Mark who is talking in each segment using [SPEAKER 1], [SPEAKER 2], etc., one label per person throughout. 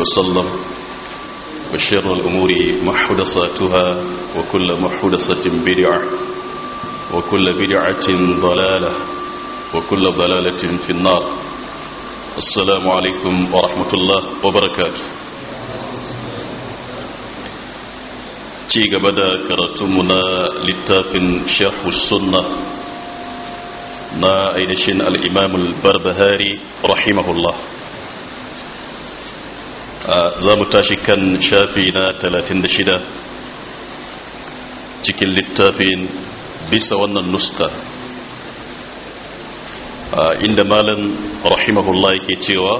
[SPEAKER 1] وسلم وشر الأمور محدثاتها وكل محدثة بدعة وكل بدعة ضلالة وكل ضلالة في النار السلام عليكم ورحمة الله وبركاته تيجا بدا كرتمنا لتاف شرح السنة نا أيدشن الإمام البربهاري رحمه الله za mu tashi kan shafi na 36 cikin littafin bisa wannan nuska inda malam rahimahullah yake cewa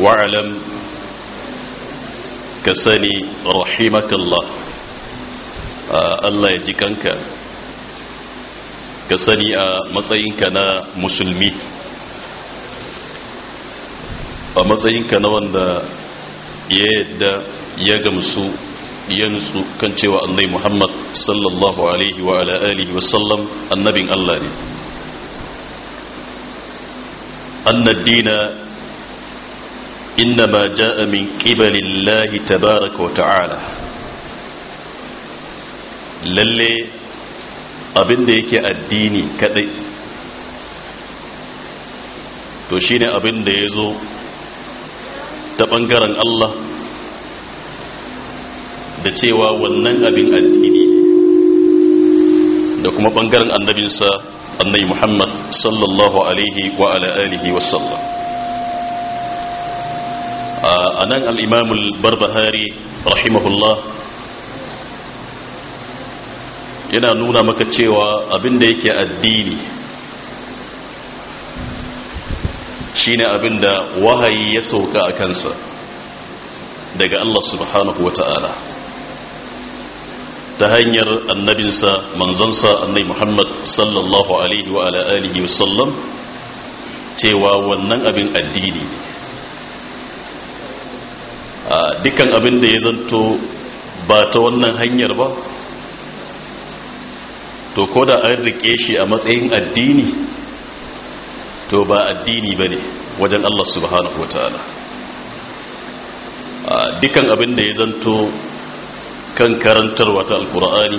[SPEAKER 1] wa'alam ka sani rahimakallah Allah ya ji kanka ka sani a matsayinka na musulmi a matsayinka na wanda ya yadda ya gamsu ya nutsu kan cewa annai muhammad sallallahu alaihi wa ala wasallam annabin allah ne annadina innama ja'a min qibalillahi tabaraka wa ta'ala lalle abinda yake addini kadai to shine abinda ya zo ta ɓangaren Allah da cewa wannan abin addini da kuma bangaren annabinsa annai Muhammad sallallahu alaihi wa ala’alihi wa sallam a nan barbahari rahimahullah yana nuna maka cewa abin da yake addini shine abin da wahayi ya sauka a kansa daga Allah subhanahu wa ta'ala ta hanyar annabinsa manzansa annai Muhammad sallallahu alaihi wa alihi wasallam cewa wannan abin addini ne dukkan abin da ya zanto ba ta wannan hanyar ba to ko da an riƙe shi a matsayin addini to ba addini ba ne wajen Allah subhanahu A dukan abin da ya zanto kan karantarwa ta alkur'ani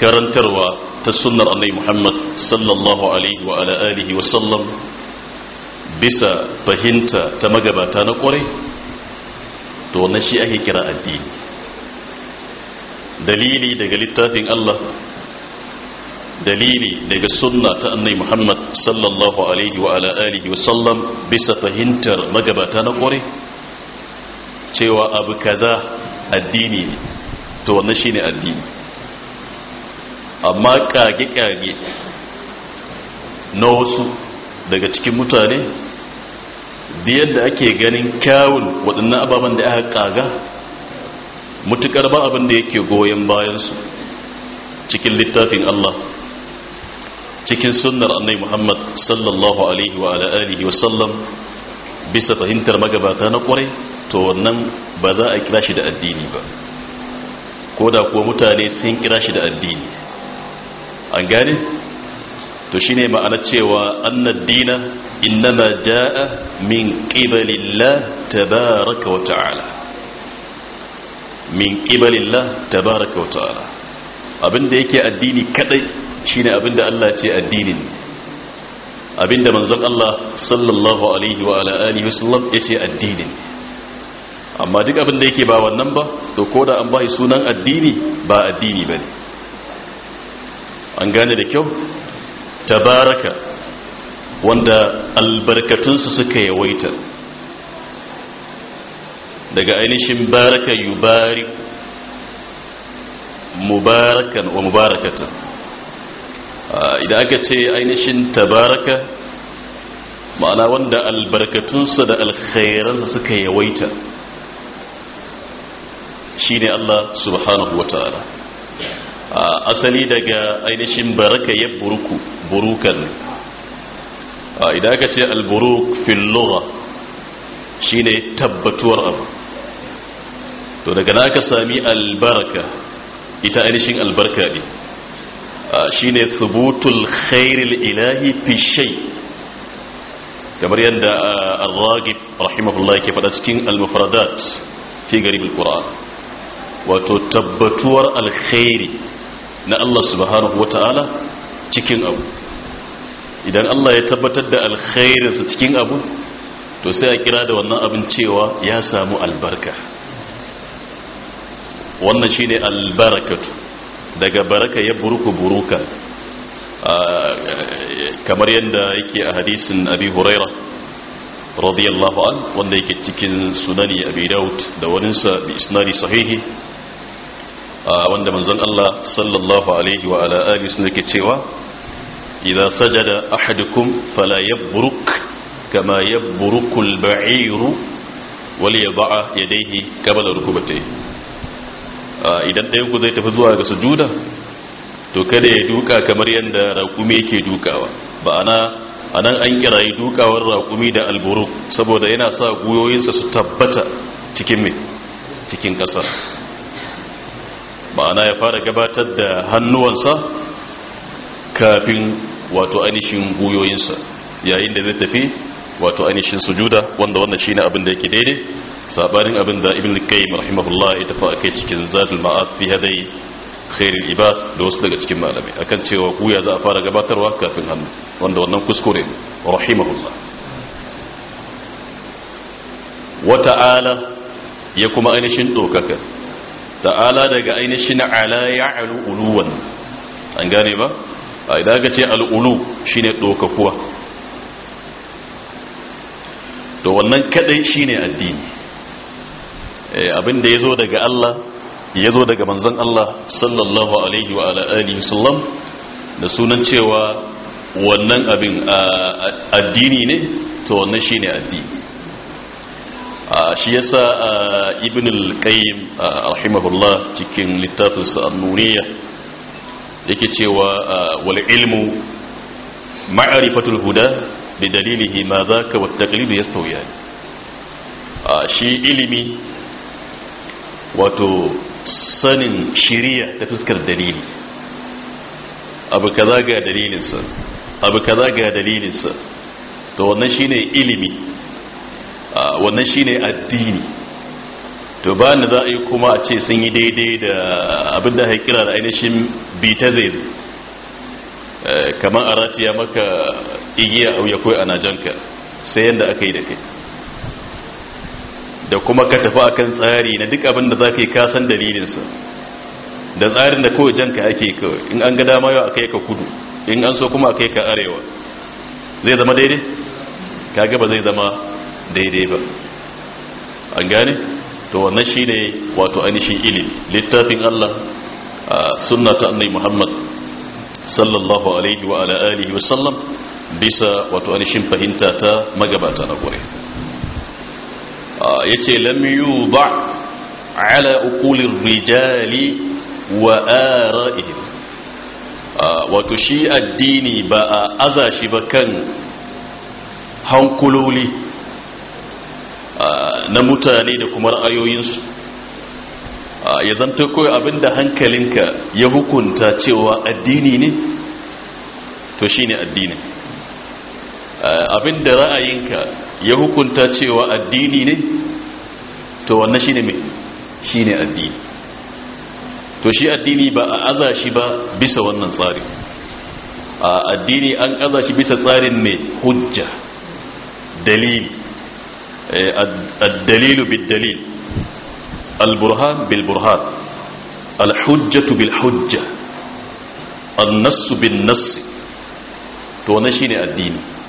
[SPEAKER 1] karantarwa ta sunnar annai muhammad sallallahu alaihi wa sallam bisa fahimta ta magabata na kwarai to na shi ake kira addini dalili daga littafin allah dalili daga sunna ta annai muhammad sallallahu alaihi wa ala alihi wa sallam bisa fahimtar magabata na kore cewa abu kaza addini ne to wannan shine addini amma kage-kage na wasu daga cikin mutane da yadda ake ganin kyawun waɗannan ababen da aka kaga mutukar ba abin da yake goyon bayansu cikin littafin Allah cikin sunnar annai muhammad sallallahu alaihi wa alaihi wa sallam bisa fahimtar magabata na kwarai to wannan ba za a kira shi da addini ba ko da kuwa mutane sun kira shi da addini an gane to shine ma'ana cewa annad dina innama jaa min qibalillah tabaaraka wa ta'ala min qibalillah tabaaraka wa ta'ala abinda yake addini kadai shine abinda Allah ce addinin abinda manzon Allah sallallahu alaihi wa ala alihi wasallam yace addinin amma duk abin da yake ba wannan ba to ko da an bai sunan addini ba addini bane an gane da kyau tabaraka wanda albarkatun su suka yawaita daga ainihin baraka yubarik mubarakan wa mubarakatan idan aka ce ainihin tabaraka ma'ana wanda albarkatunsa da alkhairansa suka yawaita shi ne Allah subhanahu wa ta'ala asali daga ainihin baraka ya buruku burukan idan aka ce alburuk fil lugha shi ne tabbatuwar abu to daga na aka sami albarka ita ainihin albarka ne shine thubutul khairil ilahi fi shay kamar yadda ar-ragib rahimahullah yake faɗa cikin al-mufradat fi garib quran wato tabbatuwar alkhairi na Allah subhanahu wata'ala cikin abu idan Allah ya tabbatar da alkhairinsa cikin abu to sai a kira da wannan abin cewa ya samu albarka wannan shine albarakatu daga baraka ya buruku buruka ah, kamar yadda yake a hadisin abi huraira radiyallahu an wanda yake cikin sunani abi daud da waninsa bi isnari sahihi ah, wanda manzon Allah sallallahu alaihi wa ala alihi sun yake cewa idza sajada ahadukum fala yabruk kama yabruku al-ba'iru wal yada'a yadayhi qabla rukbatayhi idan ɗaya ku zai tafi zuwa ga sujuda to kada ya duka kamar yadda raƙumi yake dukawa ba ana nan an kirayi dukawar raƙumi da alburu saboda yana sa guyoyinsa su tabbata cikin mai cikin ƙasar ma'ana ya fara gabatar da hannuwansa kafin wato anishin guyoyinsa yayin da zai tafi wato ainihin sujuda wanda wannan shine abin da yake daidai sabarin abin da ibn qayyim rahimahullah ya tafi kai cikin zadul ma'ad fi hadai khairul ibad da wasu daga cikin malami akan cewa guya za a fara gabatarwa kafin hannu wanda wannan kuskure ne rahimahullah wa ta'ala ya kuma ainihin dokaka ta'ala daga ainihin ala ya'lu uluwan an gane ba a idan ka ce al'ulu shine dokakuwa to wannan kadai shine addini eh, abin da yazo daga Allah yazo daga manzon Allah sallallahu alaihi wa ala alihi wasallam da sunan cewa wannan abin addini ne to wannan shine addini shi yasa ibn al-qayyim rahimahullah cikin littafinsa sa an-nuriyya yake cewa wal ilmu ma'rifatul huda lidalilihi ma zaka wa taqlidu yastawiyan shi ilimi wato sanin shiriya ta fuskar dalili abu kaza ga dalilinsa abu kaza ga dalilinsa to wannan shi ne ilimi wannan shi ne addini to ba ni za a yi kuma a ce sun yi daidai da abin da haikira da ainihin bita zai kamar a ratiya maka igiya a wuya kawai ana najanka sai yadda aka yi da kai da kuma ka tafi akan tsari na duk abin da za ka yi kasan dalilinsa da tsarin da kawai janka ake kawai in an ga dama yau kai ka kudu in an so kuma a kai ka arewa zai zama daidai ka ba zai zama daidai ba an gane to wannan shi ne wato ainihin ilil littafin allah sunna ta annai muhammad sallallahu alaihi wa ala alihi sallam. bisa wato anishin fahimta ta magabata na kure ah, ya ce lamiyu ba ala ukulin rijali wa ara'ihim ah, wato shi addini ba a azashi ba kan hankuloli ah, na mutane da kuma ra'ayoyinsu ya zanto kawai abinda hankalinka ya hukunta cewa addini ne to shi ne addinin abinda ra'ayinka ya hukunta cewa addini ne to wannan shine me shine addini to shi addini ba a aza shi ba bisa wannan tsari a addini an aza shi bisa tsarin ne hujja dalil ad-dalilu bid-dalil al-burhan bil-burhan al-hujjatu bil-hujja an-nass bin-nass to wannan shine addini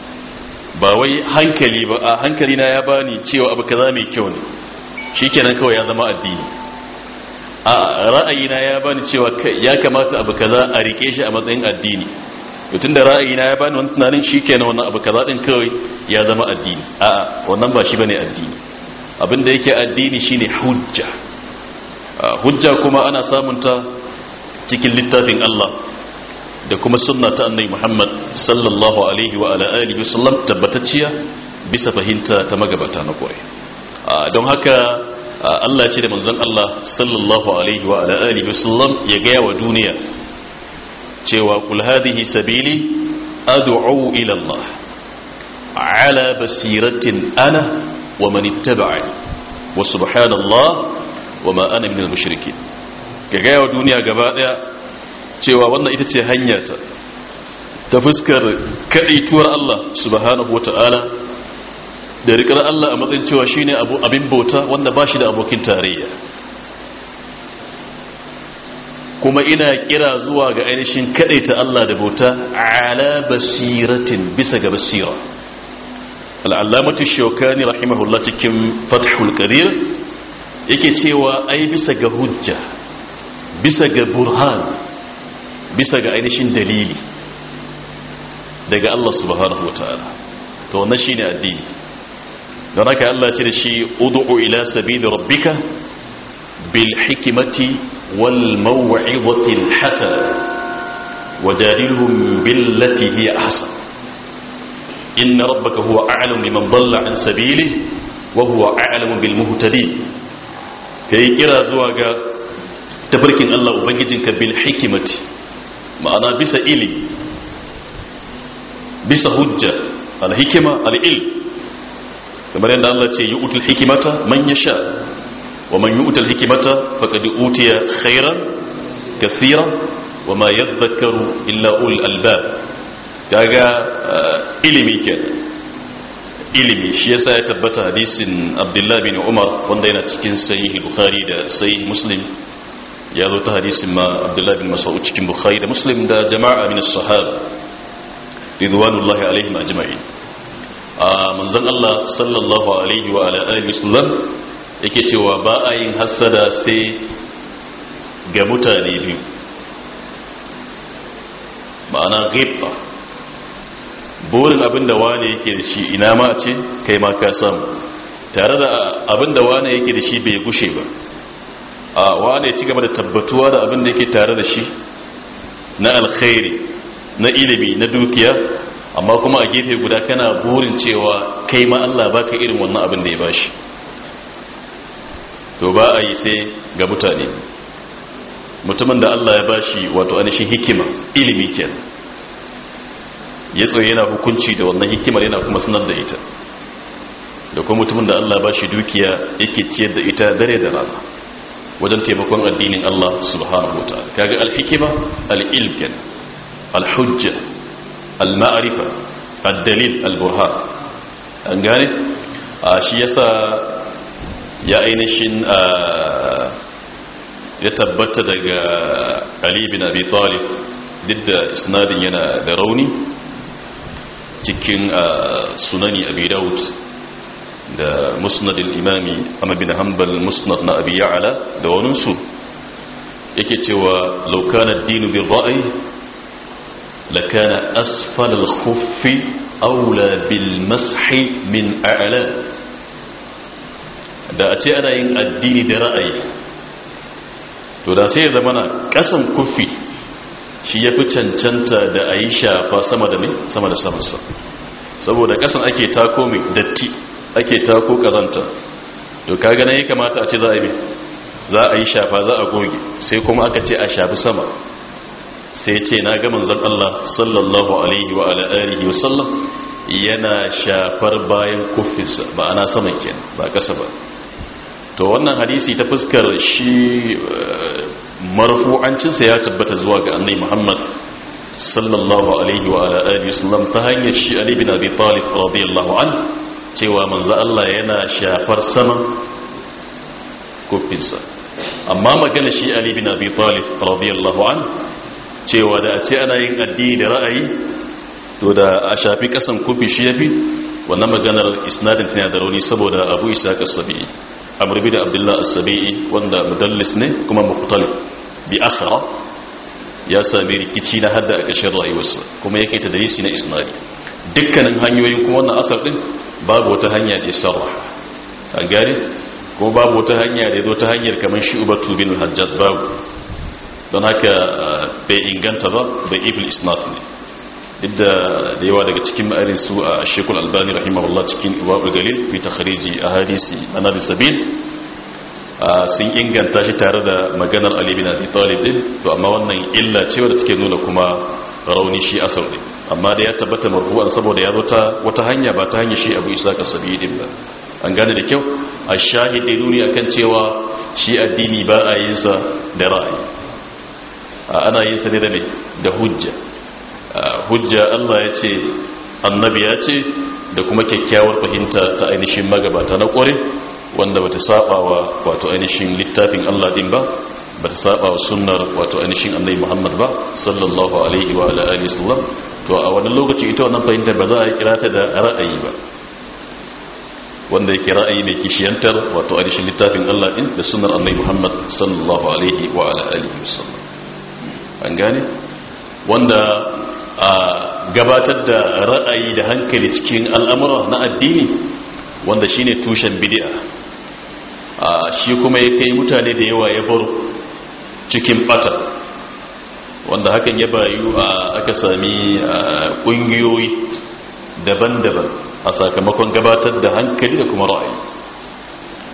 [SPEAKER 1] ba wai hankali ba a hankali na ya bani cewa abu kaza mai kyau ne shikenan kawai ya zama addini a ra'ayi na ya bani cewa ya kamata abu kaza a rike shi a matsayin addini mutum da ra'ayi na ya bani wani tunanin shikenan wannan abu kaza din kawai ya zama addini a wannan ba shi bane addini abin da yake addini shine hujja hujja kuma ana samunta cikin littafin Allah da kuma suna ta annabi Muhammad sallallahu alaihi wa ala alihi tabbatacciya bisa fahimta ta magabata na koyi don haka Allah ce da manzon Allah sallallahu alaihi wa ala alihi ya gaya wa duniya cewa kul sabili adu'u ila ala basiratin ana wa man ittaba'ani wa subhanallah wa ma ana minal mushrikin ga gaya wa duniya gaba daya cewa wannan ita ce hanyata ta fuskar kaɗaituwar Allah subhanahu wata'ala da rikar Allah a matsayin cewa shi ne abin bauta wanda ba shi da abokin tarayya kuma ina kira zuwa ga ainihin kaɗaita Allah da bauta ala basiratin bisa ga basira al'alamatu shokani rahimahullah cikin fathul karir yake cewa ai bisa ga hujja bisa ga burhan bisa ga ainihin dalili daga Allah subhanahu wataala to wannan shine addini don haka Allah ce da shi udu'u ila sabili rabbika bil hikmati wal maw'izati hasana wajadilhum billati hiya hasan inna rabbaka huwa a'lamu liman dalla an sabili wa huwa a'lamu bil muhtadin kai kira zuwa ga tabarkin Allah ubangijinka bil hikimati ma'ana bisa ili bisa hujja alhikima al'il kamar yadda Allah ce yi utul hikimata manya sha wa man yi utul hikimata faƙaɗi utiya khairan kasira wa ma ya zakaru illa ul alba kaga eh, ilimi ke ilimi shi yasa ya tabbata hadisin abdullahi bin umar wanda yana cikin sayi bukhari da sayi muslim ya zo ta hadisin ma abdullahi bin mas'ud cikin bukhari da muslim da jama'a min as-sahaba alaihi wa ajma'in a manzon Allah sallallahu alaihi wa ala alihi wasallam yake cewa ba a yin hasada sai ga mutane biyu ma'ana ghibba burin abinda wani yake da shi ina ma ce kai ma ka samu tare da abinda wani yake da shi bai gushe ba a wane ci gaba da tabbatuwa da abin da yake tare da shi na alkhairi na ilimi na dukiya amma kuma a gefe guda kana burin cewa kai ma Allah baka irin wannan abin da ya bashi to ba a yi sai ga mutane mutumin da Allah ya bashi wato anishin hikima ilimi kenan ya tsoye yana hukunci da wannan hikimar yana kuma sanar da ita da kuma mutumin da Allah ya bashi dukiya yake ciyar da ita dare da rana wajen taimakon addinin Allah subhanahu wa ta'ala kaga al-hikima al-ilm al-hujja al-ma'rifa ad-dalil al-burhan an gane shi yasa ya ainihin ya tabbata daga Ali bin Abi Talib didda isnadin yana da rauni cikin sunani Abi Dawud da musnadin imami amma hanbal musnad na abi ya'ala da waninsu yake cewa laukanar dinu bin ra'ayi lakana asfalar kufi aula bil mashi min a'ala da a ce ana yin addini da ra'ayi to da sai zama na kasan kufi shi ya fi cancanta da a yi shafa sama da ne sama da samansa saboda kasan ake tako mai datti ake tako kazanta to kaga nan ya kamata a ce za a yi za a yi shafa za a goge sai kuma aka ce a shafi sama sai ce na ga manzon Allah sallallahu alaihi wa alihi wa sallam yana shafar bayan kufinsa ba ana saman kenan ba kasa ba to wannan hadisi ta fuskar shi eh, marfu'ancinsa ya tabbata zuwa ga annabi Muhammad sallallahu alaihi wa alihi wa sallam ta hanyar shi Ali bin Abi Talib radiyallahu anhu cewa manzo Allah yana shafar saman kofinsa amma magana shi Ali bin Abi Talib radiyallahu an cewa da a ce ana yin addini da ra'ayi to da a shafi kasan kofi shi yafi wannan maganar isnadin tana da rauni saboda Abu Isa as-Sabi'i Amr bin Abdullah as-Sabi'i wanda mudallis ne kuma muqtali bi asra ya sami rikici na hadda a ra'ayi rayuwarsa kuma yake tadrisi na isnadin dukkanin hanyoyin kuma wannan asar din babu wata hanya da sarra a gari ko babu wata hanya da zo ta hanyar kamar uba bin hajjaz babu don haka eh, bai inganta ba bai ibn isnad ne idda da yawa daga cikin ma'arin su a eh, shekul albani rahimahullah cikin iwabu galil fi takhriji a hadisi da sabil eh, sun inganta shi tare da maganar ali bin abi talib din to amma wannan illa ce wadda take nuna kuma rauni shi asar din amma da ya tabbata marfu'an saboda ya zo ta wata hanya ba ta hanya shi abu isa ka sabidin ba an gane da kyau a shahid da nuni akan cewa shi addini ba a yin sa da ra'ayi ana yin sa ne da ne da hujja hujja Allah ya ce annabi ya ce da kuma kyakkyawar fahimta ta ainihin magabata na ƙware wanda bata saba wa wato ainihin littafin Allah din ba bata saba wa sunnar wato ainihin annabi Muhammad ba sallallahu alaihi wa alihi wasallam to a wani lokaci ita wannan fahimtar ba za a kira ta da ra'ayi ba wanda yake ra'ayi mai kishiyantar wato arishin littafin Allah din da sunnar annabi Muhammad sallallahu alaihi wa ala alihi wasallam an gane wanda a gabatar da ra'ayi da hankali cikin al'amura na addini wanda shine tushen bid'a a shi kuma ya kai mutane da yawa ya bar cikin bata wanda hakan ya bayu a aka sami ƙungiyoyi daban-daban a sakamakon gabatar da hankali da kuma ra'ayi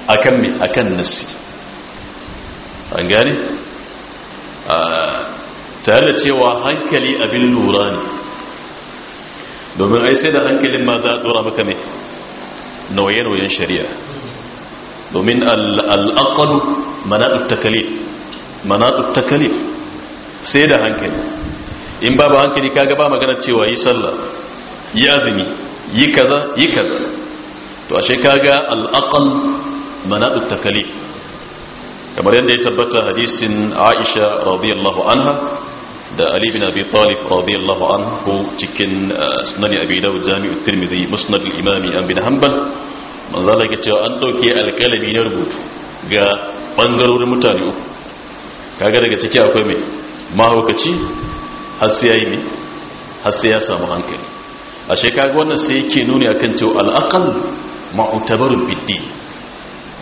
[SPEAKER 1] akan me akan nasi an gane tare da cewa hankali abin lura ne domin ai sai da hankalin ma za a tsora maka mai nauye-nauyen shari'a domin al'akalu mana takalif manatu takalif sai da hankali in babu hankali kaga ba magana cewa yi sallah yi azumi yi kaza yi kaza to ashe kaga al'aqal manadu takalif kamar yadda ya tabbata hadisin Aisha radiyallahu anha da Ali bin Abi Talib radiyallahu anhu cikin uh, sunan Abi Dawud Jami'u Tirmidhi Musnad al an bin Hanbal manzala Allah cewa an ɗauke alkalami na rubutu ga bangarorin mutane uku kaga daga ciki akwai mai mahaukaci har sai yayi ne har sai ya samu hankali a shekaru wannan sai yake nuni akan cewa al'aqal ma'utabarul biddi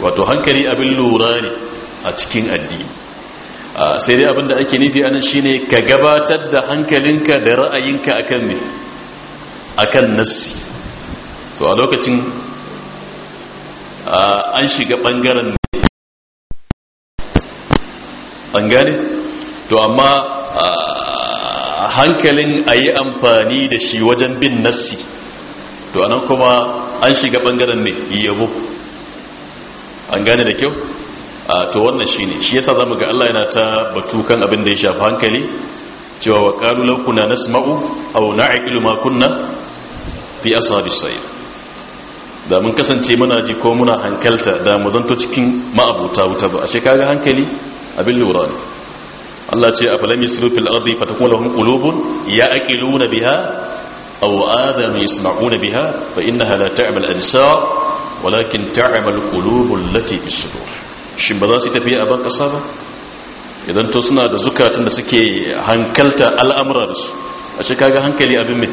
[SPEAKER 1] wato hankali abin lura ne a cikin addini sai dai abinda ake nufi anan shine ka gabatar da hankalinka da ra'ayinka akan ne akan nassi to a lokacin an shiga bangaren an gane to amma hankalin a yi amfani da shi wajen bin nassi to anan kuma an shiga bangaren ne yabo an gane da kyau to wannan shi ne, shi yasa zamu ga Allah yana ta batu kan abin da ya shafi hankali cewa wa qalu law kunna nasma'u aw na'qilu ma kunna fi ashabis da mun kasance muna ji ko muna hankalta da mu zanto cikin ma'abuta wuta ba ashe kaga hankali abin lura ne Allah ce a falam yasiru fil ardi fatakun lahum qulubun ya'qiluna biha aw adanu yasma'una biha fa innaha la ta'mal absar walakin ta'mal qulubul lati bis sudur shin ba za su tafi a ban kasa ba idan to suna da zukatun da suke hankalta al'amura da su a ce kaga hankali abin mai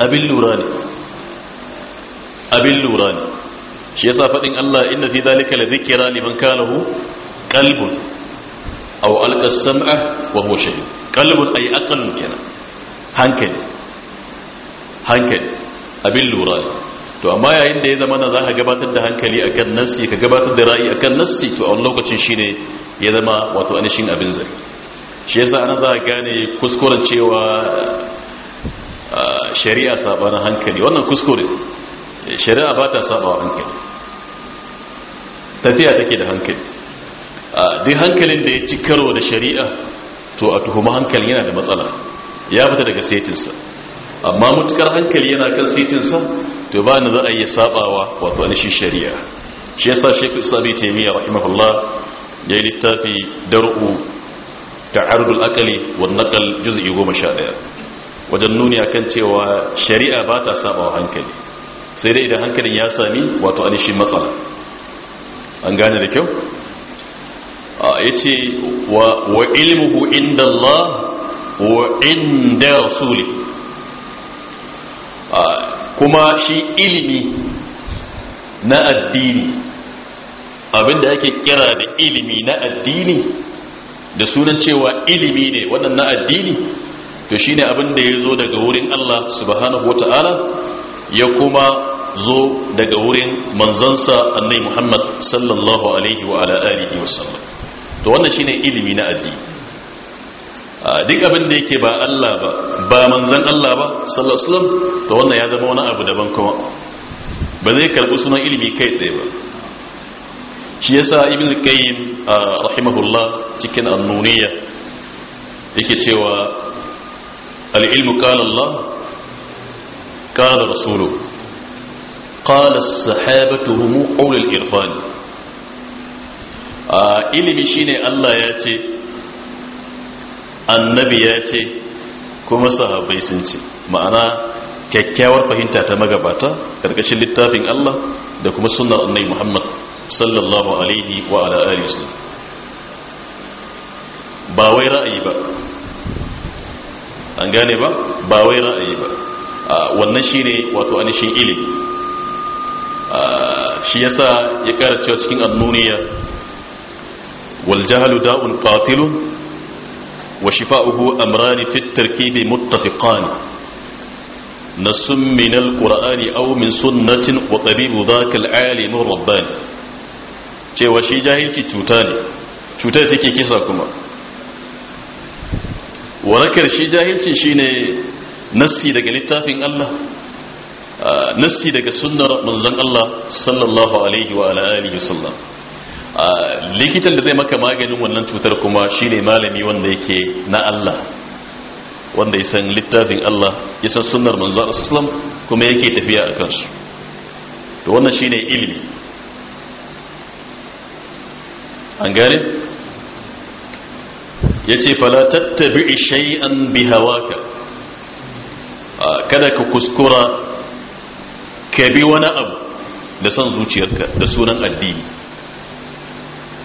[SPEAKER 1] abin lura ne abin lura ne shi yasa faɗin Allah inna fi zalika la zikra liman kana lahu qalbun aw alqa sam'a wa huwa shahid qalbun ay aqalun kenan hankali hankali abin lura to amma yayin da ya zama na zaka gabatar da hankali akan nassi ka gabatar da ra'ayi akan nassi to a wani lokacin shine ya zama wato anishin abin zai shi yasa ana za a gane kuskuren cewa shari'a na hankali wannan kuskure shari'a ba ta saba wa hankali tafiya take da hankali duk hankalin da ya ci karo da shari'a to a tuhuma hankali yana da matsala ya fita daga setinsa amma mutukar hankali yana kan setinsa to ba ni za a iya sabawa wato alishin shari'a shi yasa shekul sabi taimiyya rahimahullah ya yi littafi dar'u ta'arudul akali wa goma juz'i ɗaya wajen nuni kan cewa shari'a ba ta sabawa hankali sai dai idan hankalin ya sami wato alishin matsala an gane da kyau ya ce wa ilmuhu inda Allah wa inda rasuli kuma shi ilimi na addini abinda yake kira da ilimi na addini da sunan cewa ilimi ne wannan na addini to shine abinda ya zo daga wurin Allah subhanahu ta'ala ya kuma zo daga wurin manzansa annai Muhammad sallallahu alaihi wa ala alihi to wannan shine ilimi na addini duk abin da yake ba Allah ba ba manzon Allah ba sallallahu alaihi wasallam to wannan ya zama wani abu daban kuma ba zai karbi sunan ilimi kai tsaye ba shi yasa ibn qayyim rahimahullah cikin annuniya yake cewa al-ilmu qala Allah qala rasuluhu qala as-sahabatu hum ulul irfani ilimi shine Allah ya ce annabi ya ce kuma sahabbai sun ce ma'ana kyakkyawar fahimta ta magabata karkashin littafin Allah da kuma sunnar annabi Muhammad sallallahu alaihi wa ala alihi wasallam ba wai ra'ayi ba an gane ba ba wai ra'ayi ba wannan shine wato anishin ilimi shi yasa ya kara cikin annuniya wal da'un qatilun wa shifa'uhu amran fi at-tarkibi muttafiqan nasun min al-qur'ani aw min sunnatin wa rabbani cewa shi jahilci cuta ne cutar take kisa kuma warakar shi jahilci shine nassi daga littafin Allah ah, nassi daga sunnar manzon Allah sallallahu alaihi wa alihi wasallam likitan da zai maka maganin wannan cutar kuma shine malami wanda yake na Allah wanda ya san littafin Allah ya san sunnar manzo sallam kuma yake tafiya a kansu to wannan shine ilimi an gane yace fala tattabi shay'an bihawaka kada ka kuskura ka bi wani abu da son zuciyarka da sunan addini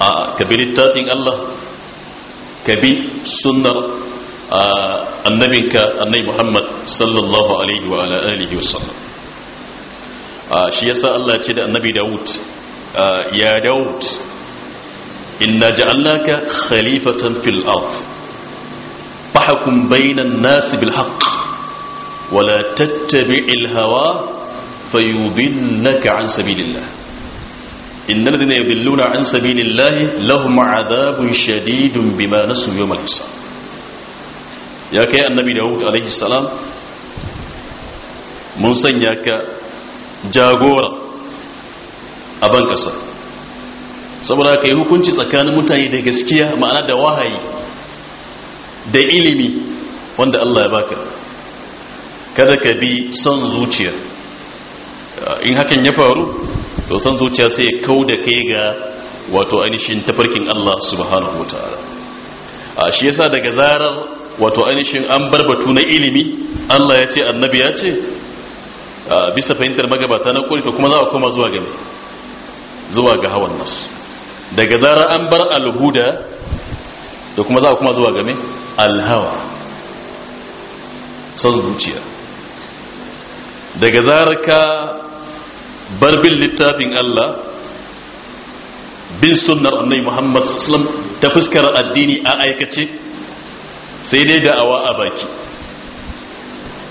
[SPEAKER 1] آه، كبير التاتين الله كبير سنر آه، النبي النبي محمد صلى الله عليه وعلى آله وسلم آه، سأل الله تدى النبي داود يا داود إنا جعلناك خليفة في الأرض فحكم بين الناس بالحق ولا تتبع الهوى فيضنك عن سبيل الله innal ladina yudilluna an sabilillahi lahum adhabun shadidun bima nasu yawmal hisab ya kai annabi dawud alaihi salam mun sanya ka jagora a ban kasa saboda kai hukunci tsakanin mutane da gaskiya ma'ana da wahayi da ilimi wanda Allah ya baka kada ka bi son zuciya in hakan ya faru to san zuciya sai ya kau da kai ga wato ainihin tafarkin Allah subhanahu ta'ala a shi yasa daga zarar wato ainihin an bar batu na ilimi Allah ya ce annabi ya ce bisa fahimtar magabata na kori to kuma za a koma zuwa ga zuwa ga hawan nasu daga zarar an bar alhuda to kuma za a kuma zuwa game alhawa san zuciya daga zarar ka bar bin littafin Allah bin sunnar annai Muhammad sallam ta fuskar addini a aikace sai dai da'awa a baki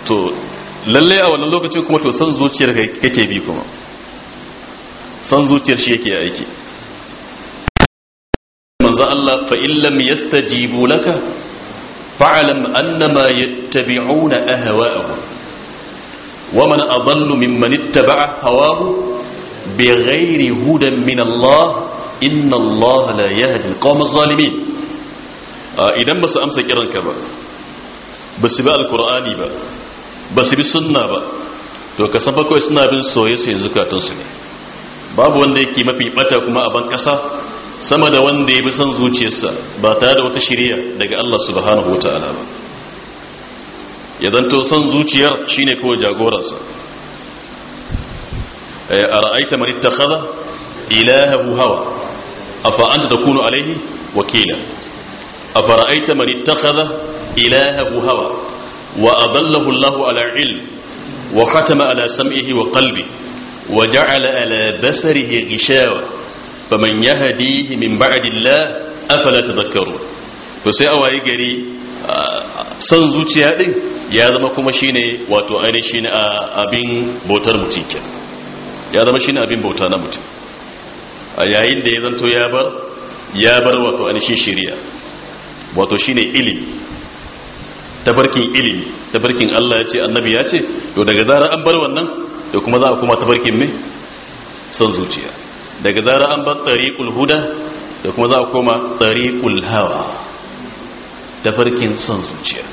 [SPEAKER 1] to lalle a wannan lokacin kuma to san zuciyar kake bi kuma san zuciyar shi yake aiki manzo Allah fa illam yastajibu laka fa'lam annama yattabi'una ahwa'ahum ومن أضل ممن اتبع هواه بغير هدى من الله إن الله لا يهدي القوم الظالمين idan ba su amsa kiranka ba ba su bi alkur'ani ba ba su bi sunna ba to ka san bakwai suna bin soye-soye zukatunsu ne babu wanda yake mafi bata kuma a ban kasa sama da wanda ya bi son zuciyarsa ba tare da wata shirya daga allah subhanahu wa ta'ala ba ya zanto son zuciyar shine kawai jagoransa eh, a ra'aita ta ittakhadha ilahahu hawa afa anta takunu alayhi wakila afa ra'aita man ittakhadha ilahahu hawa wa adallahu Allahu ala ilm wa katama ala sam'ihi wa kalbi wa ja'ala ala basarihi ghishawa faman yahdihi min ba'di Allah afala tadhakkarun ba sai awayi gari san zuciya din ya zama kuma shine wato ainihin abin bautar mutum ke ya zama shine abin bauta na mutum a yayin da ya zanto ya bar ya bar wato ainihin shari'a wato shine ilimi tabarkin ilimi tabarkin Allah ya ce annabi ya ce to daga zarar an bar wannan to kuma za a kuma tabarkin me san zuciya daga zarar an bar tariqul huda da kuma za a koma tariqul hawa tafarkin son zuciya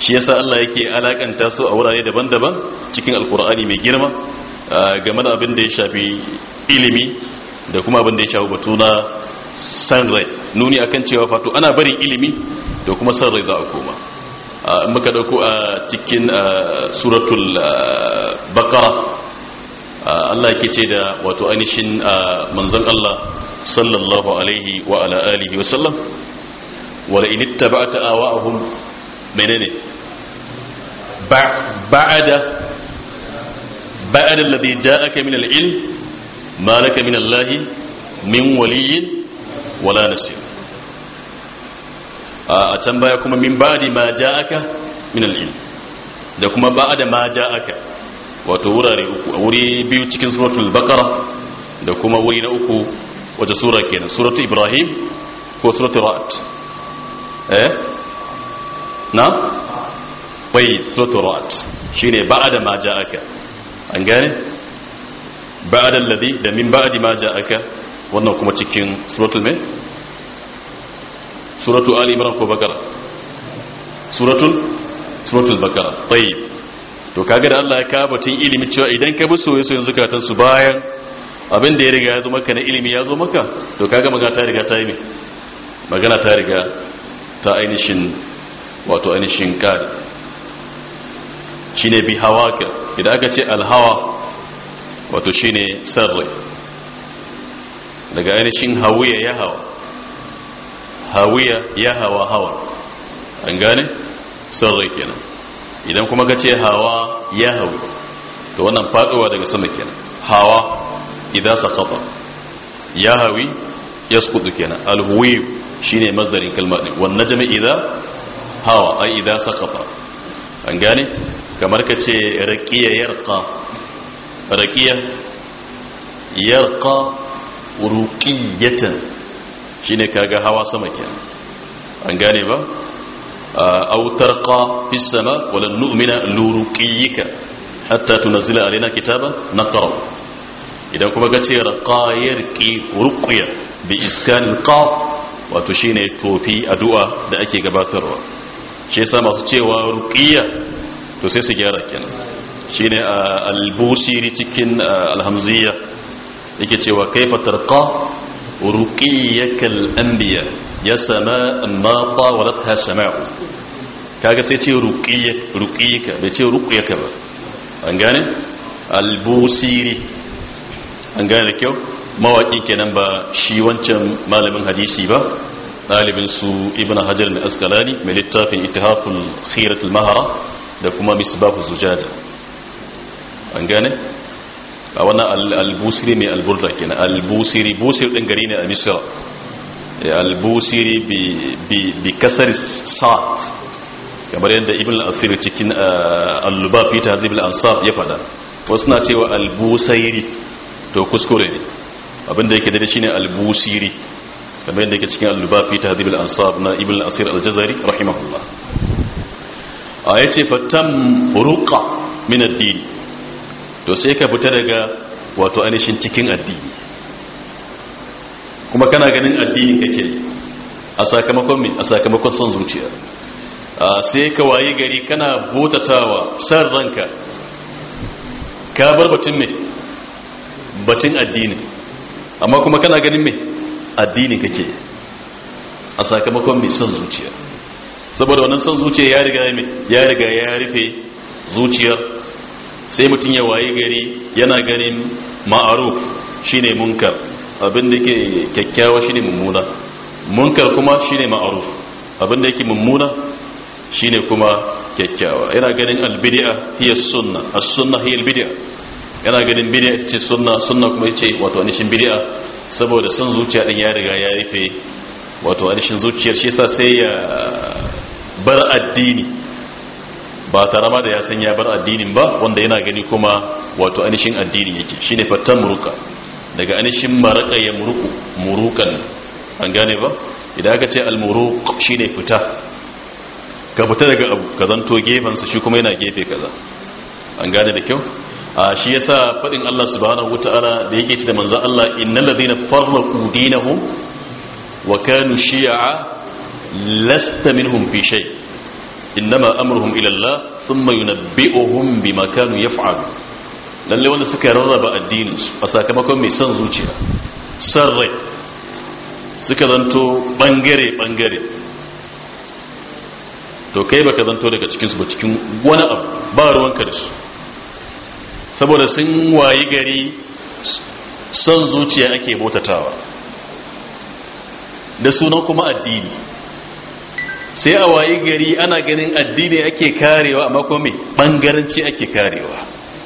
[SPEAKER 1] shi yasa Allah yake alakanta su a wurare daban-daban cikin alkur'ani mai girma game da abin da ya shafi ilimi da kuma abin da ya shafi batu na san rai nuni akan cewa fato ana bari ilimi da kuma san rai za a koma muka dauko a cikin suratul baqara Allah yake ce da wato ainihin manzon Allah sallallahu alaihi wa ala alihi wa sallam ولئن اتبعت آواءهم منين بعد بعد الذي جاءك من العلم ما لك من الله من ولي ولا نسير a can baya kuma min ba'di ma ja'aka min al-ilm da kuma ba'da ma ja'aka wato wurare uku a wuri biyu cikin suratul baqara da kuma wuri na uku wata sura kenan suratul ibrahim ko suratul ra'd eh na wai suratul ra'd shine ba'da ma ja'aka an gane ba'da alladhi da min ba'di ma ja'aka wannan kuma cikin suratul me suratul ali imran ko bakara suratul suratul bakara tayyib to kaga da Allah ya kawo batun ilimi cewa idan ka bi soyayyen zukatan su bayan abin da ya riga ya zo maka na ilimi ya zo maka to kaga magana ta riga ta yi magana ta riga ta ainihin wato ainihin ƙari shine bi hawaka idan aka ce alhawa wato shine sarri daga ainihin hawiya ya hawa hawiya ya hawa hawa an gane sarri kenan idan kuma ka ce hawa ya hawi to wannan faduwa daga sama kenan hawa idan sakata ya hawi ya sukudu kenan alhuwiyu shine masdarin kalma din wan najmi idza hawa ai idza saqata an gane kamar ka ce raqiya yarqa raqiya yarqa ruqiyatan shine kaga hawa sama kenan an gane ba aw tarqa fis sama walan nu'mina luruqiyika hatta tunzila alaina kitaban naqra idan kuma ka ce raqa yarqi ruqiya bi iskan qaf wato shine tofi addu'a da ake gabatarwa shi sa masu cewa rukiya to sai su gyara kenan shine a albusiri cikin Alhamziya. yake cewa kaifa tarqa ruqiyyakal anbiya ya sama ma tawalatha sama'u kaga sai ce rukiya ka bai ce ka ba an gane albusiri an gane da kyau Mawaƙi kenan ba shi wancan malamin hadisi ba ɗalibin su ibn hajar mai askalani mai littafin ittihaful khiratul mahara da kuma misbahu zujaja an gane a wannan albusiri mai alburda kenan albusiri busir ɗin gari ne a misira eh, albusiri bi kasar sa'ad kamar yadda ibn al-asir cikin eh, al-lubafi ta al ansaf ya fada wasu na cewa albusairi to kuskure ne abinda yake daidai shine al-busiri kamar yadda yake cikin al-lubafi tahdhib al-ansab na ibn al-asir al-jazari rahimahullah ayati fatam ruqa min ad-din to sai ka fita daga wato anishin cikin addini kuma kana ganin addinin kake a sakamakon me a sakamakon son zuciya sai ka waye gari kana botatawa san ranka ka bar batun me batun addini amma kuma kana ganin mai addini kake a sakamakon mai son zuciya saboda wannan son zuciya ya riga ya riga ya rufe zuciyar sai mutum ya waye gari yana ganin ma'aruf shine munkar abin da yake kyakkyawa shine mummuna munkar kuma shine ma'aruf abin da yake mummuna shine kuma kyakkyawa yana ganin albidi'a hiya sunna as-sunna hiya albidi'a yana ganin bidiya ita ce sunna sunna kuma ita ce wato anishin bidiya saboda sun zuciya din ya riga ya rufe wato anishin zuciyar shi yasa sai ya bar addini ba tare ma da ya san ya bar addinin ba wanda yana gani kuma wato anishin addini yake shine fattan muruka daga anishin maraka ya muruku murukan an gane ba idan aka ce shi shine fita ka fita daga abu ka zanto gefansa shi kuma yana gefe kaza an gane da kyau shi yasa faɗin Allah subhanahu ta'ala da yake ci da manzan Allah innal ladina na dinahum wa kanu shi'a lasta minhum fi ilalla sun amruhum ila Allah thumma yunabbi'uhum bima kanu yaf'alu lalle wanda suka rarraba addinin su a sakamakon mai son zuciya san rai suka zanto bangare bangare to kai baka zanto daga cikinsu ba cikin wani abu ba ruwanka da su saboda sun wayi gari son zuciya ake bautatawa da sunan kuma addini sai a wayi gari ana ganin addini ake karewa amma kuma mai ake karewa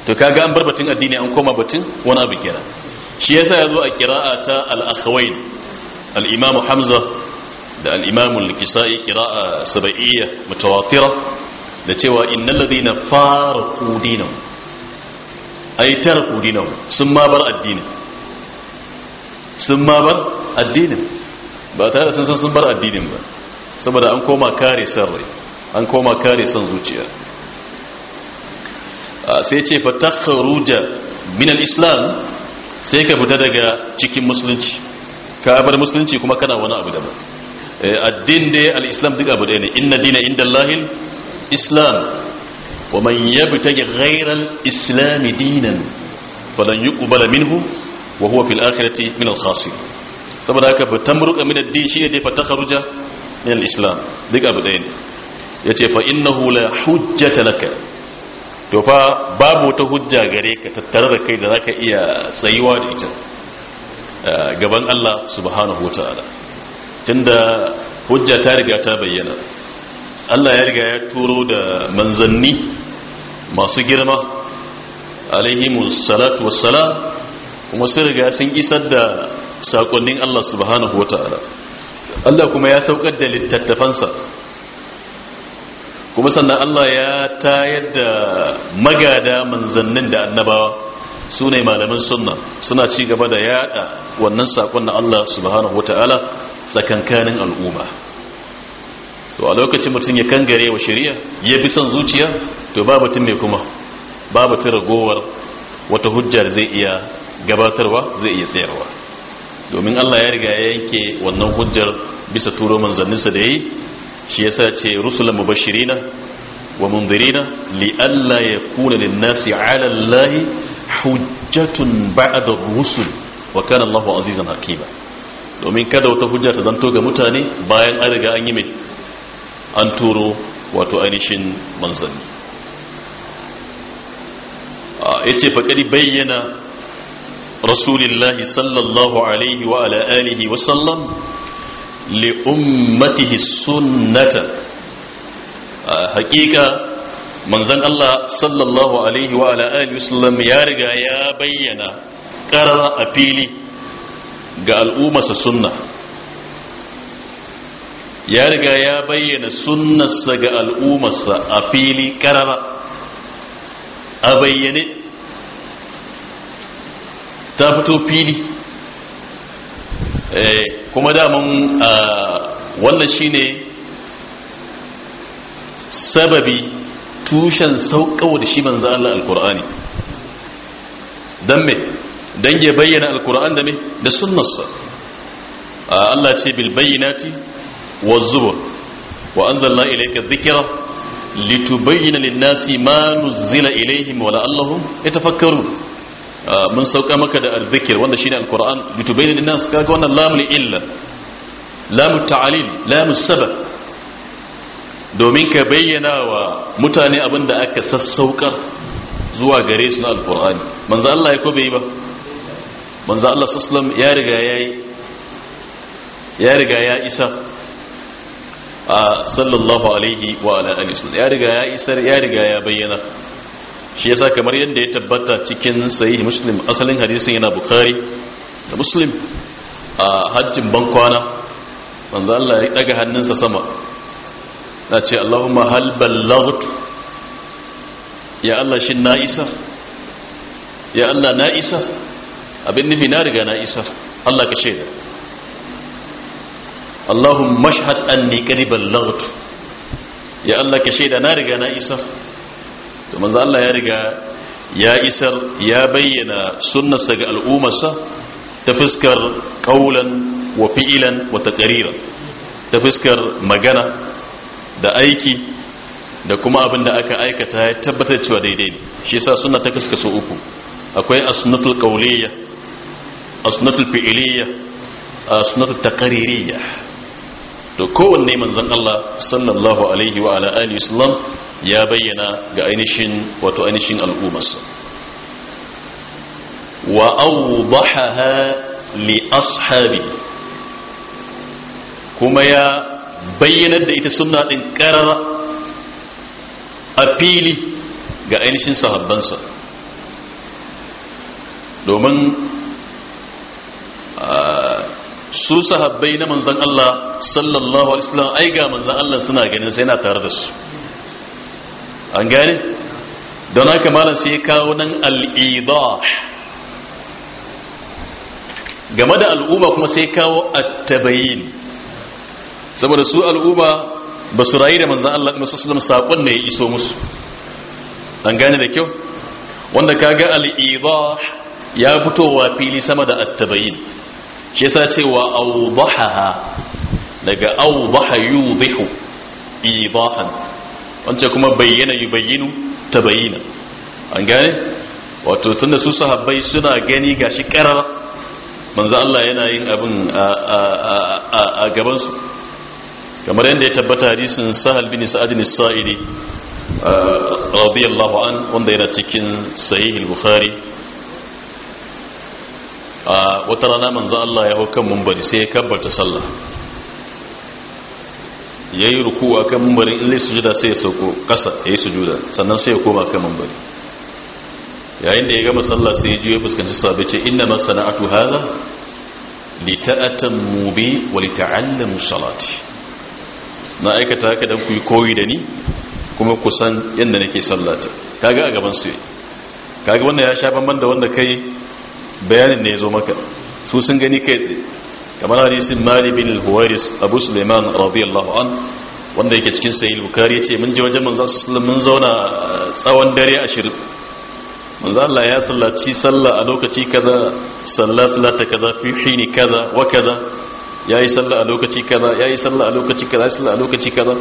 [SPEAKER 1] to kaga an bar batun addini an koma batun wani abu kira shi yasa zo a kira'a ta al al'imamu hamza da al likisa'i kira kira'a mutawatira da cewa innal fara fara kudinan ay tarku dinahu sun ma bar addini sun ma bar addinin ba ta da sun san sun bar addinin ba saboda an koma kare sarrai an koma kare san zuciya sai ce fa tasaruja min al-islam sai ka fita daga cikin musulunci ka bar musulunci kuma kana wani abu daban eh, addin dai al-islam duk abu ɗaya ne inna dina indallahi islam wa man yabtaghi ghayra al-islam dinan falan yuqbala minhu wa huwa fil akhirati min al saboda haka fatamruqa min ad shi shine dai fatakhruja min islam duk abu ɗaya ne yace fa innahu la hujjata laka to fa babu wata hujja gare ka tattare da kai da zaka iya tsayuwa da ita gaban Allah subhanahu wataala tunda hujja ta riga ta bayyana Allah ya riga ya turo da manzanni masu girma alaihimu salatu wassalam kuma sun riga sun isar da sakonnin Allah subhanahu wata'ala Allah kuma ya saukar da littattafansa kuma sannan Allah ya tayar da magada manzannin da annabawa su ne malamin sunna suna ci gaba da yada wannan sakon na Allah subhanahu wata'ala tsakankanin al'umma to a lokacin mutum ya kangare wa shari'a ya bi son zuciya to ba mutum mai kuma ba mutum ragowar wata hujjar zai iya gabatarwa zai iya sayarwa. domin Allah ya riga ya yanke wannan hujjar bisa turo manzanninsa da yi shi yasa ce rusulan mubashirina wa mundirina li alla kuna da nasi alallahi hujjatun ba'ada rusul wa kanan Allahu azizan hakima domin kada wata hujjar ta zanto ga mutane bayan an riga an yi mai an turo wato ainihin manzanni ya ce faƙari bayyana rasulillahi sallallahu alaihi wa ala'alihi wasallam li'ummatihi sunnata haƙiƙa manzan Allah sallallahu alaihi wa ala'alihi wasallam ya riga ya bayyana ƙarar a fili ga al'ummarsa sunna ya riga ya bayyana sunnarsa ga al'ummarsa a fili karara a bayyane ta fito fili eh, kuma mun wannan shine sababi tushen sauƙawa da shi manzan Allah al-Qur'ani don me don ya bayyana al-Qur'an da me da sunnarsa Allah ce bil bayyinati والزبر وأنزلنا إليك الذكر لتبين للناس ما نزل إليهم ولعلهم يتفكرون من سوق مكة الذكر وأن شين القرآن لتبين للناس كاك وأن اللام لإلا لام التعليل لام السبب domin ka bayyana wa mutane abin da aka sassaukar zuwa gare su na alkur'ani manzo Allah ya ko bai ba manzo Allah sallallahu ya riga ya ya riga ya isa sallallahu alaihi wa ala alihi ya riga ya isar ya riga ya bayyana shi yasa kamar yadda ya tabbata cikin sahih muslim asalin hadisin yana bukhari da muslim a hajjin bankwana manzo Allah ya daga hannunsa sama na ce Allahumma hal ballaghtu ya Allah shin na isa ya Allah na isa abin nufi na riga na isa Allah ka shaida Allahun mashhad an ne ƙaribar lagat ya Allah ka shaida na riga na isar to manzo Allah ya riga ya isar ya bayyana sunnarsa ga al'ummarsa ta fuskar ƙaulan wa fi'ilan wa taƙariran ta fuskar magana da aiki da kuma abin da aka aikata ya tabbatar cewa daidai ne shi yasa suna ta kaskasu uku akwai asnatul qawliyya asnatul fi'liyya asnatul taqririyya to kowanne manzon Allah sallallahu alaihi wa ala alihi sallam ya bayyana ga ainihin wato ainihin al'ummarsa wa awdahaha li ashabi kuma ya bayyanar da ita sunna din karara a fili ga ainihin sahabbansa domin ah, su sahabbai na manzan Allah sallallahu alaihi wasallam ai ga manzan Allah suna ganin sai na tare da su an gane don haka malam sai ya kawo nan al-idah game da al'umma kuma sai kawo at-tabayin saboda su al'umma ba su rayu da manzan Allah sallallahu alaihi wasallam ne ya iso musu an gane da kyau wanda kaga al-idah ya fitowa fili sama da at-tabayin shi yasa cewa awdahaha daga awdaha yudhihu idahan wanda kuma bayyana yubayyinu tabayina an gane wato tunda su sahabbai suna gani gashi karara manzo Allah yana yin abin a gaban su kamar yadda ya tabbata hadisin sahal bin sa'ad bin sa'idi uh, radiyallahu an wanda yana cikin sahih al-bukhari a wata rana manzo Allah ya kan mumbari sai ya kabbata sallah yayi rukuwa kan mumbari in lai sujuda sai ya sauko kasa yayi sujuda sannan sai ya koma kan mumbari yayin da ya gama sallah sai ya ji ya fuskanci sahabbai ce inna ma sana'atu hadha lita'atammu bi wa ta'allamu salati na aikata haka dan ku yi koyi da ni kuma ku san yadda nake sallata kaga a gaban su kaga wannan ya sha banban da wanda kai bayanin ne ya zo maka su sun gani kai tsaye kamar hadisin mali bin al-huwairis abu suleiman radiyallahu an wanda yake cikin sahih bukhari ce mun je wajen manzo sallallahu mun zauna eh, tsawon dare ashirin. manzo Allah ya sallaci sallah a lokaci kaza sallah salata kaza fi hini kaza wa kaza ya yi sallah a lokaci kaza ya yi sallah a lokaci kaza yayi sallah a lokaci kaza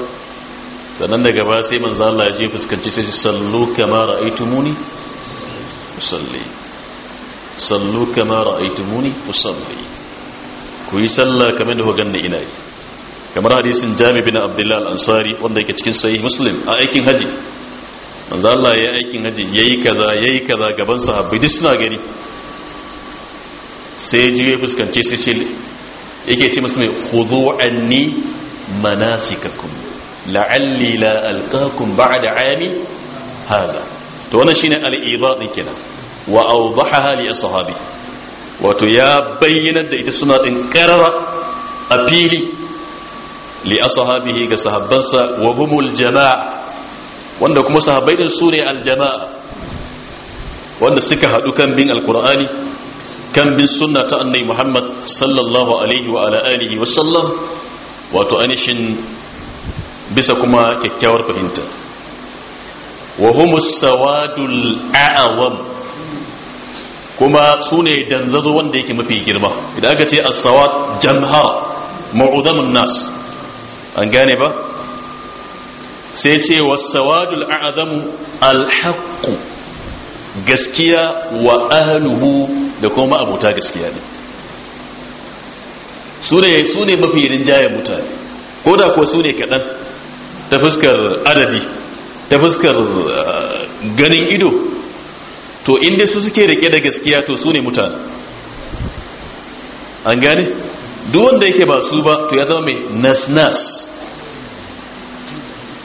[SPEAKER 1] sannan daga ba sai manzo Allah ya je fuskanci sai sallu kama ra'aytumuni musalli. sallu kama ra'aytumuni usalli ku yi sallah kamar da hogan da ina yi kamar hadisin Jami bin Abdullah al-Ansari wanda yake cikin sahih Muslim a aikin haji manzo Allah yayi aikin haji yayi kaza yayi kaza gaban sahabbai duk suna gani sai ji fuskanci fuskance sai ce yake ce musu mai khudu anni manasikakum la'alli la alqakum ba'da 'ami haza to wannan shine al-ibad kenan wa awdahaha li ashabi wato ya bayyanar da ita suna ɗin karara a fili li ashabihi ga sahabbansa wa humul jamaa wanda kuma sahabbai ɗin sune al jamaa wanda suka haɗu kan bin alqur'ani kan bin suna ta annabi Muhammad sallallahu alaihi wa ala alihi wa sallam wato anishin bisa kuma kyakkyawar fahimta wa humus sawadul a'awam kuma su ne danzazo wanda yake mafi girma idan aka ce as-sawat jamhar ma'udamun nas an gane ba sai ce was-sawadul a'zamu al-haqq gaskiya wa ahluhu da kuma abuta gaskiya ne su ne su ne mafi rinjayen mutane ko da ko su ne kaɗan ta fuskar adadi ta fuskar ah, ganin ido to inda su suke rike da gaskiya to su ne mutane an gane duk wanda yake ba su ba to ya zama mai nas-nas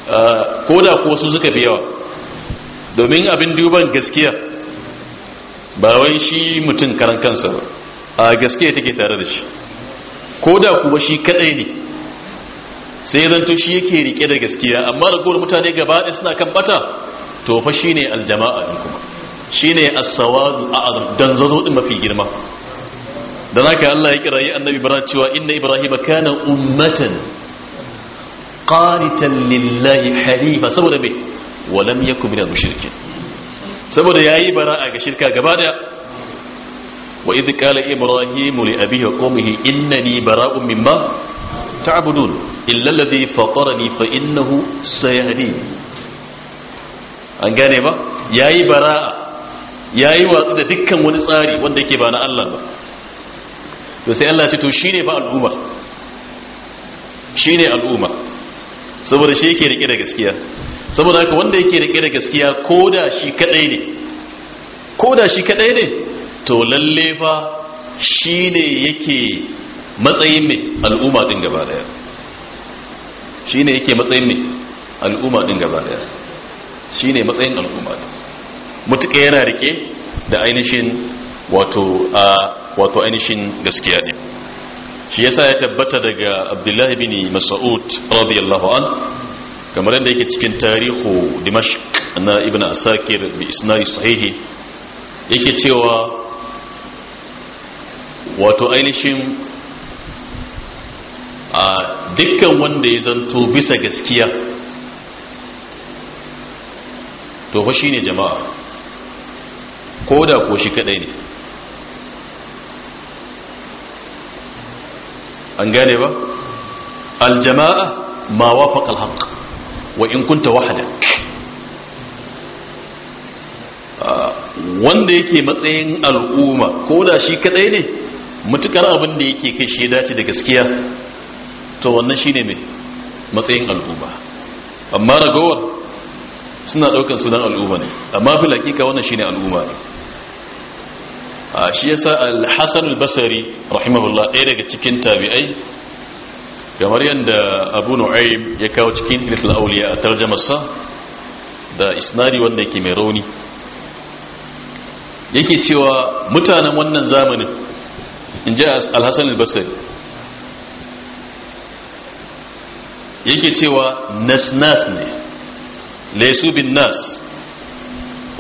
[SPEAKER 1] ah, ko da kuwa su suka fi yawa domin abin duban gaskiya ba wai shi mutum karan kansa ba a gaskiya take tare da shi ko da kuwa shi kadai ne sai zanto shi yake rike da gaskiya amma da gowar mutane gaba ɗaya suna kan bata to fa shi ne aljama'a ne kuma shine as-sawadu a'zam danzazo din mafi girma da haka Allah ya kirayi annabi Ibrahim cewa inna ibrahim kana ummatan qanitan lillahi hanifa saboda me walam yakun minal mushrikin saboda yayi bara ga shirka gaba daya wa idh qala ibrahim li abihi wa qaumihi innani bara'un mimma ta'budun illa alladhi fatarani fa innahu sayahdin an gane ba yayi bara'a ya yi watsu da dukkan wani tsari wanda yake ba na Allah ba to sai Allah ce to shi ne ba al'umma shi ne al'umma saboda shi yake rike da gaskiya saboda haka wanda yake rike da gaskiya ko da shi kadai ne ko da shi kadai ne to lalle fa shi ne yake matsayin mai al'umma din gaba daya shi ne yake matsayin mai al'umma din gaba daya shi ne matsayin al'umma din mutuka yana rike da ainihin wato a wato ainihin gaskiya ne shi yasa ya tabbata daga abdullahi bin mas'ud radiyallahu an kamar yadda yake cikin tarihu dimashq na ibn asakir bi isnadi sahihi yake cewa wato ainihin a dukkan wanda ya zanto bisa gaskiya to fa shine jama'a ko da ko shi kadai ne an gane ba aljama'a ma wafaqa alhaq wa in kunta wahda ah, wanda yake matsayin al'umma ko da shi kadai ne mutukar abin da yake kai shi dace da gaskiya to wannan shine mai matsayin al'umma amma ragowar suna daukan sunan al'umma ne amma filakika wannan shine al'umma ne shi yasa al-hasan al-basri rahimahullah ɗaya daga cikin tabi'ai kamar yadda abu nu'aym ya kawo cikin ilal auliya a tarjamarsa da isnari wanda yake mai rauni yake cewa mutanen wannan zamanin in ji al albasari yake cewa nas-nas ne laisu bin nas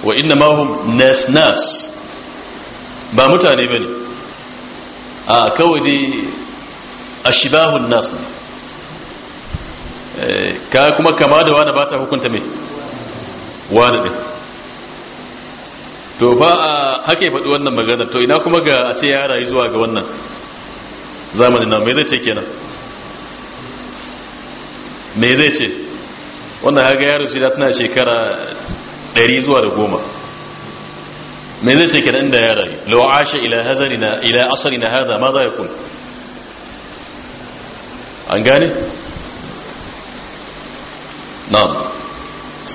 [SPEAKER 1] wa inna mahum nas-nas ba mutane ba ne a kawai dai a shibahun nasu eh, ka kuma kama da wani ba ta hukunta mai wani ɗin to ba a haka yi faɗi wannan magana to ina kuma ga a ce ya rayu zuwa ga wannan zamanin na mai zai ce kenan mai zai ce wannan haka yaro shi da tana shekara 100 zuwa da goma me zai ce kiran da ya rayu law asha ila hazarina ila asrina ma za kun an gane na'am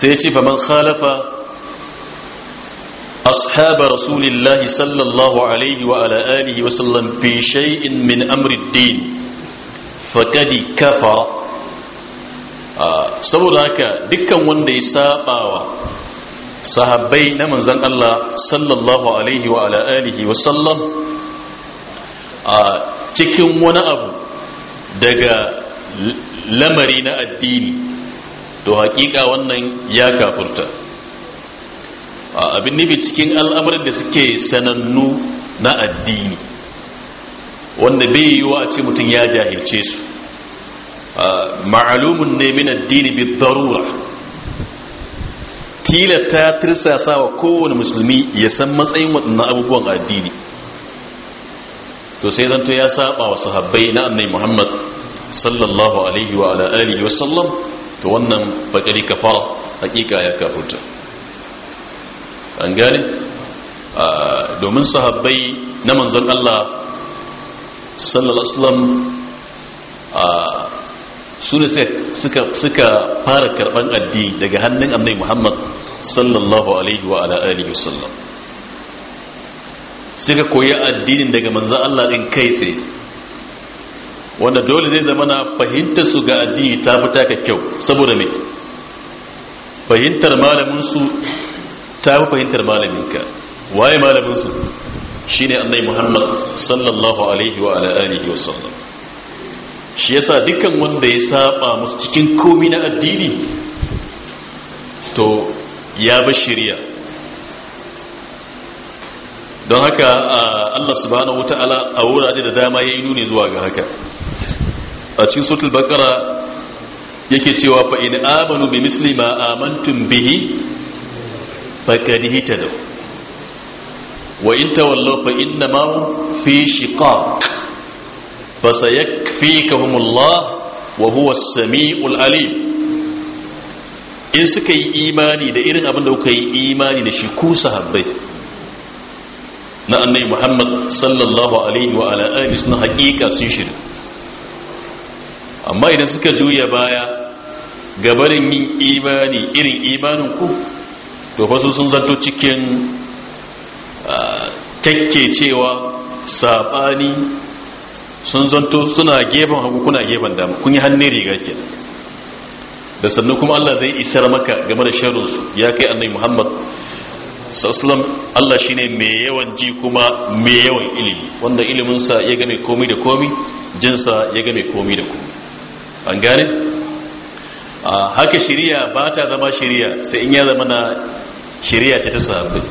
[SPEAKER 1] sai ce fa man khalafa ashaba rasulillahi sallallahu alaihi wa ala alihi wa sallam fi shay'in min amri ad-din faqad kafara ah, saboda haka dukkan wanda ya sabawa sahabbai na manzan Allah sallallahu alaihi wa ala wa sallam a cikin wani abu daga lamari na addini to hakika wannan ya kafurta abin nufi cikin al'amarin da suke sanannu na addini wanda bai yiwuwa a ce mutum ya jahilce su ma'alumun ne min addini bi darura tilata tirsasa wa kowane musulmi ya san matsayin waɗannan abubuwan addini to sai zanto ya saba wa sahabbai na annai muhammad sallallahu alaihi wa alaihi wa sallam to wannan bakari kafara hakika ya kafuta an gane domin sahabbai na manzon Allah sallallahu alaihi wasallam su ne suka fara karban addini daga hannun annai muhammad sallallahu alaihi wa ala alihi wasallam suka koyi addinin daga manzan Allah din kai sai wanda dole zai zama na fahimta su ga addini ta fi taka kyau saboda me fahimtar malamin su ta fi fahimtar malamin ka waye malamin su shine annabi Muhammad sallallahu alaihi wa ala alihi wasallam shi yasa dukkan wanda ya saba musu cikin komi na addini to ya bar shiriya don haka Allah subhanahu wata'ala a wurare da dama ya yi nuni zuwa ga haka a cikin sutul bakara yake cewa fa in amanu bi misli ma bihi faqad hitadu wa in tawallaw fa inna ma fi shiqaq fa sayakfikahumullah wa huwa as-sami'ul alim in suka yi imani da irin abin da kuka yi imani da shi ku sahabbai na annai muhammad sallallahu alaihi wa ala'adis suna hakika sun shirin amma idan suka juya baya gabarin yin imani irin imanin ku to fasu sun zanto cikin takke cewa saɓani sun zanto suna gefen hagu kuna gefen dama kun yi hannun riga kenan da sannan kuma Allah zai isar maka game da su ya kai annabi Muhammad sallallahu Allah shine mai yawan ji kuma mai yawan ilimi wanda iliminsa ya gane komai da komai jinsa ya gane komai da komai an gane haka shiriya ba ta zama shiriya sai in ya zama na shiriya ce ta sahabbai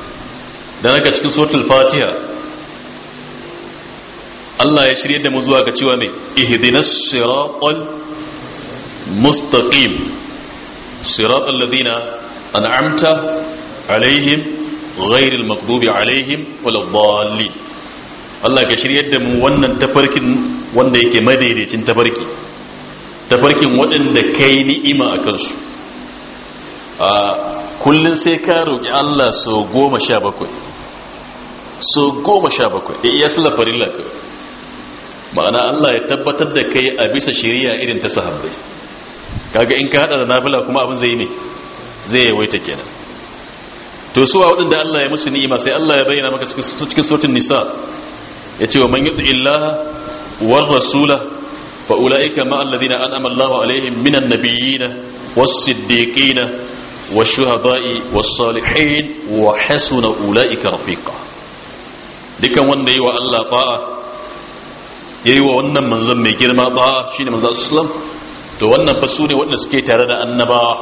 [SPEAKER 1] dan haka cikin suratul fatiha Allah ya shirye da mu zuwa ga cewa mai ihdinas siratal mustaqim صراط الذين أنعمت عليهم غير المغضوب عليهم ولا الضالين Allah ka shiryar da mu wannan tafarkin wanda yake madaidaicin tafarki tafarkin waɗanda kai ni'ima a kansu a kullun sai ka roƙi Allah so goma sha bakwai so goma sha bakwai da iya sula farilla ma'ana Allah ya tabbatar da kai a bisa shiriya irin ta sahabbai kaga in ka hada da nafila kuma abin zai ne zai yawaita kenan to su a Allah ya musu ni'ima sai Allah ya bayyana maka cikin suratul nisa ce wa man yuti illaha war rasula fa ulaika ma alladhina an'ama Allahu alaihim minan nabiyina was-siddiqina wash-shuhada'i was-salihin wa hasuna ulaika rafiqa dukan wanda yi wa Allah ta'a yayi wa wannan manzon mai girma ta'a shine manzon sallallahu alaihi wasallam to wannan fa sune ne waɗanda suke tare da annabawa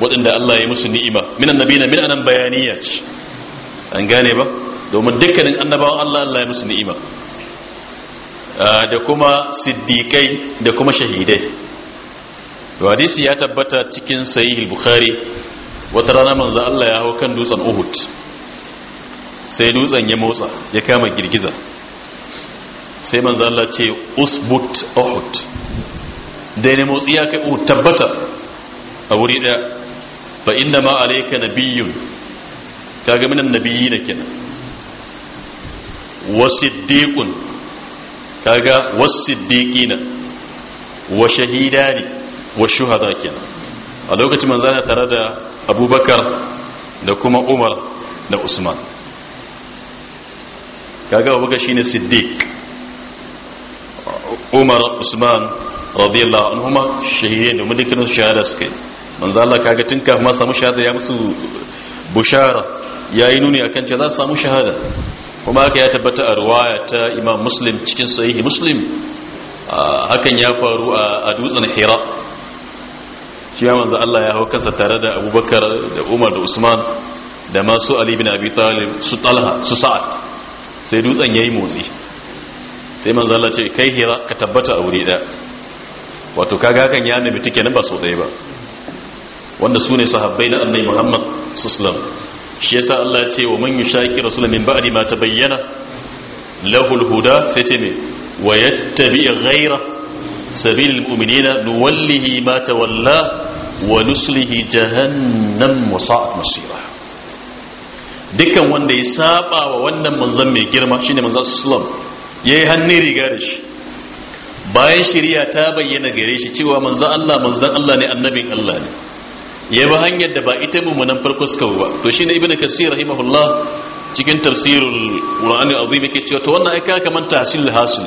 [SPEAKER 1] waɗanda Allah ya musu ni'ima minan nabina min anan bayaniya ce an gane ba domin dukkanin annabawan Allah Allah ya musu ni'ima ah, da kuma siddiqai da kuma shahidai to hadisi ya tabbata cikin sahih al-bukhari wata rana manzo Allah ya hawo kan dutsen Uhud sai dutsen ya motsa ya kama girgiza sai manzo Allah ce usbut Uhud ne motsi ya kai uhud oh, tabbata a wuri daya fa inna ma alayka nabiyyun kaga minan da kenan wasiddiqun kaga wasiddiqina wa shahidani wa shuhada kenan a lokacin manzana tare da abubakar da kuma umar da usman kaga abubakar shine siddiq umar usman radiyallahu anhuma shahiyya da dukkanin shahada suke manzo Allah kaga tun kafin ma samu shahada ya musu bushara yayi nuni akan cewa za su samu shahada kuma haka ya tabbata a riwaya ta Imam Muslim cikin sahihi Muslim hakan ya faru a dutsen Hira shi ya manzo Allah ya hau kansa tare da Abubakar da Umar da Usman da masu Ali bin Abi Talib su Talha su Sa'ad sai dutsen yayi motsi sai manzo Allah ce kai Hira ka tabbata a wuri daya wato kaga hakan ya annabi take nan ba so ɗaya ba wanda su ne sahabbai na annabi muhammad suslam shi yasa allah ce wa man yushaqi rasul min ba'di ma tabayyana lahu Lahulhuda sai ce me wa yattabi ghayra sabilil mu'minina nuwallihi ma tawalla wa nuslihi jahannam wa masira dukkan wanda ya saba wa wannan manzon mai girma shine manzon sallallahu alaihi wasallam yayi hannun riga da shi bayan shari'a ta bayyana gare shi cewa manzan Allah manzan Allah ne annabin Allah ne ya bi hanyar da ba ita mummunan farko suka ba to shi shine ibnu kasir rahimahullah cikin tafsirul qur'ani azim yake cewa to wannan ai ka kamar tahsil hasil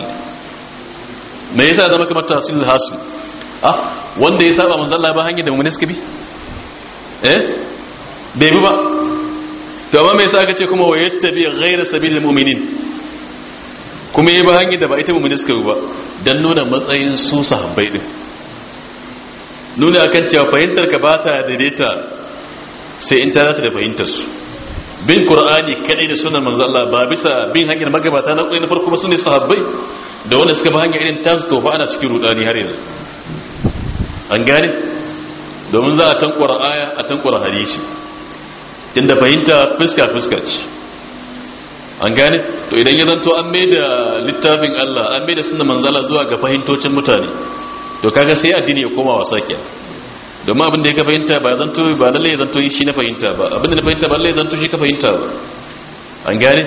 [SPEAKER 1] me yasa zama kamar tahsil hasil ah wanda ya saba manzan Allah ba hanyar da mu suka bi eh bai bi ba to amma me yasa aka ce kuma wayattabi ghayra sabilil mu'minin kuma ya ba hanyar da ba ita mummuni suka yi ba don nuna matsayin su sahabbai din nuna akan cewa fahimtar ka ba ta daidaita sai in ta da fahimtar su bin qur'ani kadai da sunan manzo Allah ba bisa bin hanyar magabata na kuma farko ba sunne sahabbai da wanda suka ba hanyar irin tasu to fa ana cikin rudani har yanzu an gane domin za a tankura aya a tankura hadisi inda fahimta fuska fuska ce an gane to idan ya zanto an mai da littafin Allah an mai da sunan manzala zuwa ga fahimtocin mutane to kaga sai addini ya koma wasa domin abin da ya ka fahimta ba zanto ba lalle ya zanto shi na fahimta ba abin da na fahimta ba lalle ya zanto shi ka fahimta ba an gane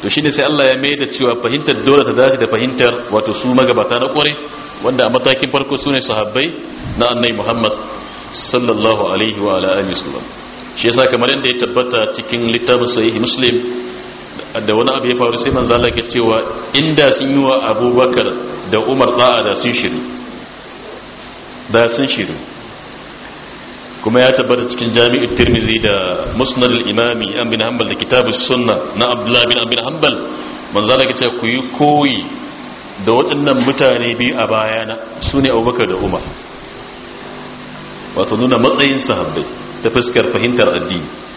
[SPEAKER 1] to shi ne sai Allah ya mai da cewa fahimtar dole ta dace da fahimtar wato su magabata na kore wanda a matakin farko su ne sahabbai na annai muhammad sallallahu alaihi wa alihi wasallam shi yasa kamar yadda ya tabbata cikin littafin sahihi muslim da wani abu ya faru sai manzo Allah ya cewa inda sun yi wa Abubakar da Umar da'a da sun shiru da sun kuma ya tabbata cikin Jami'u Tirmidhi da Musnad al-Imami an bin Hanbal da Kitab as-Sunnah na Abdullah bin Abi Hanbal manzo Allah ya ce ku yi koyi da waɗannan mutane biyu a bayana sune Abubakar da Umar wato nuna matsayin sahabbai ta fuskar fahimtar addini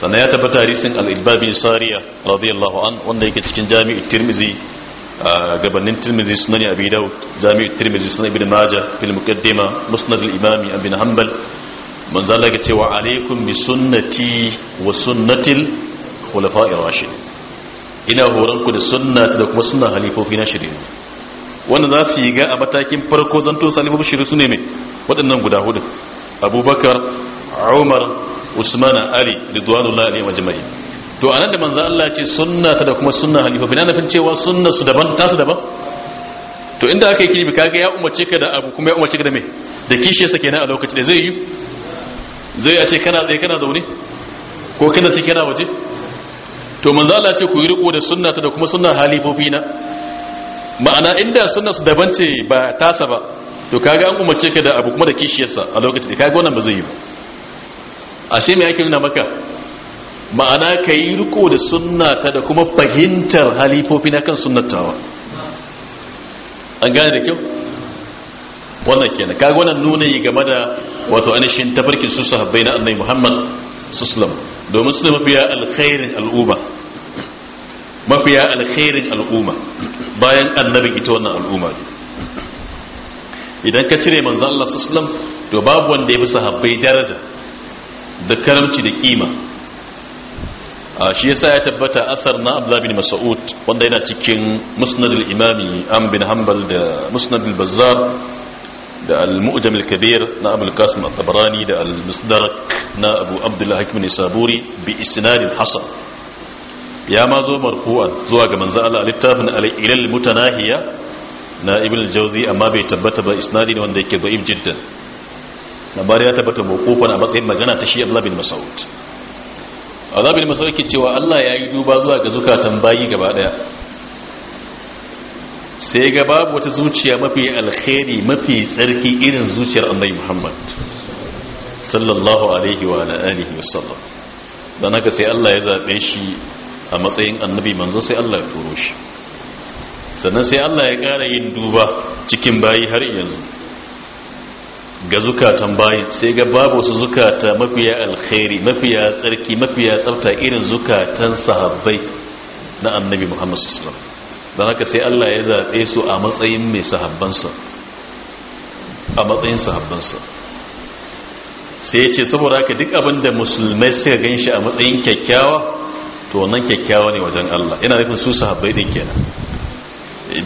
[SPEAKER 1] sannan ya tabbata tarisin al’ibabin sariya radiyallahu an wanda yake cikin jami'in tirmizi gabanin tirmizi sunan ne daud jami'in tirmizi sunan ibn majah fil muqaddima musnad al-imam ibn hanbal manzo Allah ya ce wa alaikum bi sunnati wa sunnatil khulafa'ir rashid ina horon ku da sunna da kuma sunna halifofi na shirin wanda za su yi ga a matakin farko zanto salifu shirin su ne mai waɗannan guda hudu abubakar umar usman ali ridwanullahi alaihim majma'i to anan da manzo Allah ce sunna ta da kuma sunna halifa bina nafin cewa sunna su daban ta su daban to inda aka yi kirbi kaga ya umarce ka da abu kuma ya umarce ka da me da kishiyarsa kenan a lokaci da zai yi zai a ce kana tsaye kana zaune ko kana ci kana waje to manzo Allah ce ku yi riko da sunna ta da kuma sunna halifofi na ma'ana inda sunna su daban ce ba tasa ba to kaga an umarce ka da abu kuma da kishiyarsa a lokaci da kaga wannan ba zai yi ba ashe me ake nuna maka ma'ana ka yi riko da sunnata da kuma fahimtar halifofi na kan sunnatawa an gane da kyau wannan kenan kaga wannan nuna yi game da wato anishin tafarkin su sahabbai na annai Muhammad sallallahu domin su mafiya alkhairin al'umma mafiya alkhairin al'umma bayan annabi ita wannan al'umma idan ka cire manzan Allah sallallahu to babu wanda ya bi sahabbai daraja da karamci da kima shi yasa ya tabbata asar na abdullah bin mas'ud wanda yana cikin musnad al-imami am bin hanbal da musnad al-bazzar da al-mu'jam al-kabir na abul qasim at-tabarani da al-musdarak na abu abdullah hakim nisaburi bi isnad hasan ya ma zo marfu'an zuwa ga manzo Allah littafin al-ilal mutanahiya na ibn al-jawzi amma bai tabbata ba isnadi ne wanda yake da'if jiddan labari ya tabbata mawqufan a matsayin magana ta shi Abdullah bin Mas'ud Abdullah bin Mas'ud yake cewa Allah ya yi duba zuwa ga zukatan bayi gaba daya sai ga babu wata zuciya mafi alkhairi mafi tsarki irin zuciyar Annabi Muhammad sallallahu alaihi wa alihi wasallam dan haka sai Allah ya zabe shi a matsayin annabi manzo sai Allah ya turo shi sannan sai Allah ya ƙara yin duba cikin bayi har yanzu ga zukatan bayin sai ga babu wasu zukata mafiya alkhairi mafiya tsarki mafiya tsafta irin zukatan sahabbai na annabi muhammad sallallahu alaihi wasallam don haka sai Allah ya zaɓe su a matsayin mai sahabbansa a matsayin sahabbansa sai ya ce saboda haka duk abin da musulmai suka gan shi a matsayin kyakkyawa to wannan kyakkyawa ne wajen Allah yana nufin su sahabbai din kenan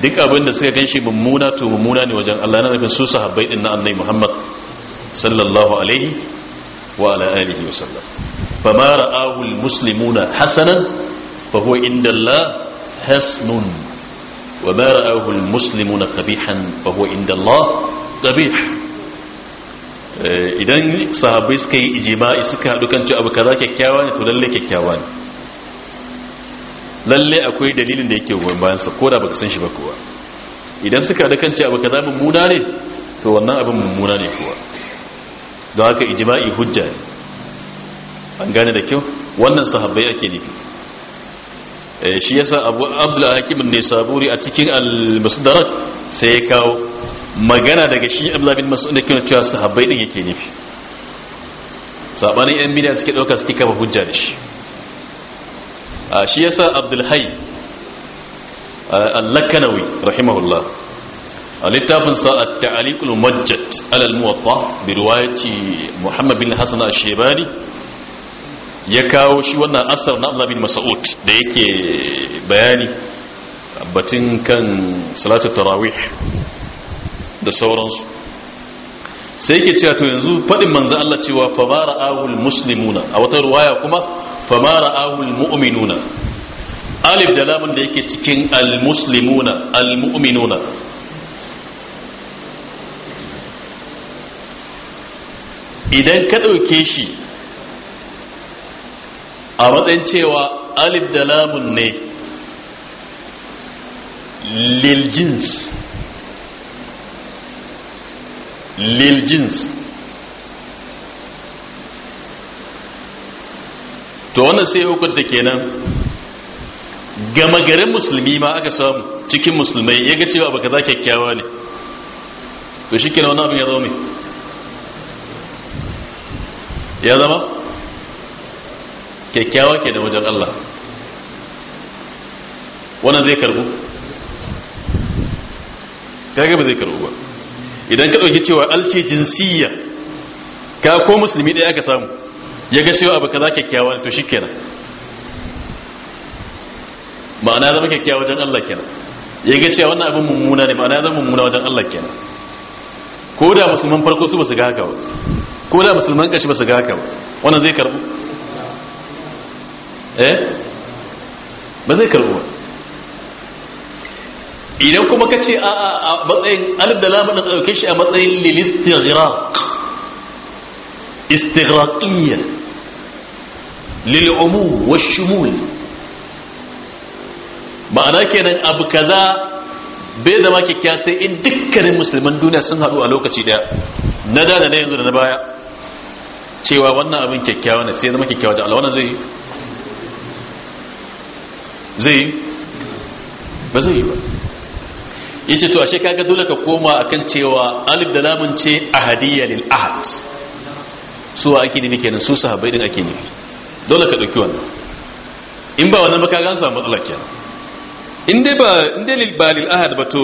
[SPEAKER 1] duk abin da suka ganshi mummuna to mummuna ne wajen Allah na nufin su sahabbai din na annabi Muhammad sallallahu alaihi wa ala alihi wa sallam fa ma ra'ahu almuslimuna hasanan fa huwa inda Allah hasnun wa ma ra'ahu almuslimuna qabihan fa huwa inda Allah qabih eh, idan sahabbai suka yi ijima'i suka hadu kan ci abu kaza kyakkyawa ne to lalle kyakkyawa ne lalle akwai dalilin da yake goyon bayan sa da baka san shi ba kowa idan suka haɗu kan ci abu kaza mummuna ne to wannan abin mummuna ne kowa don haka ijma'i hujja ne an gane da kyau wannan sahabbai ake nufi eh, shi yasa abu hakim ne saburi a cikin al sai ya kawo magana daga shi da cewa sahabbai din yake nufi sabanin yan bid'a suke suke kafa hujja da shi ah, shi yasa ah, al-lakanawi rahimahullah a littafin sa at-ta'liqul mujjad ala al bi riwayati Muhammad bin Hasan al-Shaybani ya kawo shi wannan asar na Abdullah bin Mas'ud da yake bayani batun kan salatu tarawih da sauransu sai yake cewa to yanzu fadin manzo Allah cewa fa mara'ahu al-muslimuna a wata riwaya kuma fa mara'ahu al-mu'minuna alif da lamun da yake cikin al-muslimuna al-mu'minuna idan ka ɗauke shi a matsayin cewa alif da lamun ne liljins liljins to wannan sai hukunta kenan gama garin musulmi ma aka samu cikin musulmai ya ga cewa baka za kyakkyawa ne to shi kenan wani abin ya zo mai ya zama kyakkyawa ke da wajen Allah wannan zai karbu kaga ba zai karbu ba idan ka ɗauki cewa alce jinsiyya ka ko musulmi ɗaya aka samu ya ga cewa abu kaza kyakkyawa to shi kenan ma'ana zama kyakkyawa wajen Allah kenan ya ga cewa wannan abin mummuna ne ma'ana zama mummuna wajen Allah kenan ko da musulman farko su ba su ga haka ba ko da musulman kashi ba su ga haka ba wannan zai karbu eh ba zai karbu ba idan kuma ka ce a matsayin alif da da ɗauke shi a matsayin lilistighraq istighraqiyya lil'umu washumul ma'ana kenan abu kaza bai zama kyakkyawa sai in dukkanin musulman duniya sun haɗu a lokaci daya na da na yanzu da na baya cewa wannan abin kyakkyawa ne sai zama kyakkyawa ji Allah zai zai ba zai yi ba ce to a kaga dole ka koma akan cewa alif da lamun ce hadiyya lil ahad su ake nufi kenan su sahabbai din ake nufi dole ka ɗauki wannan in ba wannan ba ka ga samu matsala kenan in dai ba in dai lil ahad ba to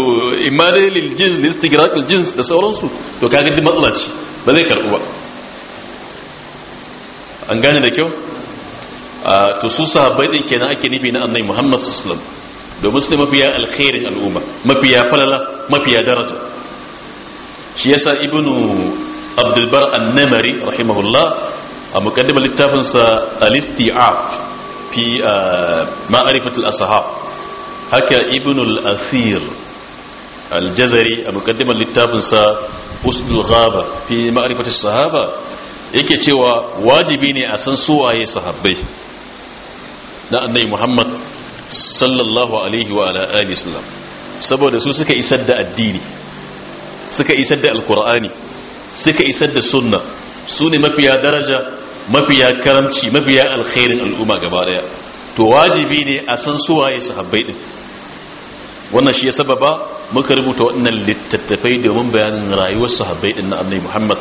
[SPEAKER 1] imma dai lil jins da al jins da sauransu to kaga duk matsala ce ba zai karɓu ba an gane da kyau to su sahabbai din kenan ake nufi na annabi Muhammad sallallahu alaihi wasallam domin su ne mafiya alkhairin al'umma mafiya falala mafiya daraja shi yasa ibnu abdul bar an-namari rahimahullah a muqaddimar littafin sa al-isti'ab fi ma'rifatul ashab haka ibnu al-asir al-jazari a muqaddimar littafin sa usdul ghaba fi ma'rifat sahaba yake cewa wajibi ne a san suwaye sahabbai na annai muhammad sallallahu alaihi wa ala'ali sallam saboda su suka isar da addini suka isar da alkur'ani suka isar da sunna su ne mafiya daraja mafiya karamci mafiya alkhairin al'umma gaba daya to wajibi ne a san suwaye sahabbai din wannan shi ya sababa muka rubuta waɗannan littattafai domin bayanin rayuwar sahabbai din na annai muhammad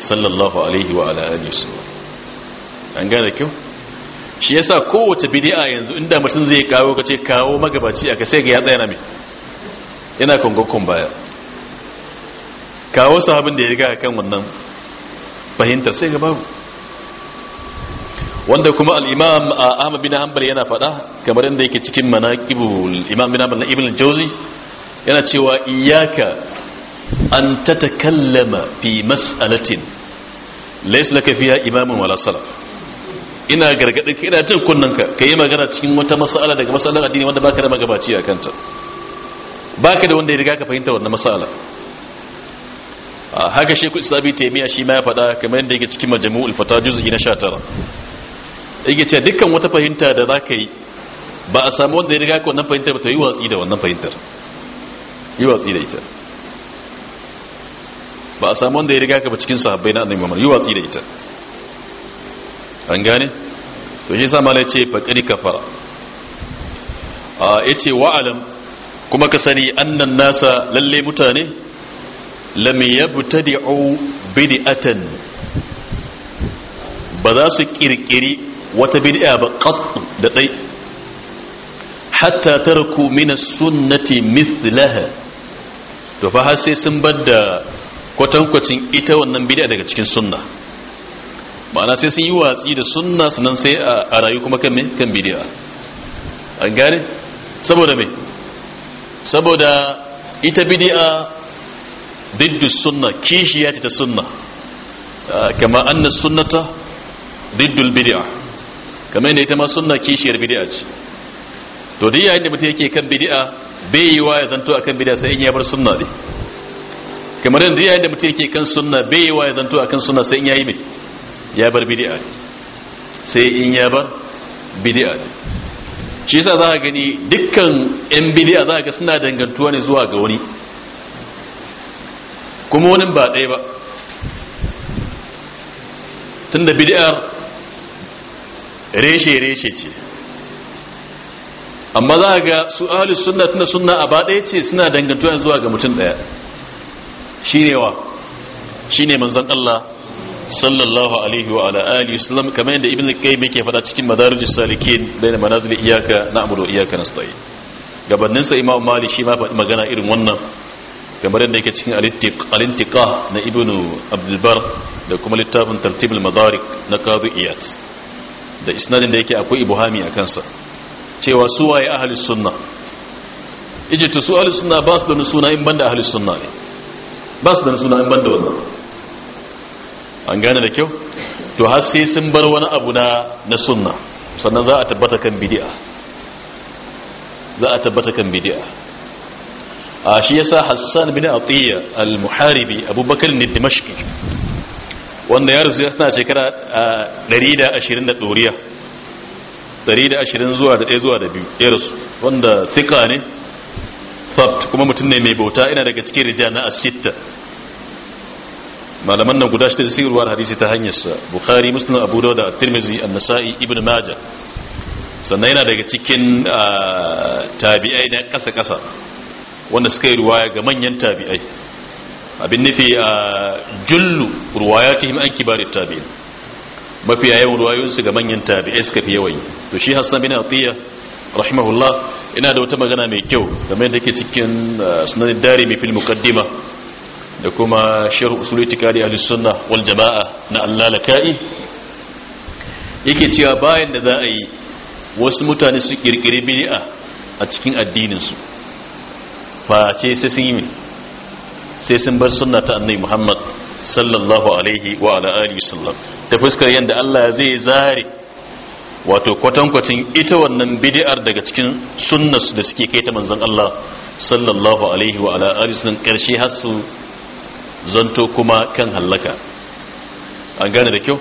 [SPEAKER 1] sallallahu alaihi wa ala alihi wasallam an gane kyau shi yasa kowace bid'a yanzu inda mutum zai kawo kace kawo magabaci aka sai ga ya tsaya na me yana kongokon baya kawo sahabin da ya riga kan wannan fahimtar sai ga babu wanda kuma al-imam Ahmad bin Hanbal yana faɗa kamar inda yake cikin manaqibul imam bin Hanbal ibn al-Jawzi yana cewa iyyaka an takallama fi mas'alatin laysa laka fiha imamun wala salaf ina gargadin ka ina jin kunnanka ka yi magana cikin wata mas'ala daga mas'alar addini wanda baka da magabaci a kanta baka da wanda ya riga ka fahimta wannan mas'ala ah, haka sheku islami taimiyya shi ma ya faɗa kamar yadda yake cikin majamu, fata juzu'i na 19 yake cewa dukkan wata fahimta da za ka yi ba a samu wanda ya riga ka wannan fahimtar ba ta yi watsi da wannan fahimtar yi watsi da ita ba a samu wanda ya riga ka ba cikin sahabbai na annabi Muhammad yi watsi da ita an gane to shi sa malai ce faqari kafara a yace wa'alam kuma ka sani annan nasa lalle mutane lam yabtadi'u bid'atan ba za su kirkiri wata bid'a ba qattu da dai hatta tarku min as-sunnati mithlaha to fa har sai sun badda. kwatankwacin ita wannan bid'a daga cikin sunna ma'ana sai sun yi watsi da sunna sannan sai a rayu kuma kan me kan bid'a an gane saboda me saboda ita bid'a diddus sunna kishiya ta sunna kama na sunnata diddul bid'a kama ne ita ma sunna kishiyar bid'a ce to dai yayin da mutum yake kan bid'a bai yi wa ya zanto akan bid'a sai in ya bar sunna ne kamar yanzu yayin da mutum yake kan sunna wa ya zanto akan sunna sai in yayi mai. ya bar bid'a sai in ya bar bid'a shi yasa za ka gani dukkan yan bid'a za ka suna dangantuwa ne zuwa ga wani kuma wani ba ɗaya ba tunda bidi'ar reshe reshe ce amma za ga su ahalus sunna tunda sunna a ba ɗaya ce suna dangantuwa zuwa ga mutum ɗaya shine wa shine manzon Allah sallallahu alaihi wa ala alihi wasallam kamar yadda ibnu qayyim yake faɗa cikin madarijus salikin bayan manazil iyyaka na'budu wa iyyaka nasta'in gabanin sa imam malik shi ma faɗi magana irin wannan kamar yadda yake cikin al-intiqa na ibnu abdul bar da kuma littafin tartib al-madarik na qadi iyat da isnadin da yake akwai ibuhami a kansa cewa su waye ahli sunna ije su ahli sunna ba su da suna in banda ahli sunna ne ba su da suna an ban da wannan an gane da kyau to har sai sun bar wani abu na na sunna sannan za a tabbata kan bidi'a. za a tabbata kan bidi'a. a shi ya sa Hassan bin Atiyya al-Muharibi Abubakar ne Dimashqi wanda ya rusu yana shekara 120 da doriya 120 zuwa da 1 zuwa da 2 ya rusu wanda thika ne sabt kuma mutum ne mai bauta ina daga cikin rijal na asitta malaman nan guda shida da sigirwar hadisi ta hanyarsa bukhari muslim abu dawud at-tirmidhi an-nasa'i ibnu majah sannan yana daga cikin ah, tabi'ai na kasa kasa wanda suka yi ruwaya ga manyan tabi'ai abin nufi a ah, jullu ruwayatihim an kibarit tabi'in mafiya yawan ruwayoyinsu ga manyan tabi'ai suka fi yawan to shi hassan bin atiya rahimahullah ina da wata magana mai kyau game da ke cikin uh, sunan dare mai fil muqaddima da kuma shiru usul itikadi ahlus sunna wal jamaa na Allah lakai yake cewa bayan da za a yi wasu mutane su kirkiri bid'a a cikin addinin su face sai sun yi sai sun bar sunna ta annabi Muhammad sallallahu alaihi wa ala sallam ta fuskar yadda Allah zai zare wato kwatankwacin ita wannan bidiyar daga cikin sunnas da suke kai ta manzon Allah sallallahu alaihi wa ala alihi sun karshe har su zanto kuma kan halaka an gane da kyau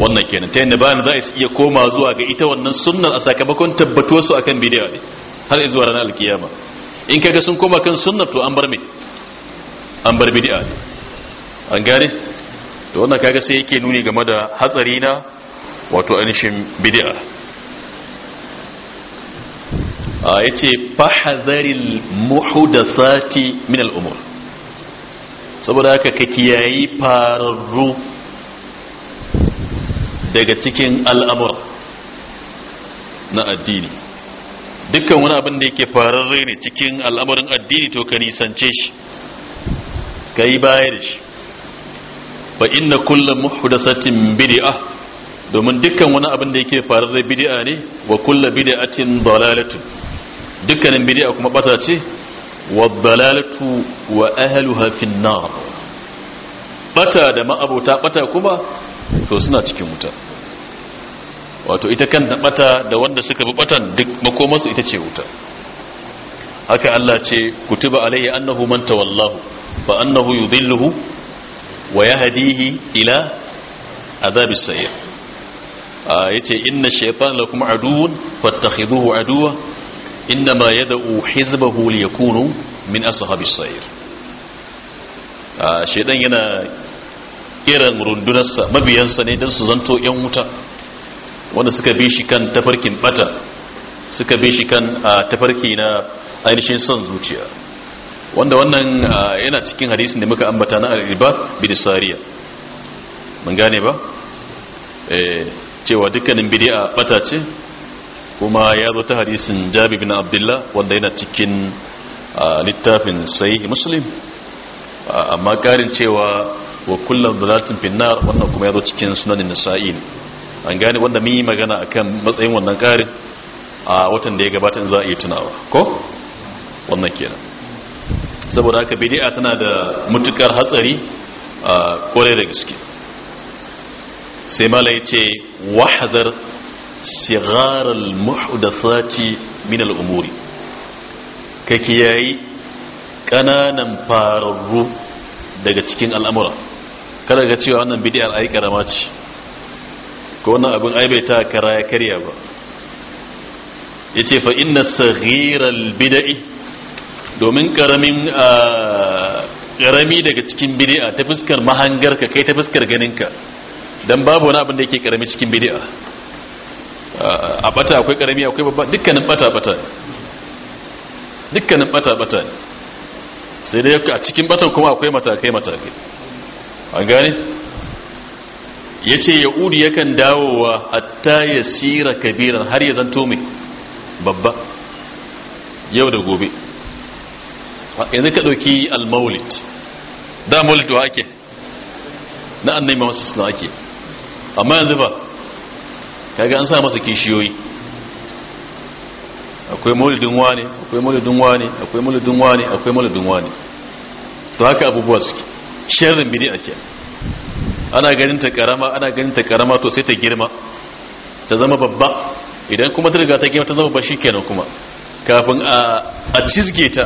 [SPEAKER 1] wannan kenan ta yadda bayan za a iya koma zuwa ga ita wannan sunnar a sakamakon tabbatuwar su akan bidiyar ne har zuwa ranar alkiyama in kaga sun koma kan sunnar to an bar me an bar bidiyar ne an gane to wannan kaga sai yake nuni game da hatsari na wato ainihin bid'a a yace fahadharil muhdathati min al saboda haka ka kiyayi fararru daga cikin al'amur na addini dukkan wani abin da yake fararre ne cikin al'amarin addini to ka nisance shi ka yi baya da shi ba inna kullum muhdasatin bid'ah domin dukkan wani abin da yake fararre bid'a ne wa kullu bid'atin dalalatu dukkanin bid'a kuma bata ce wa dalalatu wa ahliha fin nar bata da ma'abota bata kuma to suna cikin wuta wato ita kanta bata da wanda suka bi batan duk makomansu ita ce wuta haka Allah ce kutuba alayhi annahu man tawallahu fa annahu yudhilluhu wa yahdihi ila adhabis sayyid yace inna shaytan lakum aduwwun fattakhiduhu aduwwa inma yad'u hizbahu kunu min ashabis sa'ir shaytan yana kiran rundunarsa mabiyansa ne don su zanto yan wuta wanda suka bi shi kan tafarkin bata suka bi shi kan tafarki na ainihin son zuciya wanda wannan yana cikin hadisin da muka ambata na al-ibad bin sariya mun gane ba eh cewa dukkanin bid'a bata ce kuma ya zo ta hadisin Jabir bin Abdullah wanda yana cikin littafin Sahih Muslim amma karin cewa wa kullum dalatin finnar wannan kuma ya zo cikin sunanin nisa'i an gane wanda mun yi magana akan matsayin wannan karin a watan da ya gabata in za a yi tunawa ko wannan kenan saboda haka bid'a tana da mutukar hatsari a kore da gaske sai mala ya ce wahazar shigarar muhdathati min al'umuri ka kiyayi ƙananan fararru daga cikin al'amura kada ga cewa wannan bidiyar ai karama ce ko wannan abin ai bai ta kara ya karya ba ya ce fa inna saghirar bida'i domin ƙaramin ƙarami daga cikin bidi'a ta fuskar mahangarka kai ta fuskar ganinka dan babu wani abin da yake karami cikin bid'a a bata akwai karami akwai babba dukkanin bata bata dukkanin bata bata sai dai a cikin batan kuma akwai matakai matakai an gane yace ya'udu yakan dawowa hatta sira kabiran har ya zanto mai babba yau da gobe yanzu ka ɗauki al-maulid da maulid wa ake na annai masu suna ake amma yanzu ba kaga an sa masa kishiyoyi akwai maulidin wani akwai maulidin wani akwai maulidin wani akwai maulidin wani to haka abubuwa suke sharrin bid'a ke ana ganin ta karama ana ganin ta karama to sai ta girma ta zama babba idan kuma ta riga ta girma ta zama babba shikenan kuma kafin a cizge ta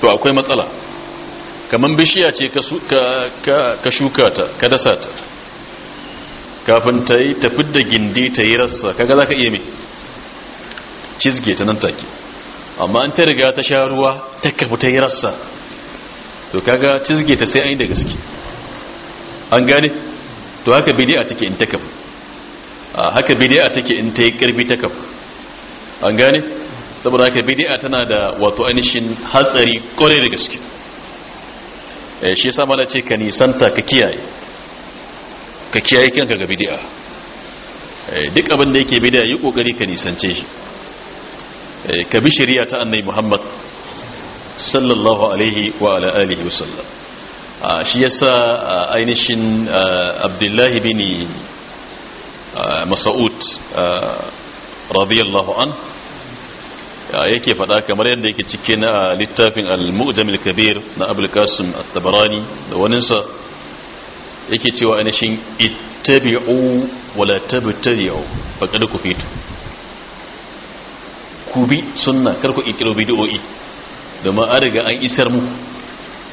[SPEAKER 1] to akwai matsala kaman bishiya ce ka shuka ta ka dasa ta kafin ta yi tafi da gindi ta yi rassa kaga za ka iya mai cizge ta nan take amma an ta riga ta sha ruwa ta kafa ta yi rassa to kaga cizge ta sai an yi da gaske an gane to haka bidi'a take in ta kafa haka bidi'a take in ta yi karfi ta kafa an gane saboda haka a tana da wato anishin hatsari kore da gaske eh, shi yasa mana ce ka nisanta ka kiyaye ka kiyaye kanka ga bid'a eh, duk abin da yake bid'a yi kokari ka nisance shi eh, ka bi shari'a ta annabi Muhammad sallallahu alaihi wa ala alihi wa sallam ah, shi yasa ah, ainihin ah, Abdullahi bin Mas'ud radiyallahu an yake faɗa kamar yadda yake cikin littafin al littafin kabir na Abul Qasim at-Tabarani da waninsa yake cewa ainihin ittabi'u wala tabtariu faqad kufitu ku bi sunna kar ku ikiro bid'o'i domin an riga an isar muku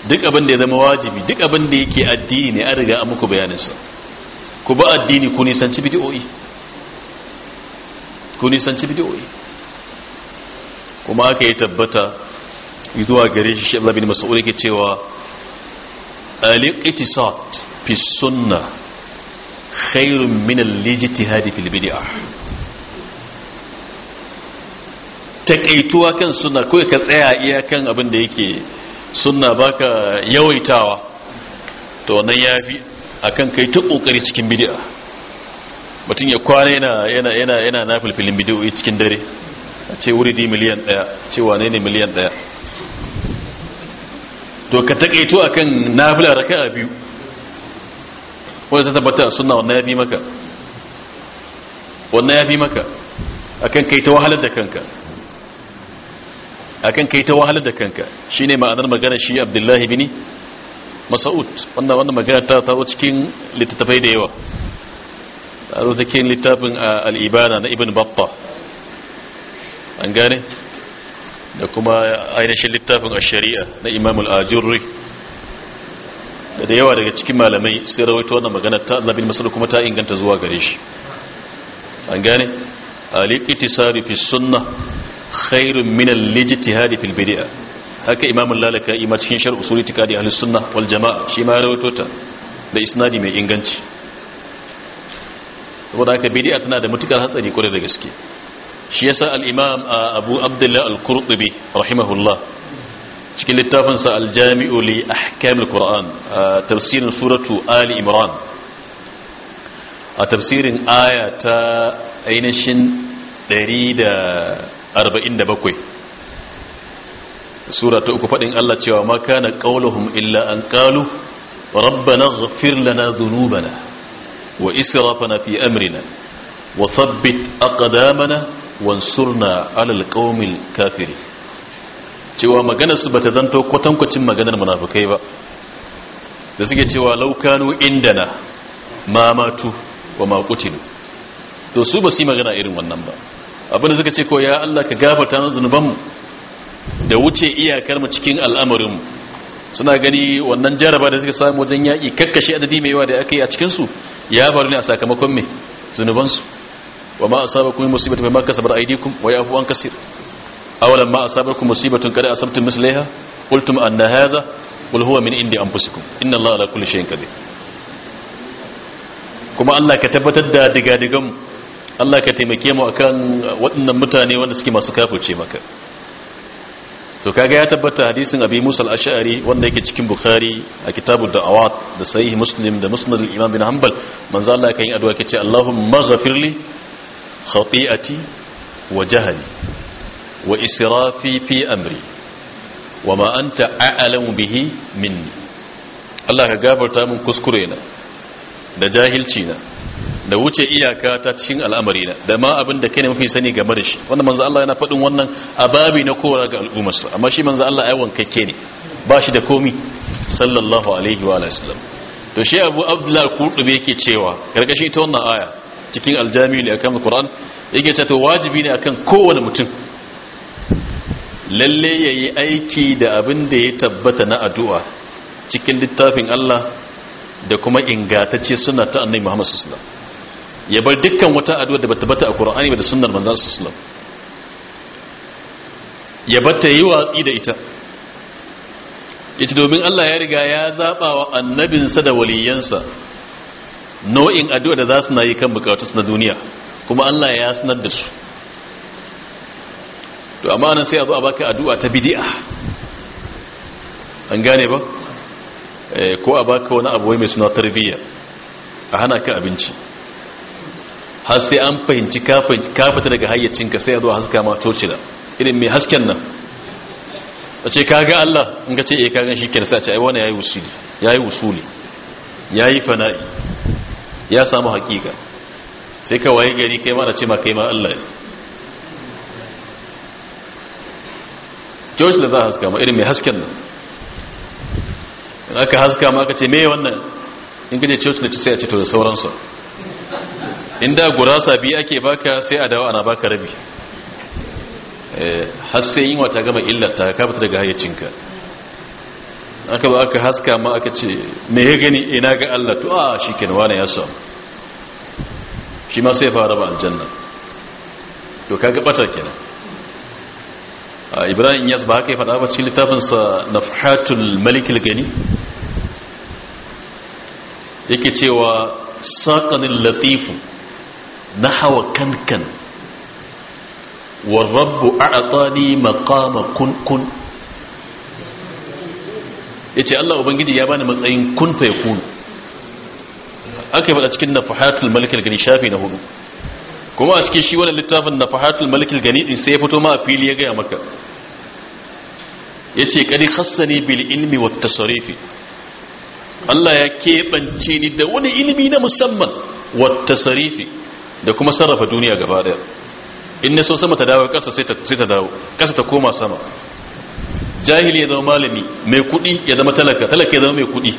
[SPEAKER 1] duk abin da ya zama wajibi duk abin da yake addini ne an riga an muku bayanin sa ku ba addini ku nisanci bid'o'i ku nisanci bid'o'i kuma aka yi tabbata zuwa gare shi shi Allah bin Mas'ud yake cewa al-iqtisad fi sunna khairun min al-ijtihad fil bid'ah takaituwa kan sunna ko ka tsaya iya kan abin da yake sunna baka yawaitawa to nan yafi akan kai ta kokari cikin bid'a mutum ya kwana yana yana yana yana nafilfilin bid'o'i cikin dare a ce wuri di miliyan 1 ce wane ne miliyan 1 to ka takaito akan nafila raka'a biyu wanda ta tabbata sunna wannan yafi maka wannan yafi maka akan kai ta wahalar da kanka akan kai ta wahalar da kanka shine ma'anar magana shi Abdullahi bin Mas'ud wannan wannan magana ta ta cikin littattafai da yawa a cikin littafin ah, al-Ibana na Ibn Battah an gane da kuma ainihin littafin a sharia na Imam al da da yawa daga cikin malamai sai rawaito wannan magana ta labin masu kuma ta inganta zuwa gare shi an gane al-iqtisari fi sunna khairun min al-ijtihad fi al haka imamul lalaka ima cikin shar usuli itikadi ahli suna wal jamaa shi ma rawaito ta da isnadi mai inganci saboda haka bid'a tana da mutukar hatsari kwarai da gaske shi yasa al-imam abu abdullah al-qurtubi rahimahullah cikin littafin sa al-jami'u li ahkam al-quran tafsirin suratu ali imran a tafsirin aya ta ainihin 147 sura ta uku fadin Allah cewa ma kana qauluhum illa an qalu rabbana ighfir lana dhunubana wa israfana fi amrina wa thabbit aqdamana wansurna alal qaumil kafiri cewa maganar su bata zanto kwatankwacin maganar munafikai ba da suke cewa laukanu indana ma matu wa ma qutilu to su ba su magana irin wannan ba abin da suka ce ko ya Allah ka gafarta mana zunubanmu da wuce iyakar mu cikin al'amarin mu suna gani wannan jaraba da suka samu wajen yaki kakkashe adadi mai yawa da aka yi a cikin su ya faru ne a sakamakon me zunubansu wa ma asabakum musibatu bima kasabat aydikum wa yafu an kaseer awalan ma asabakum musibatun qad asabtum mislaha qultum anna hadha qul huwa min indi anfusikum inna allaha ala kulli shay'in qadir kuma Allah ka tabbatar da Allah ka taimake mu akan waɗannan mutane wanda suke masu kafirce maka to kaga ya tabbata hadisin abi musa al-ash'ari wanda yake cikin bukhari a kitabud da'awat da sahih muslim da musnad al-imam bin hanbal manzo Allah kan yi addu'a kace Allahumma ghafirli khati'ati wa jahali wa israfi fi amri wa ma anta a'lamu bihi minni Allah ka gafarta min kuskure na da jahilci na da wuce iyaka ta cikin al'amari na da ma abin da mafi sani game da shi wanda manzo Allah yana faɗin wannan a babi na kowa ga sa. amma shi manzo Allah ai wankakke ne ba shi da komi sallallahu alaihi wa sallam to shi Abu Abdullah Qurtubi yake cewa karkashin ita wannan aya cikin aljami ne akan alquran yake cewa to wajibi ne akan kowane mutum lalle yayi aiki da abin da ya tabbata na addu'a cikin littafin Allah da kuma ingantacce suna ta annabi Muhammad sallallahu alaihi wasallam ya bar dukkan wata addu'a da bata bata a Qur'ani ba da sunnar manzon sallallahu alaihi wasallam ya bata yi watsi da ita ita domin Allah ya riga ya zaba wa annabinsa da waliyansa nau'in addu'a da za su na yi kan bukatu na duniya kuma Allah ya sanar da su to amma nan sai a zo a baka addu'a ta bid'a an gane ba eh, ko a baka wani abu mai suna tarbiyya a hana ka abinci har sai an fahimci ka fita daga hayyacinka sai a zo a haska ma tocila irin mai hasken nan a ce ka ga Allah in ka ce e ka gan shi kyarsa ce ai wani ya yi wusuli ya yi fana'i ya samu hakika sai ka waye gari kai ma ce ma kai ma Allah ne George da za a haska ma irin mai hasken nan in aka haska ma aka ce me wannan in gaje George da ci sai a ce to da sauransu inda gurasa biyu ake baka sai a dawa ana baka rabi eh, har sai yin wata gama illar ta fita daga hayyacinka aka ba aka haska ma aka ce me ya gani ina ga Allah to a shi ke ya samu shi ma sai fara ba aljanna to kaga bata kenan ibrahim yas ba haka ya faɗa ba cikin littafinsa nafhatul malikil gani yake cewa saƙanin latif na hawa kankan warrabbu a tsani makama kunkun ya ce Allah Ubangiji ya bani matsayin kun fa ya kunu aka yi faɗa cikin na fahatul malikil gani shafi na hudu kuma a cikin shi wani littafin na fahatul malikil gani din sai ya fito ma a fili ya gaya maka ya ce kadi hassani bil ilmi wa tasarifi Allah ya keɓance ni da wani ilimi na musamman wa tasarifi da kuma sarrafa duniya gaba daya in ne so sama ta dawo kasa sai ta dawo kasa ta koma sama jahili ya zama malami mai kudi ya zama talaka talaka ya zama mai kudi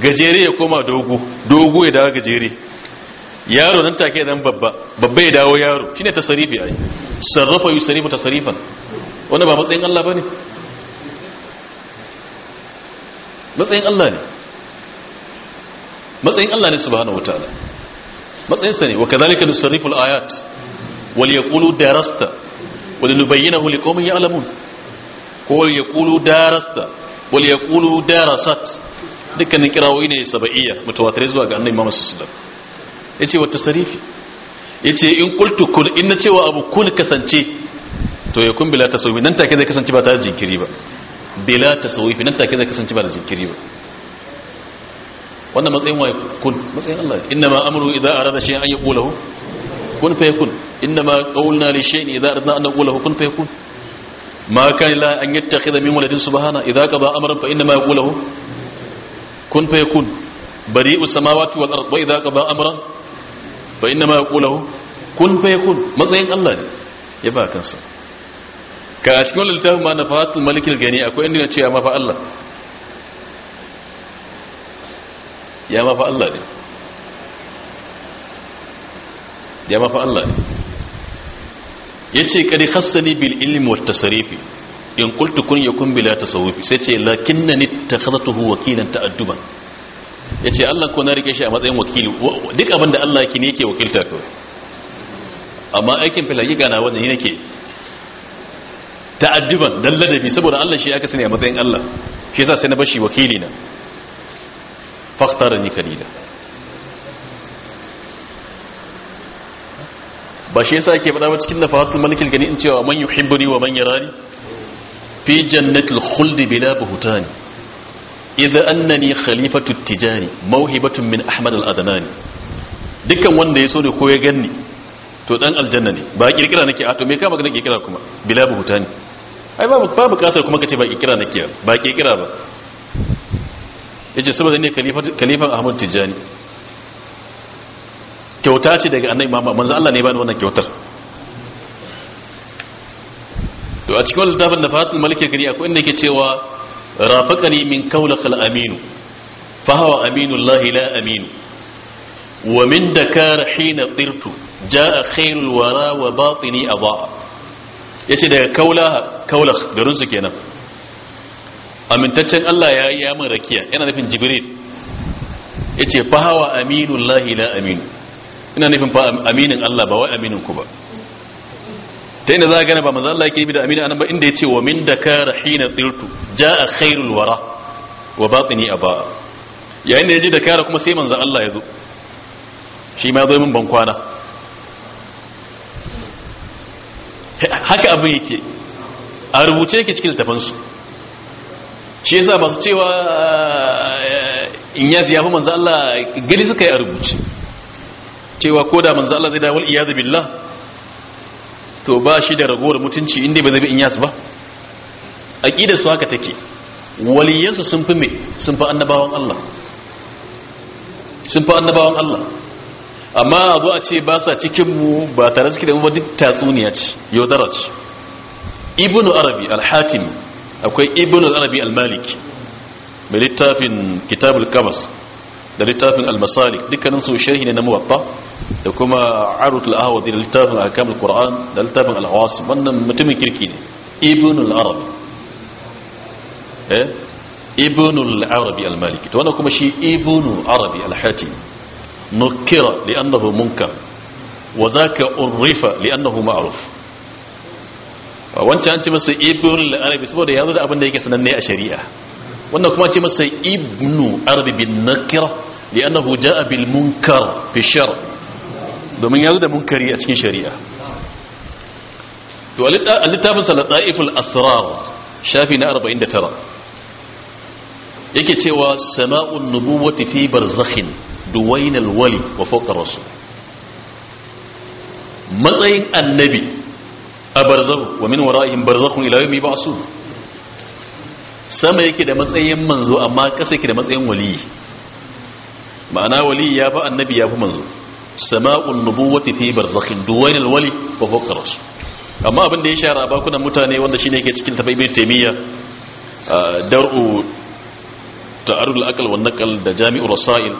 [SPEAKER 1] gajere ya koma dogo dogo ya dawo gajere yaro nan take dan babba babba ya dawo yaro shine tasarifi ai sarrafa yusarifu tasarifan wannan ba matsayin Allah bane matsayin Allah ne matsayin Allah ne subhanahu wataala matsayin sa ne wa kadhalika nusarrifu al-ayat wal yaqulu darasta wa linubayyinahu liqaumin ya'lamun ko ya kulu darasta wal ya kulu darasat dukkanin kirawo ne saba'iyya mutawatirai zuwa ga annabi Muhammad sallallahu alaihi wasallam yace wata sarifi yace in kultu kul in cewa abu kun kasance to ya kun bila tasawuf nan take zai kasance ba ta jinkiri ba bila tasawuf nan take zai kasance ba da jinkiri ba wannan matsayin wai kun matsayin Allah inna ma amru idza arada shay'an an yaqulahu kun yakun inna ma qawluna li shay'in idza arada an naqulahu kun yakun ما كان الله أن يتخذ من ولد سبحانه إذا قضى أمرا فإنما يقول له كن فيكون بريء السماوات والأرض وإذا قضى أمرا فإنما يقول له كن فيكون ما زين الله يبقى كنسا كأشكال لتهم ما فات الملك الجنيء أكو أني نتشي أما فألا يا ما فألا يا ما فألا yace kadi Hassani bil ilmi wat tasrifi in qultu kun ya yakun bila tasawufi sai ce lakinnani takhadtuhu wakilin ta'adduban yace Allah ko na rike shi a matsayin wakili duk abin da Allah yake ne yake wakilta kawai amma aikin filagiga na wannan ne yake ta'adduban dan ladabi saboda Allah shi ya sani a matsayin Allah shi yasa sai na bashi wakili na ni kalila ba shi yasa yake faɗa ba cikin nafahatul malikil gani in cewa man yuhibbuni wa man yarani fi jannatil khuldi bila buhutani idza annani khalifatu tijani mawhibatun min ahmad al adnani dukkan wanda ya so ne ko ya ganni to dan aljanna ne ba kirkira nake a to me ka magana kirkira kuma bila buhutani ai babu babu bukatar kuma kace ba kirkira nake ba kirkira ba yace saboda ne khalifan ahmad tijani kyauta ce daga annabi muhammad manzo Allah ne ba da wannan kyautar to a cikin littafin da fatul malik gari akwai inda yake cewa rafaqani min qawlakal aminu fa huwa aminullahi la aminu wa min dakar hina tirtu jaa khairul wara wa batini adaa yace daga kaula kaula garin su kenan amintaccen Allah ya yi ya min rakiya yana nufin jibril yace fa huwa aminullahi la aminu ina nufin fa aminin Allah ba wai aminin ku ba ta inda za a gane ba maza Allah yake bi da aminin anan ba inda ya ce wa min da ka rahina tsirtu ja a khairul wara wa batini a ba yayin da ya ji da kara kuma sai manza Allah ya zo shi ma zo min ban kwana haka abin yake a rubuce yake cikin littafansu shi yasa masu cewa eh, in ya fi manza Allah gali suka yi a rubuce cewa ko da manzo Allah zai dawo iyad billah to ba shi da ragowar mutunci inda ba zai bi inyas ba aqida su haka take waliyansu sun fi me sun fi annabawan Allah sun fi annabawan Allah amma azu a ce ba sa cikin mu ba tare suke da mu ba duk tatsuniya ce yaudara ibnu arabi al-hakim akwai ibnu arabi al malik mai littafin kitabul kabas. da littafin almasalik dukkaninsu sharhi ne na muwatta da kuma arut al-ahwadi da littafin ahkam al-qur'an da littafin al-awasim wannan mutumin kirki ne ibn al-arabi eh ibn al-arabi al-maliki to wannan kuma shi ibn al-arabi al-hatim nukira li'annahu munkar wa zaka urifa li'annahu ma'ruf wancan an ci masa ibn al-arabi saboda ya zo da abin da yake sananne a shari'a wannan kuma ce masa ibnu arbibin nakira da li'annahu ja'a bil munkar fishar domin ya zo da munkari a cikin shari'a to a littafin sa lataiful asirar shafi na 49 yake cewa sama'un nubu wata fi zahin duwainal wali wa fokar rasul matsayin annabi a barzahu wa min barzahun barzakhun mai ba su sama yake da matsayin manzo amma ƙasa yake da matsayin waliyi ma'ana waliyi ya fi annabi ya fi manzo sama'un nubuwati fi barzakhin duwainal wali wa fawqa amma abin da ya shara bakunan mutane wanda shine yake cikin tafaibin taymiya dar'u ta'arul aqal wan naqal da jami'u rasail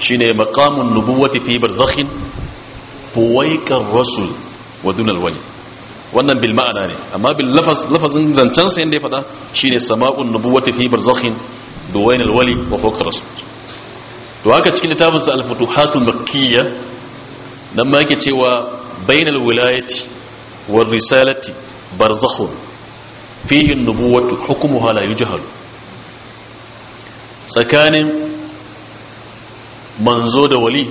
[SPEAKER 1] shine maqamun nubuwati fi barzakhin buwaikar rasul wa dunal wali wannan bil ma'ana ne amma bil lafaz lafazin zancen sa yanda ya fada shine sama'un nubuwati fi barzakhin duwain al wali wa fawqa rasul to haka cikin littafin sa al futuhatul makkiyya dan ma yake cewa bainal wilayati war risalati barzakhun fihi an nubuwatu hukmuha la yujhal tsakanin manzo da wali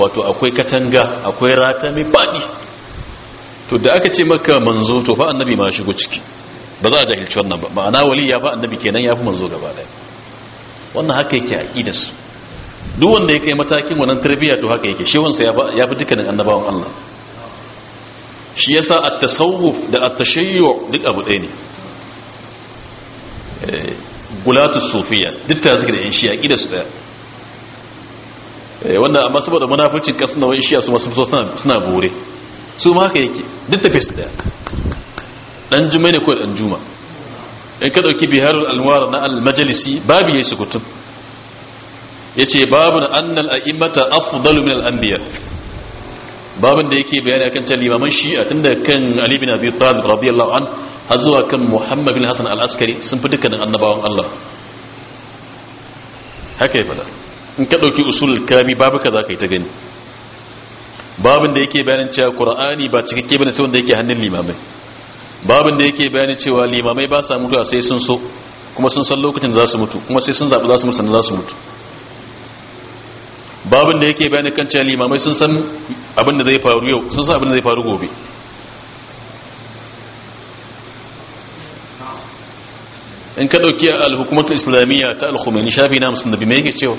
[SPEAKER 1] wato akwai katanga akwai rata mai fadi to da aka ce maka manzo to fa annabi ma shigo ciki ba za a jahilci wannan ba ma'ana wali ya fa annabi kenan ya fi manzo gaba daya wannan haka yake aqida su duk wanda ya kai matakin wannan tarbiyya to haka yake shi wansa ya fi dukkanin annabawan Allah shi yasa at-tasawuf da at-tashayyu duk abu ɗaya ne eh, gulatu sufiya duk ta zikira yan shi aqida su daya eh, wannan amma saboda munafincin kasan da wani shiya su masu suna bore su ma ka yake duk tafiya su daya dan juma ne ko dan juma in ka dauki biharul anwar na al-majlisi babu yayi sukutun yace babun annal a'immata afdalu min al babun da yake bayani akan cewa limaman shi'a tunda kan ali bin abi talib radiyallahu an har zuwa kan muhammad bin hasan al-askari sun fi dukkanin annabawan Allah haka yi fada in ka dauki usul kami babu kaza kai ta gani babin da yake bayanin cewa qur'ani ba cikakke bane sai wanda yake hannun limamai babin da yake bayanin cewa limamai ba sa mutuwa sai sun so kuma sun san lokacin za su mutu kuma sai sun zabi za su mutu sannan za su mutu babin da yake bayanin kan cewa limamai sun san abin da zai faru yau sun san abin da zai faru gobe in ka dauki al-hukumatu islamiyya ta al khumaini shafi na musulmi mai yake cewa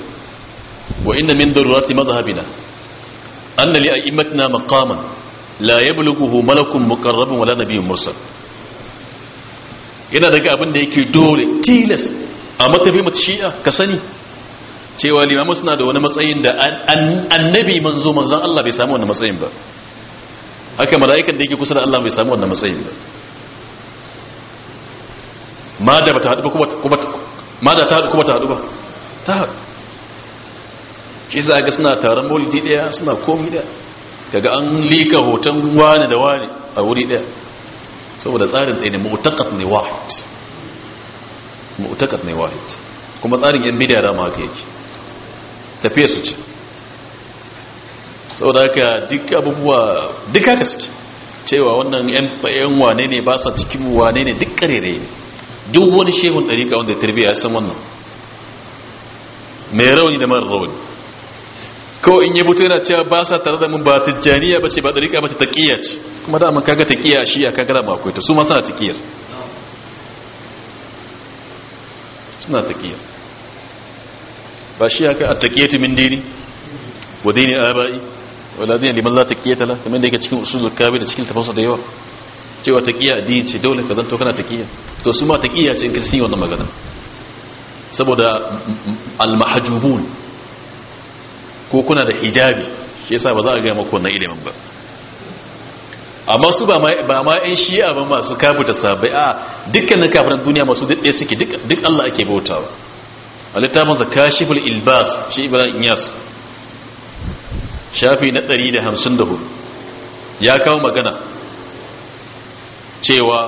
[SPEAKER 1] wa inna min durrati madhhabina anna li a'immatina maqaman la yablughuhu malakun muqarrabun wala nabiyyun mursal yana daga abin da yake dole tilas a matafi mata shi'a ka sani cewa limamu suna da wani matsayin da annabi manzo manzon Allah bai samu wannan matsayin ba haka mala'ikan da yake kusa da Allah bai samu wannan matsayin ba ma da ta haɗu ba kuma ta haɗu ba ta haɗu shi za ga suna taron maulidi daya suna komi daya kaga an lika hoton wani da wani a wuri daya saboda tsarin ɗaya ne mu'takat ne wahid mu'takat ne wahid kuma tsarin yan bidiyar ma haka yake tafiya su ce saboda haka duk abubuwa duk haka suke cewa wannan yan wane ne ba sa cikin wane ne duk karere ne duk wani shehun ɗarika wanda ya tarbiya ya san wannan mai rauni da mara rauni ko in yi buta yana cewa ba sa tare da mun ba tijjaniya ba ce ba ɗariƙa ba ta taƙiya ce kuma da mun kaga taƙiya shi a kagara ba akwai su ma suna taƙiya suna taƙiya ba shi kai a taƙiya min dini wa dini abai wa dini liman la taƙiyata la kamar da yake cikin usulun kabi da cikin tafasa da yawa cewa taƙiya dini ce dole ka zanto kana taƙiya to su ma taƙiya ce in ka sin wannan magana saboda al mahajubun ko kuna da hijabi shi yasa ba za a gaya maku wannan ilimin ba amma su ba ma yan shi'a ba masu kafita sabai a dukkanin kafinan duniya masu daɗe suke duk Allah ake bautawa a littafin zakashiful ilbas shi ibrahim yas shafi na 154 ya kawo magana cewa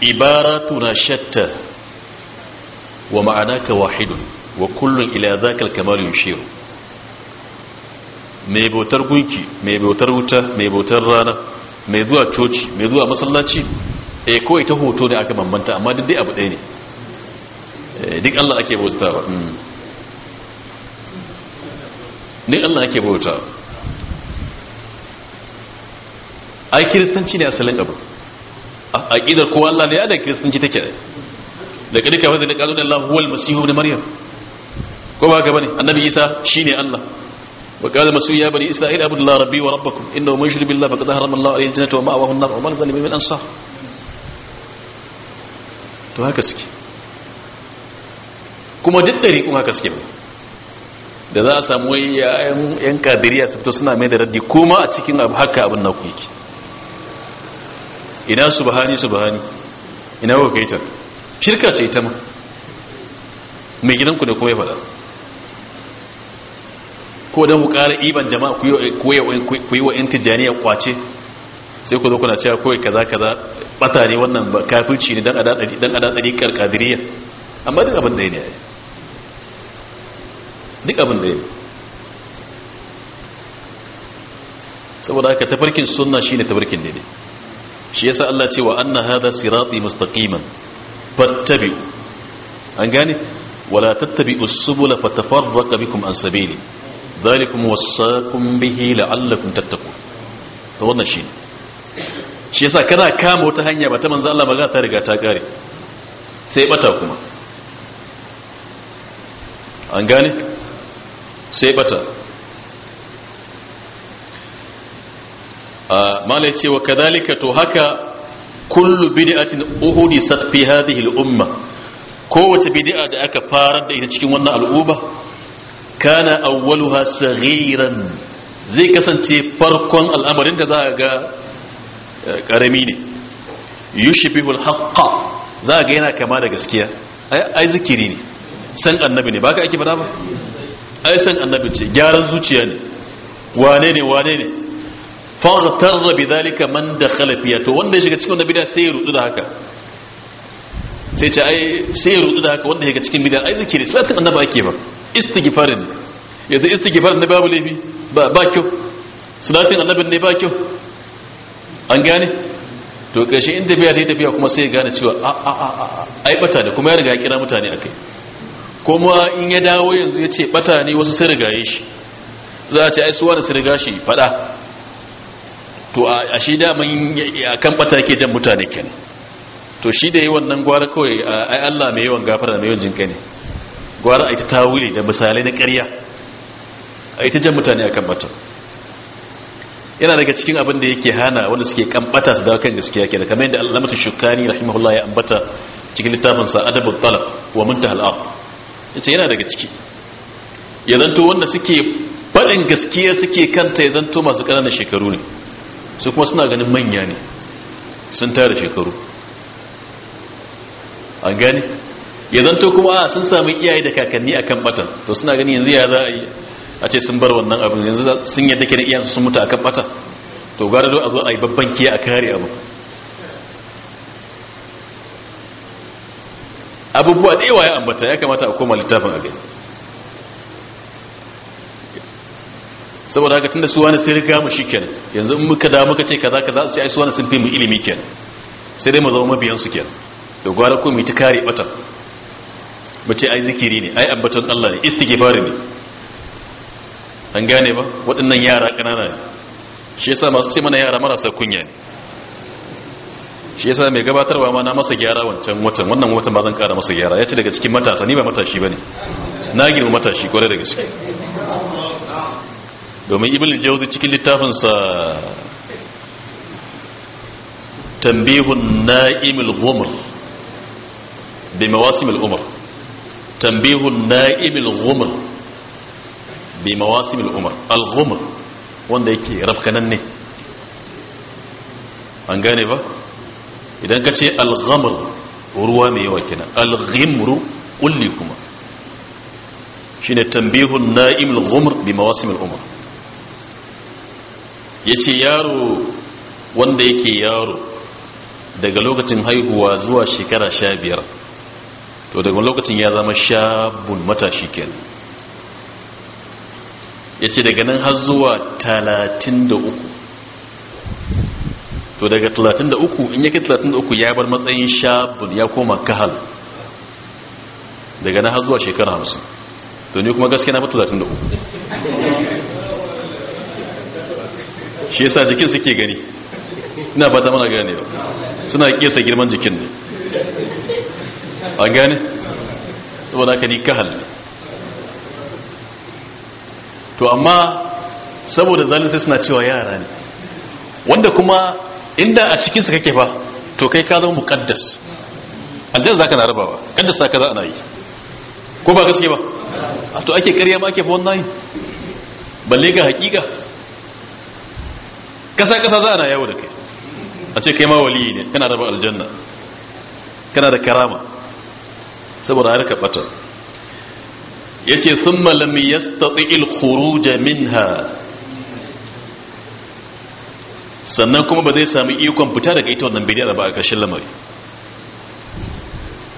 [SPEAKER 1] ibaratuna shatta wa ma'anaka wahidun wa kullun ila zakal kamal yushiru mai bautar gunki mai bautar wuta mai bautar rana mai zuwa coci mai zuwa masallaci e eh, kawai ta hoto ne aka bambanta amma duk dai abu ɗaya ne eh, duk Allah ake bautawa hmm. duk Allah ake bautawa ai kiristanci ne asalin abu a ƙidar kowa Allah ne ya da kiristanci take da ƙadika wadda da ƙazo da Allah huwal masihu da maryam ko ba gaba ne annabi isa shine allah wa qala masu ya bani ila abdullahi rabbi wa inda innahu man billah billahi faqad harrama allah alayhi jannata wa ma'awahu an-nar wa man zalima min ansar to haka suke kuma duk dare kuma haka suke da za a samu wai yan kadiriya su fito suna mai da raddi kuma a cikin abu haka abin na ku yake ina subhani subhani ina wakaitar shirka ce ita ma mai gidanku ne kuma ya faɗa ko don ku ƙara iban jama'a ku yi wa 'yan tijjaniya kwace sai ku zo kuna cewa kawai kaza kaza bata ne wannan ba kafirci ne dan adadari dan adadari karkadiriyya amma duk abin da ne a yi. duk abin da ne saboda haka tafarkin sunna ne tafarkin daidai shi yasa Allah ce wa anna hadha sirati mustaqiman fattabi'u an gane wala tattabi'us subula fatafarraqa bikum an sabili zalikum wasaqum bihi la'allakum tattaku. to wannan shi shi yasa kana kama wata hanya ba ta manzo Allah ba ta riga ta kare sai bata kuma an gane sai bata ah, mala ya ce wa kadalika to haka kullu bid'atin sat fi hadhihi al-umma kowace bid'a da aka farar da ita cikin wannan al'umma kana awwaluha saghiran zai kasance farkon al'amarin da za a ga eh, ƙarami ne yushbihul haqqa za a ga yana kama da gaskiya ai zikiri ne san annabi ne baka aiki ake ba ai san annabi ce gyaran zuciya ne wane ne wane ne faghtarra bidhalika man dakhala fiya to wanda ya shiga cikin wannan da sai ya rudu da haka sai ce ai sai ya rudu da haka wanda ya shiga cikin bid'a ai zikiri sai kan annabi ake ba istighfarin yanzu istighfarin na babu laifi ba ba kyau salatin annabin ne ba kyau an gane to karshe in tafiya ta yi tafiya kuma sai ya gane cewa a a a ai bata ne kuma ya riga ya kira mutane a kai kuma in ya dawo yanzu ya ce bata ne wasu sai riga shi za a ce ai suwa da sai riga shi fada to a shi daman a kan bata ke jan mutane kenan to shi da yi wannan gwara kawai ai Allah mai yawan gafara mai yawan jinkai ne gwara a ita tawili da misalai na ƙarya a ita jan mutane a kan bata yana daga cikin abin da yake hana wanda suke kambata su dawo kan gaskiya da kamar yadda alamatu shukani rahimahullah ya ambata cikin littafin adabin talab wa muntahal ard ita yana daga ciki ya zanto wanda suke faɗin gaskiya suke kanta ya zanto masu ƙananan shekaru ne su kuma suna ganin manya ne sun tara shekaru an gani. ya zanto kuma a ah, sun sami iyaye da kakanni akan batan to suna gani yanzu ya za a yi a ce sun bar wannan abin yanzu sun yadda ke da iyayensu sun mutu akan batan to gara do a zo a yi babban kiya a kare abu abubuwa da yawa ya ambata ya kamata a koma littafin a gani saboda haka tunda su wani sai riga mu shi kenan yanzu in muka da muka ce kaza kaza sai ai su wani sun fi mu ilimi kenan sai dai mu zama mabiyan su kenan da gwara ko mu ta kare batan mu ce ai zikiri ne ai ambaton Allah ne istighfar ne an gane ba waɗannan yara ƙanana ne shi yasa masu ce mana yara marasa kunya ne shi yasa mai gabatarwa ma na masa gyara wancan watan wannan watan ba zan ƙara masa gyara ya ce daga cikin matasa ni ba matashi bane na girma matashi kwarai da gaske domin ibn jawzi cikin littafinsa tambihun na'imul ghumr bi mawasimil umr tambihun na'ibil ghumr bi mawasimil umar al wanda yake rafkanan ne an gane ba idan ka ce al-ghamr ruwa mai yawa kenan kuma shine tambihun na'imil ghumr bi mawasimil umar yace yaro wanda yake yaro daga lokacin haihuwa zuwa shekara sha biyar to daga lokacin ya zama shabun matashi ken ya ce daga nan har zuwa talatin da uku to daga talatin da uku in yake talatin da uku ya bar matsayin shabun ya koma kahal daga nan har zuwa shekara hamsin to ne kuma gaske na fi talatin da uku shi yasa jikin suke gani ina ba ta mana gane ba suna kesa girman jikin ne an gane saboda haka ni kahal to amma saboda sai suna cewa yara ne wanda kuma inda a cikinsu kake fa to kai ka zama muqaddas aljanna zaka na rabawa kaddas ka za ana yi ko ba gaske ba to ake ƙarya ma ake fa wannan balle ga hakika kasa kasa za ana yawo da kai a ce kai ma wali ne kana raba aljanna kana da karama saboda ka bata yace summa lam yastati al khuruj minha sannan kuma ba zai sami ikon fita daga ita wannan bidiyar ba a ƙarshen lamari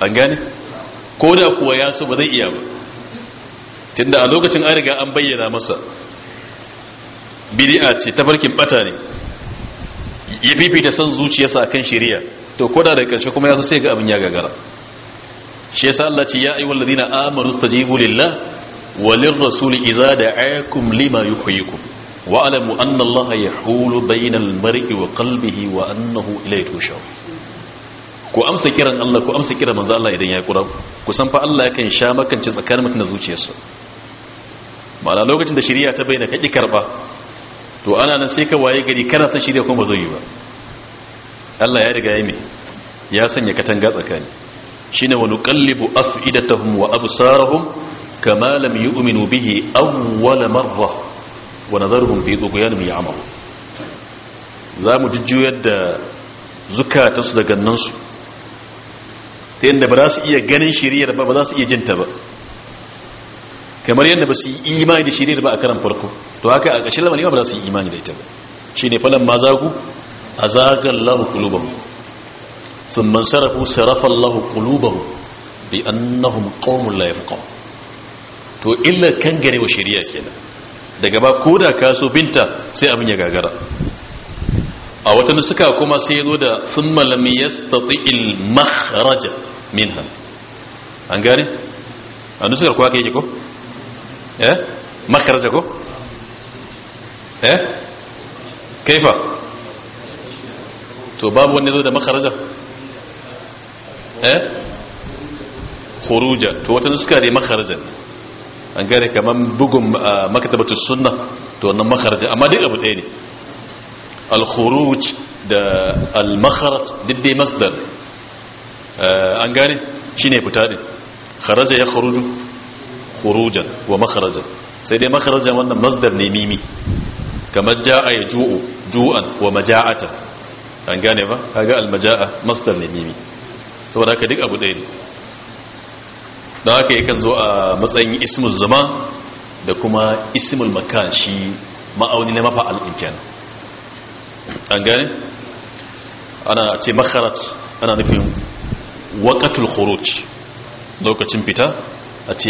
[SPEAKER 1] an gane ko da kuwa ya so ba zai iya ba tunda a lokacin an riga an bayyana masa bidi'a ce tafarkin bata ne ya fifita son zuciyarsa akan shari'a to koda da ƙarshe kuma ya so sai ga abin ya gagara shi yasa Allah ce ya ayyuhal ladina amanu tajibu lillah walir rasul idza da'akum lima yuhyikum wa alamu anna Allah yahulu bainal mar'i wa qalbihi wa annahu ilayhi tushur ku amsa kiran Allah ku amsa kiran manzo Allah idan ya kura ku san fa Allah yakan sha makance tsakanin mutum da zuciyarsa ma'ana lokacin da shari'a ta bayyana kaki karba to ana nan sai ka waye gari kana san shari'a kuma ba zai yi ba Allah ya riga ya me ya sanya katanga tsakani shine wa nuqallibu af'idatahum wa absarahum kama lam yu'minu bihi awwal marra wa nadharuhum fi tughyanihim Za zamu jujjuyar da zukatansu da gannansu ta yadda ba za su iya ganin shiriyar ba ba za su iya jinta ba kamar yadda ba su yi imani da shiriyar ba a karan farko to haka a ƙashin lamarin ba za su yi imani da ita ba shi ne falon ma zagu a zagar kulubanmu ثم انصرفوا صرف الله قلوبهم بأنهم قوم لا يفقهون to illa kan gare wa shari'a kenan daga ba koda kaso binta sai abin ya gagara a wata suka kuma sai yazo da thumma lam yastati'il makhraja minha an gane An nusukar kuwa kai ko eh makhraja ko eh kaifa to babu wanda zo da makharaja eh khuruja to wata nuska ne makharajan an gane kaman bugun ah, maktabatu sunna to wannan makharajan amma dai abu ɗaya ne al-khuruj da al-makharaj duk masdar eh, an gane shine fita din kharaja ya khuruju khurujan wa makharajan sai dai makharajan wannan masdar ne mimi kamar ja'a ya ju'u ju'an wa maja'atan an gane ba kaga al-maja'a masdar ne mimi saboda haka duk abu ɗaya ne don haka yakan zo a matsayin ismul zama da kuma ismul makan shi ma'auni na mafa al'inken an gane ana ce makharat ana nufin wakatul khuruj lokacin fita a ce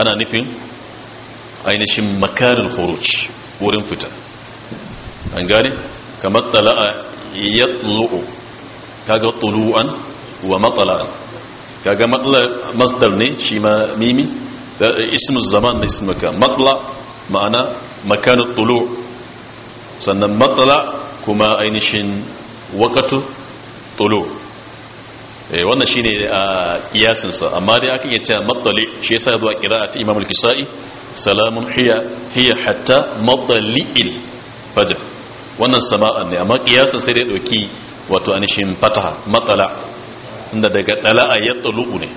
[SPEAKER 1] ana nufin ainihin makarar khuruj wurin fita an gane kamar tala'a ya tsulo'o kaga tulu'an wa matsalan kaga masdar ne shi ma mimi ismu zaman da ismu ka ma'ana makanu tulu sannan matsala kuma ainihin wakatu tulu eh, wannan shi ne a kiyasinsa amma dai aka iya cewa matsali shi ya sa zuwa kira ta imam al-kisa'i salamun hiya hatta matsali'il fajar wannan sama'an ne amma kiyasin sai dai ɗauki wato anishin fataha matsala inda daga ɗala'a ya tsalu'u ne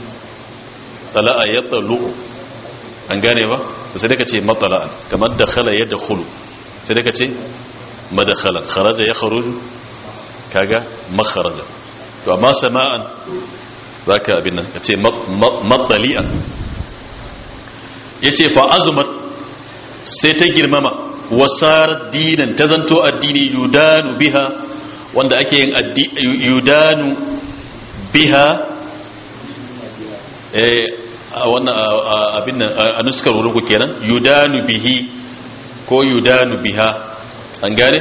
[SPEAKER 1] ɗala'a ya tsalu'u an gane ba sai daga ce matsala kamar da ya da hulu sai daga ce madakhalan kharaja ya kharuju kaga makharaja to amma sama'an za ka abin nan ka ce kace Ya ce fa azumar sai ta girmama wasarar dinan ta zanto addini yudanu biha wanda ake yin yudanu biha eh, a wannan abin nan a nuskar wurin kenan yudanu bihi ko yudanu biha an gane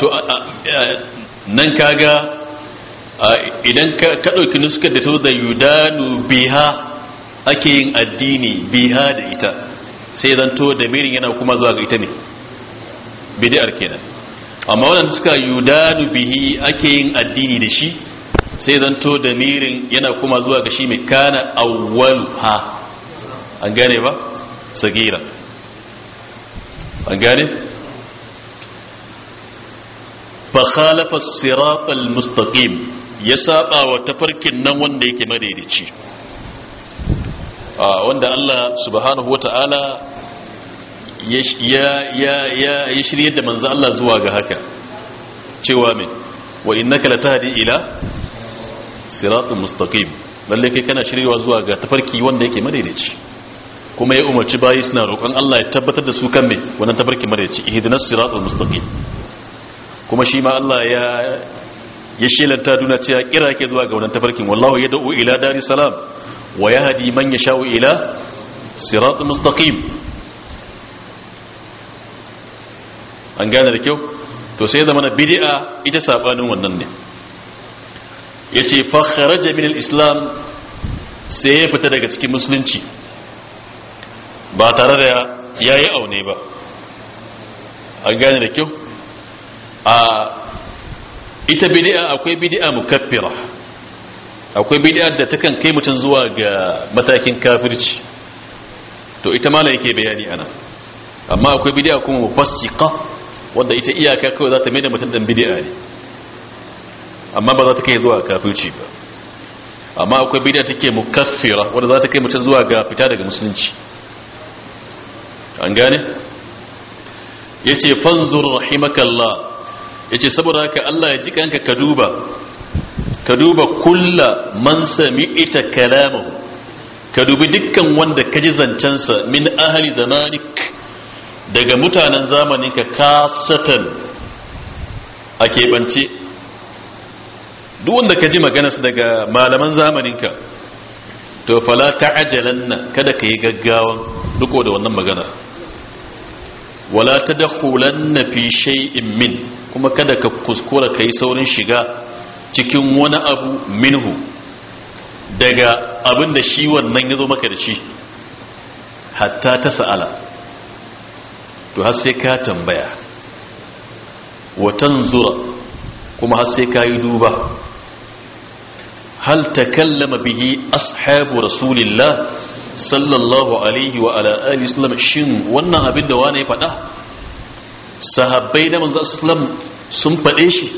[SPEAKER 1] to nan kaga idan ka ɗauki nuskar da ta da yudanu biha ake yin addini biha da ita sai to da mirin yana kuma zuwa ga ita ne bidi'ar kenan amma waɗanda suka yudanu bihi ake yin addini da shi sai zanto da mirin yana kuma zuwa ga shi mai kana awwalu ha an gane ba sagira an gane fa khalafa siratal mustaqim ya saba wa tafarkin nan wanda yake madaidaici wanda Allah subhanahu wata'ala ya shiryar da manzo Allah zuwa ga haka cewa min wa innaka latahdi ila siratul mustaqim lalle kai kana shiryawa zuwa ga tafarki wanda yake madaidaici kuma ya umarci bayi suna roƙon Allah ya tabbatar da su kan me wannan tafarki madaidaici ihdinas siratul mustaqim kuma shi ma Allah ya ya shelanta duna cewa kira ke zuwa ga wannan tafarkin wallahu yad'u ila daris salam wa yahdi man yasha'u ila siratul mustaqim an gane da kyau to sai da mana bid'a ita sabanin wannan ne yace fa kharaja min al-islam sai ya fita daga cikin musulunci ba tare da yayi aune ba an gane da kyau a ita bid'a akwai bid'a mukaffira akwai bid'a da takan kai mutun zuwa ga matakin kafirci to ita mala yake bayani ana amma akwai bid'a kuma mufassiqa wanda ita iyaka kawai za ta mai da mutum dan bidi'a ne amma ba za ta kai zuwa kafirci ba amma akwai bidi'a take mukaffira wanda za ta kai mutum zuwa ga fita daga musulunci an gane yace fanzur rahimakallah yace saboda haka Allah ya ji kanka ka duba ka duba kulla man ita kalamahu ka dubi dukkan wanda ka ji zancensa min ahli zamanik daga mutanen ka kasatan a keɓance duk wanda ka ji maganas daga malaman zamanin ka to fala ta'ajalanna kada ka yi gaggawan duk da wannan maganar wala tadkhulanna fi shay'in min kuma kada ka kuskura ka yi saurin shiga cikin wani abu minhu daga abinda da shi wannan zo maka da shi hatta ta sa'ala to har sai ka tambaya watan zura kuma har sai ka yi duba hal kallama bihi ashabu rasulillah sallallahu alaihi wa ala shin wannan abin da wani ya faɗa sahabbai da manzo Islam sun faɗe shi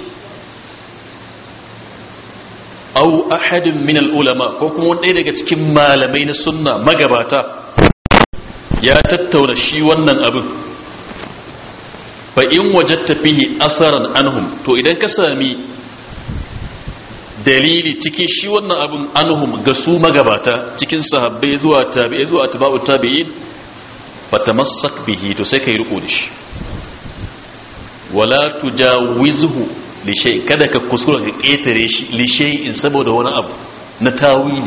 [SPEAKER 1] au ahadin min ulama ko kuma wadai daga cikin malamai na sunna magabata ya tattauna shi wannan abin fa in wajatta fihi asaran anhum to idan ka sami dalili cikin shi wannan abin anhum ga su magabata cikin sahabbai zuwa tabi'i zuwa tabi'u fa tamassak bihi to sai kai riko dashi wala tujawizuhu li shay kada ka kusura ka ketare shi li in saboda wani abu na tawili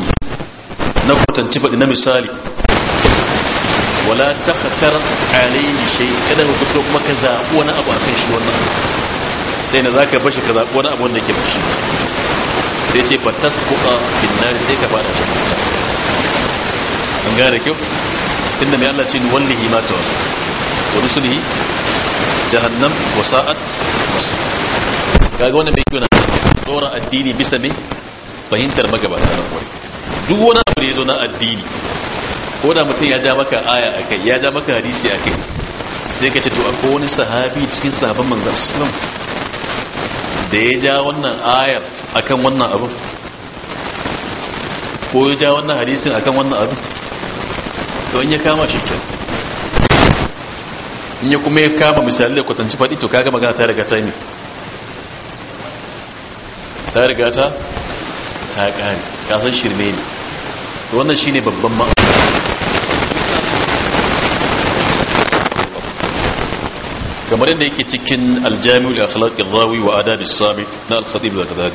[SPEAKER 1] na kwatanci fadi na misali wala takhtar alayhi shay kada ku fito kuma ka zaɓi wani abu akan shi wannan sai na zaka bashi ka zaɓi wani abu wanda ke bashi sai ce fa tasquqa bin nar sai ka fada shi an gane kyau tunda mai Allah ce ni wallahi ma tawalla wa rusulihi jahannam wa sa'at kaga wannan bai kyau na dora addini bisa ne fahimtar magabata na kwari duk wani abu da ya zo na addini ko da mutum ya ja maka aya a kai ya ja maka hadisi a kai sai ka ce to akwai wani sahabi cikin sahabin manzan islam da ya ja wannan ayar a kan wannan abin ko ya ja wannan hadisin kan wannan abin to in ya kama shi kyau in ya kuma ya kama misali da kwatanci faɗi to kaga magana ta riga ta ne ta riga ta ta ƙari kasan shirme ne to wannan shine babban ma kamar yadda yake cikin aljami'u da akhlaqir rawi wa adabis sami na al-khatib al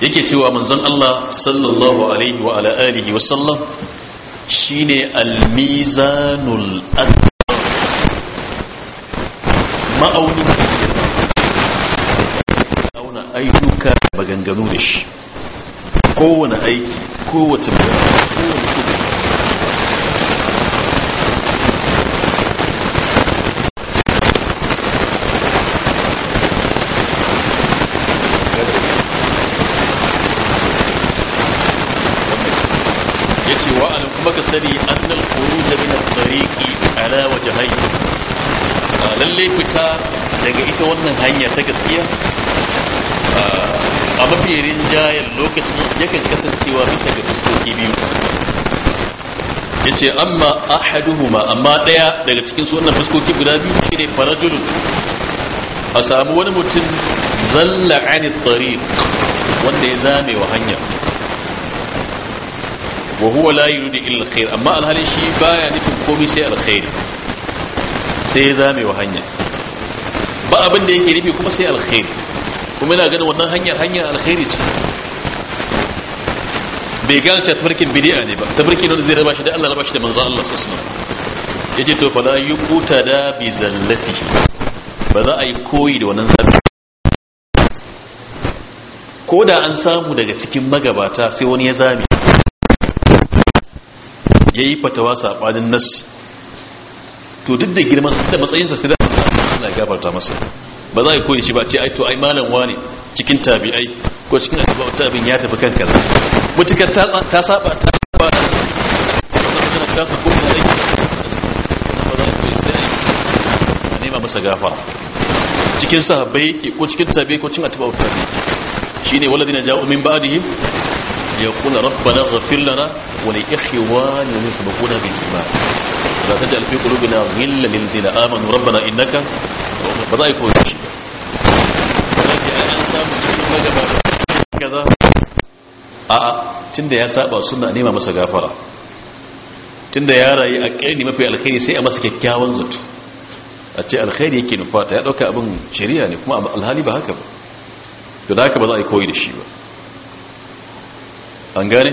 [SPEAKER 1] yake cewa manzon Allah sallallahu alaihi wa ala wa sallam shine almizanul mizanul akbar ma'auni auna ayyuka baganganu da shi kowane aiki kowace kowane kudi maka sani annal khuruj min at-tariqi ala wajhayn lalle fita daga ita wannan hanya ta gaskiya a mafi rinjayar lokaci yakan kasancewa bisa ga fuskoki biyu ya ce amma ahaduhuma amma ɗaya daga cikin su wannan fuskoki guda biyu shi ne farajulun a samu wani mutum zalla ani tsari wanda ya zame wa hanya wa huwa la yuridu illa khair amma alhali shi baya nufin komai sai alkhairi sai ya zame wa hanya ba abin da yake nufi kuma sai alkhairi kuma yana ganin wannan hanyar hanyar alkhairi ce bai gane ta tafarkin bidiya ne ba tafarkin wanda zai raba shi da Allah raba shi da manzo Allah sallallahu alaihi wasallam yace to fala yuquta da bi zallati ba za a yi koyi da wannan zabi ko da an samu daga cikin magabata sai wani ya zame yayi fatawa sabanin nas to duk da girman da matsayinsa sai da Allah gafarta masa ba za ka koyi shi ba ce ai to ai malam wani cikin tabi'ai ko cikin asba'u tabi'in ya tafi kan kaza mutukar ta saba ta saba ta saba saba ta ta sa ko da aiki ba za ka koyi sai a nema masa gafara cikin sahabbai yake ko cikin tabi'ai ko cikin atba'u tabi'in shine walladina ja'u min ba'dihim يقول ربنا اغفر لنا ولإخواننا الذين سبقونا بالإيمان لا تجعل في قلوبنا غلا للذين آمنوا ربنا إنك ba za a yi koyi mai da kaza a tunda ya saba suna nema masa gafara tunda ya rayu a ƙaini mafi alkhairi sai a masa kyakkyawan zato a ce alkhairi yake nufata ya ɗauka abin shari'a ne kuma alhali ba haka ba to da haka ba za a yi koyi da shi ba an gane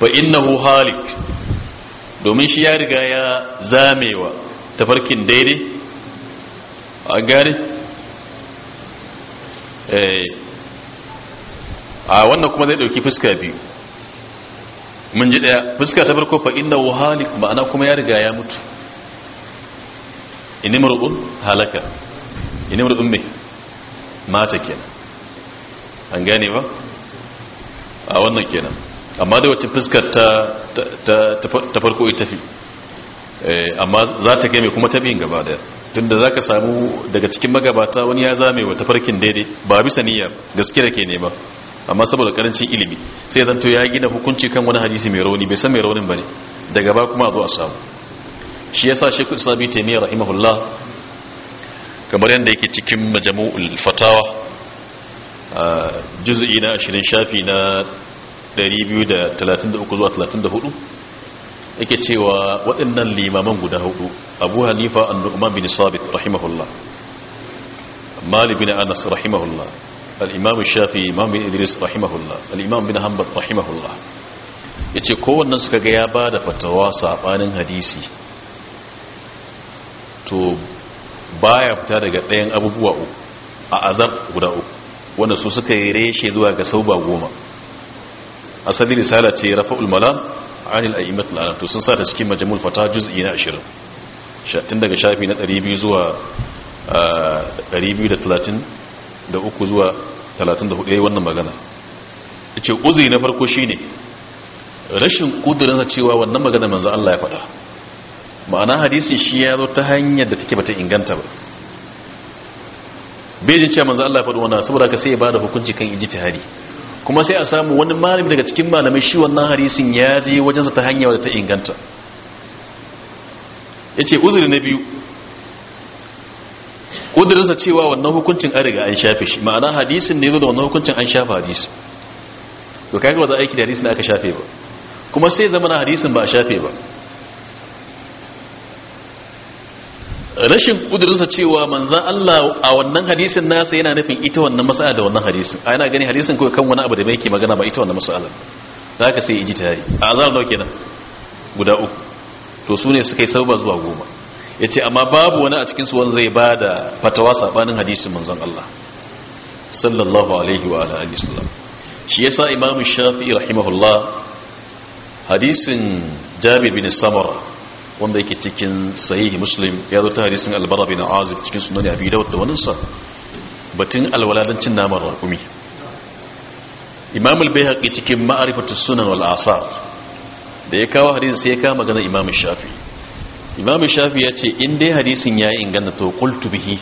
[SPEAKER 1] fa innahu halik domin shi ya riga ya zamewa tafarkin daidai an gane Eh, a wannan kuma zai dauki fuska biyu mun ji daya fuska ta farko fa inna halik ma'ana kuma ya riga ya mutu inni mar'un halaka inni mar'un me mata kenan an gane ba a wannan kenan amma da wacce fuskar ta ta ta farko ita fi eh, amma za ta kai mai kuma ta biyin gaba daya tunda za ka samu daga cikin magabata wani ya zame wata farkin daidai ba bisa niyya gaske da ke ba amma saboda karancin ilimi sai zan zanto ya gina hukunci kan wani hadisi mai rauni bai san mai raunin ba ne daga ba kuma a zo a samu shi ya sa shekul islami rahimahullah kamar yadda yake cikin majamu'ul fatawa a juz'i na ashirin shafi na 233 zuwa 34 yake cewa waɗannan limaman guda hudu abu hanifa annu'man bin sabit rahimahullah malik bin anas rahimahullah al-imam shafi imam bin idris rahimahullah al-imam bin hanbal rahimahullah yace kowannen suka ga ya bada fatawa sabanin hadisi to baya fita daga ɗayan abubuwa uku a azab guda uku wanda su suka yi reshe zuwa ga sauba goma asali risala ce rafa'ul malam anil a'immat la'ana to sun sa ta cikin majmul fata juz'i na 20 tun daga shafi na 200 zuwa 230 da uku zuwa 34 yayin wannan magana yace uzuri na farko shine rashin kudurinsa cewa wannan magana manzo Allah ya faɗa ma'ana hadisin shi ya zo ta hanyar da take bata inganta ba bejin cewa manzo Allah ya faɗi wannan saboda ka sai ya bada hukunci kan ijtihadi kuma sai a samu wani malami daga cikin malamai shi wannan hadisin ya je wajensa ta hanya wadda ta inganta ya ce uzuri na biyu ƙudurinsa cewa wannan hukuncin an riga an shafe shi ma'ana hadisin ne zo da wannan hukuncin an shafe hadisi to kaga ba za aiki da hadisin da aka shafe ba kuma sai zama na hadisin ba a shafe ba rashin kudurinsa cewa manzan Allah a wannan hadisin nasa yana nufin ita wannan matsala da wannan hadisin a yana gani hadisin kuwa kan wani abu da mai magana ba ita wannan matsala za ka sai iji tari a azar nau kenan guda uku to su ne suka yi sauba zuwa goma ya ce amma babu wani a cikinsu wani zai ba da fatawa saɓanin hadisin manzan Allah sallallahu alaihi wa alaihi sallam shi yasa imamu shafi'i rahimahullah hadisin jabir bin samara wanda yake cikin sahihi muslim ya zo ta hadisin albara bin azib cikin sunan abi dawud da wannan sa batun alwaladancin namar rakumi imam al-bayhaqi cikin ma'rifatu sunan wal asar da ya kawo hadisin sai ya kawo magana imam shafi imam shafi ya ce in dai hadisin ya inganta to qultu bihi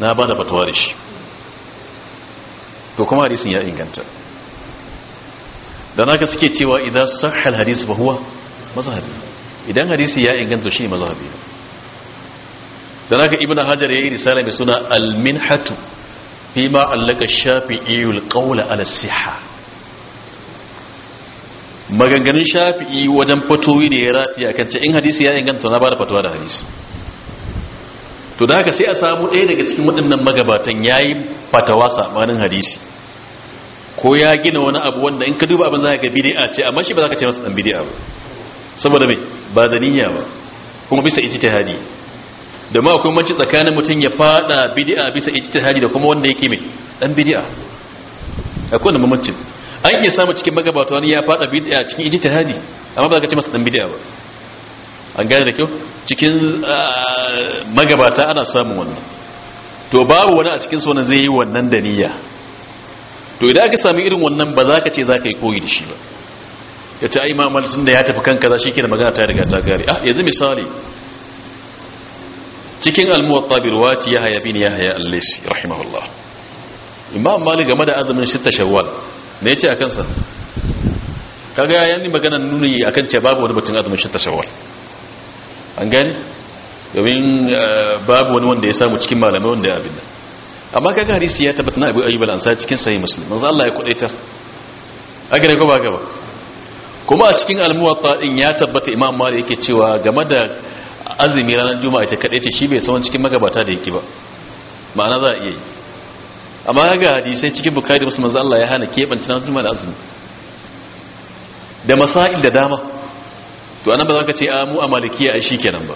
[SPEAKER 1] na bada fatawa da shi to kuma hadisin ya inganta dan haka suke cewa idan sahha al-hadis fa huwa mazhabi idan hadisi ya inganta shi mazhabi dan haka ibnu hajar yayi risala mai suna al-minhatu ma allaka shafi'i al-qawl ala siha maganganun shafi'i wajen fatowi da ya rati akan ce in hadisi ya inganta na bada fatuwa da hadisi to da haka sai a samu ɗaya daga cikin waɗannan magabatan yayi fatawa sabanin hadisi ko ya gina wani abu wanda in ka duba abin za ka ga bid'a ce amma shi ba za ka ce masa dan bid'a ba saboda me ba da niyya ba kuma bisa ijtihadi da ma akwai manci tsakanin mutum ya fada bid'a bisa ijtihadi da kuma wanda yake mai dan bid'a akwai wanda mamancin an iya samu cikin magabata wani ya fada bid'a cikin ijtihadi amma ba ka ce masa dan bid'a ba an gane da kyau cikin ah, magabata ana samun wannan to babu wani a cikin su wannan zai yi wannan da niyya to idan aka sami irin wannan ba za ka ce za ka yi koyi da shi ba ya ta yi mamal da ya tafi kanka za shi ke da magana ta riga ta gari ah yanzu misali cikin almuwatta birwati ya haya bin ya haya allaisi rahimahullah imam mali game da azumin shitta shawwal ne ya ce a kansa kaga yayin ni maganar nuni akan ce babu wani batun azumin shitta shawwal an gani domin eh, babu wani wanda ya samu cikin malamai wanda ya abin nan amma kaga hadisi ya tabbata na abu ayyub al-ansari cikin sahih muslim manzo Allah ya kudaita agare ko ba gaba kuma a cikin almuwatta din ya tabbata imam malik yake cewa game da azumi ranar juma'a ita kadai ce shi bai san cikin magabata da yake ba ma'ana za a iya yi amma ga hadisai cikin bukari musu manzo Allah ya hana keɓanta na juma'a da azumi da masail da dama to anan ba za ka ce a mu a malikiya a shi kenan ba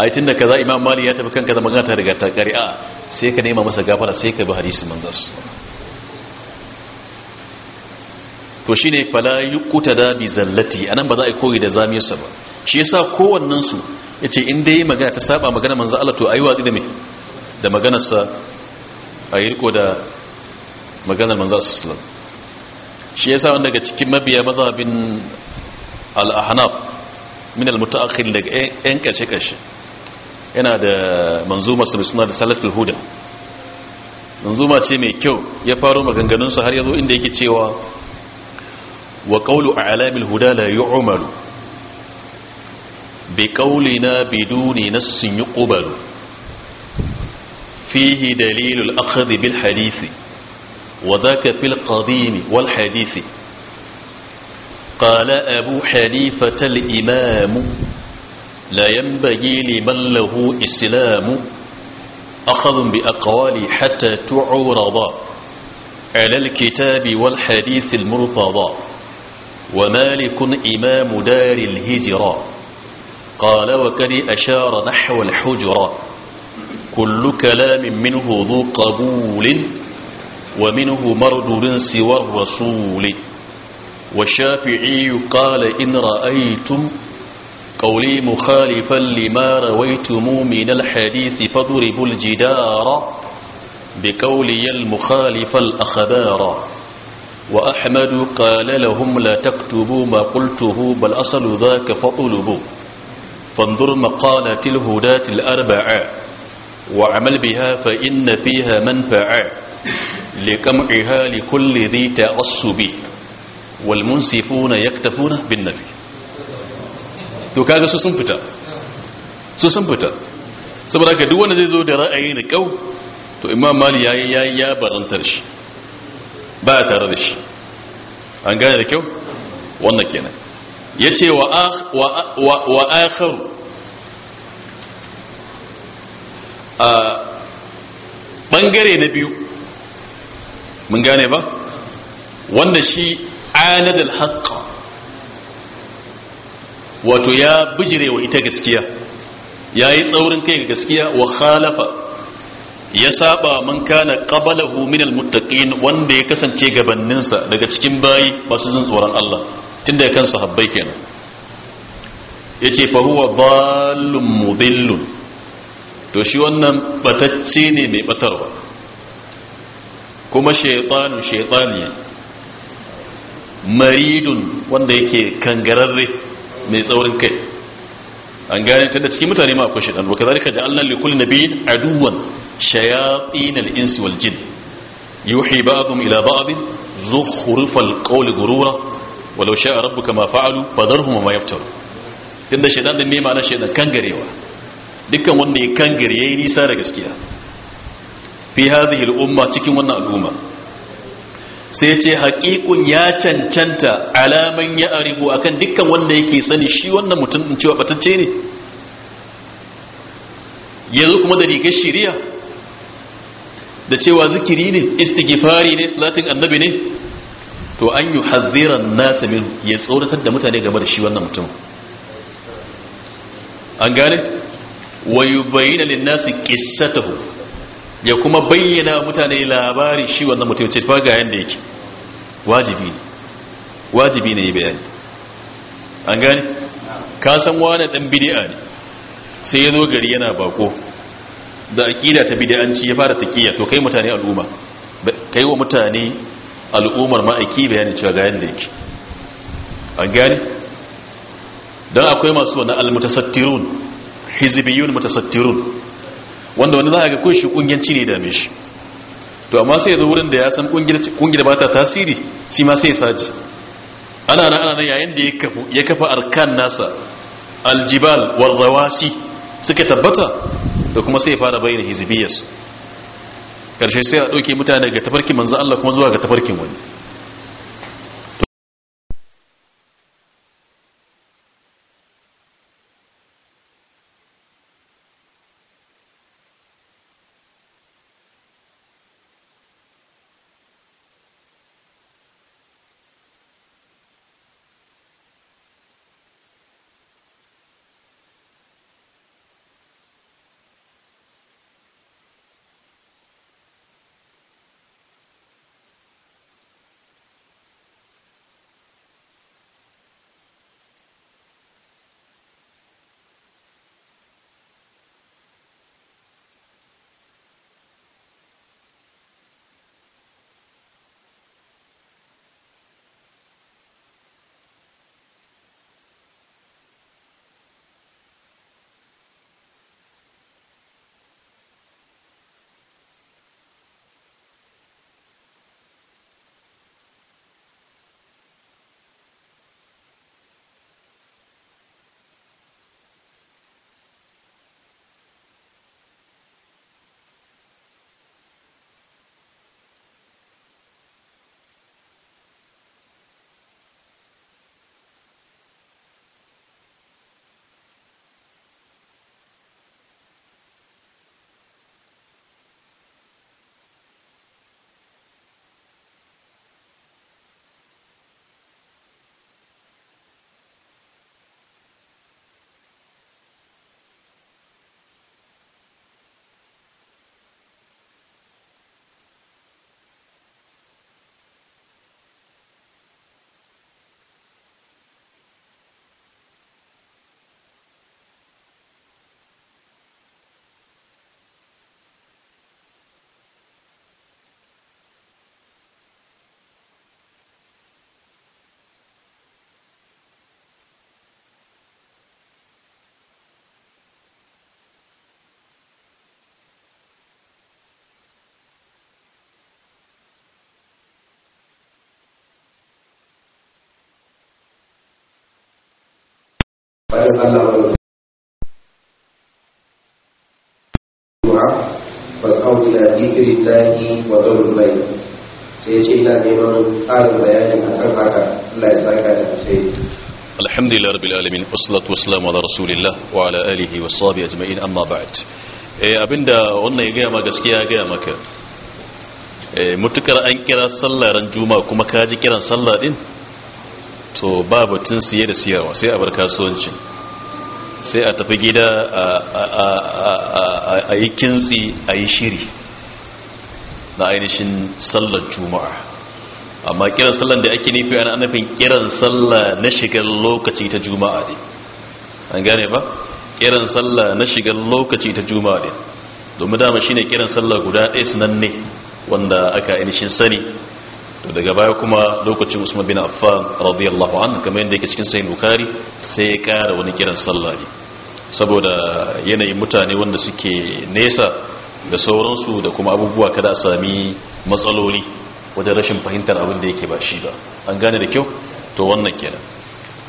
[SPEAKER 1] a yi tun da kaza imam mali ya tafi kanka zama gata ta riga ta ƙari'a sai ka nema masa gafara sai ka bi hadisi manzansu to shine fala yuquta da bi zallati anan ba za a koyi da zamiyarsa ba shi yasa kowannen su yace in dai magana ta saba magana manzo Allah to ayi watsi da me da maganarsa ayi riko da maganar manzo sallallahu shi yasa wanda daga cikin mabiya mazhabin al-ahnaf min al-mutaakhir daga yan kace ƙarshe yana da manzuma suna da salatul huda manzuma ce mai kyau ya faro maganganunsa har yazo inda yake cewa وقول أعلام الهدى لا يعمل بقولنا بدون نس يقبل فيه دليل الأخذ بالحديث وذاك في القديم والحديث قال أبو حنيفة الإمام لا ينبغي لمن له إسلام أخذ بأقوال حتى تعرض على الكتاب والحديث المرتضى ومالك إمام دار الهجرة قال وكني أشار نحو الحجرة كل كلام منه ذو قبول ومنه مردود سوى الرسول والشافعي قال إن رأيتم قولي مخالفا لما رويتم من الحديث فضربوا الجدار بقولي المخالف الأخبار وأحمد قال لهم لا تكتبوا ما قلته بل أصل ذاك فأولبوا فانظر مقالة الهداة الأربعة وعمل بها فإن فيها منفعة لكمعها لكل ذي تعصب والمنسفون يكتفون بالنبي تكاد سسنبتا سسنبتا sun fita su sun fita saboda ka duk wanda يا يا da ra'ayi da ba tare da shi an gane da kyau wannan kenan ya ce wa akharu a ɓangare na biyu mun gane ba wanda shi anadal haƙƙa wato ya bujirewa ita gaskiya ya yi tsaurin kai ga gaskiya wa khalafa ya saba man kana qablahu min almuttaqin wanda ya kasance gabaninsa daga cikin bayi masu jin tsoron Allah tunda kan sahabbai kenan yace fa huwa dallun mudillun to shi wannan batacce ne mai batarwa kuma shaytanu shaytani maridun wanda yake kangararre mai tsaurin kai an gane tunda cikin mutane ma akwai shaytan wa kazalika ja'alna li kulli nabiyyin aduwan shayatin al-insi wal jin yuhi ba'dhum ila ba'd zukhruf al-qawli gurura walau sha'a rabbuka ma fa'alu huma ma yaftaru tunda shaytan din ne ma na shaidan kangarewa dukkan wanda ya kangare yayi nisa da gaskiya fi hadhihi al-umma cikin wannan al'umma sai ce haƙiƙun ya cancanta alaman ya aribu akan dukkan wanda yake sani shi wannan mutum cewa batacce ne yanzu kuma da rigar shiriya da cewa zikiri ne istighfari ne salatin annabi ne to an yi hazziran nasa min ya tsoratar da mutane game da shi wannan mutum an gane wayu bayyana linnasi qissatahu ya kuma bayyana mutane labarin shi wannan mutum ce fa ga yanda yake wajibi ne wajibi ne bayani an gane ka san wani dan bid'a ne sai ya zo gari yana bako da aƙida ta bid'anci ya fara taqiya to kai mutane al'umma kai wa mutane al'ummar ma'aiki bayani cewa ga yanda yake an gane dan akwai masu wannan mutasattirun hizbiyun mutasattirun wanda wani za ga ko shi kungiyanci ne da shi to amma sai zo wurin da ya san kungiyar ba ta tasiri shi ma sai ya saji ana nan ana yayin da ya kafa arkan nasa aljibal warrawasi suka tabbata da kuma sai fara bayyana hizbiyas karshe sai a ɗauke mutane ga tafarkin manzo Allah kuma zuwa ga tafarkin wani
[SPEAKER 2] labarin da
[SPEAKER 1] الحمد لله رب العالمين والصلاة والسلام على رسول الله وعلى آله والصحابة أجمعين أما بعد abinda wannan ya gaya ma gaskiya ya gaya maka mutukar an kira sallah ran juma kuma ka ji kiran sallah din to ba batun siye da siyarwa sai a bar kasuwancin sai a tafi gida a yi kintsi a yi shiri na ainihin sallar juma'a amma kiran sallar da ake nufi ana nufin kiran sallar na shigar lokaci ta juma'a ne an gane ba kiran sallar na shigar lokaci ta juma'a ne domin dama shine kiran sallar guda ɗaya ne wanda aka ainihin sani to daga baya kuma lokacin usman bin affan radiyallahu anhu kamar yadda yake cikin sayin bukhari sai ya kara wani kiran sallah ne saboda yanayin mutane wanda suke nesa da sauransu da kuma abubuwa kada a sami matsaloli wajen rashin fahimtar abin da yake ba shi ba an gane da kyau to wannan kenan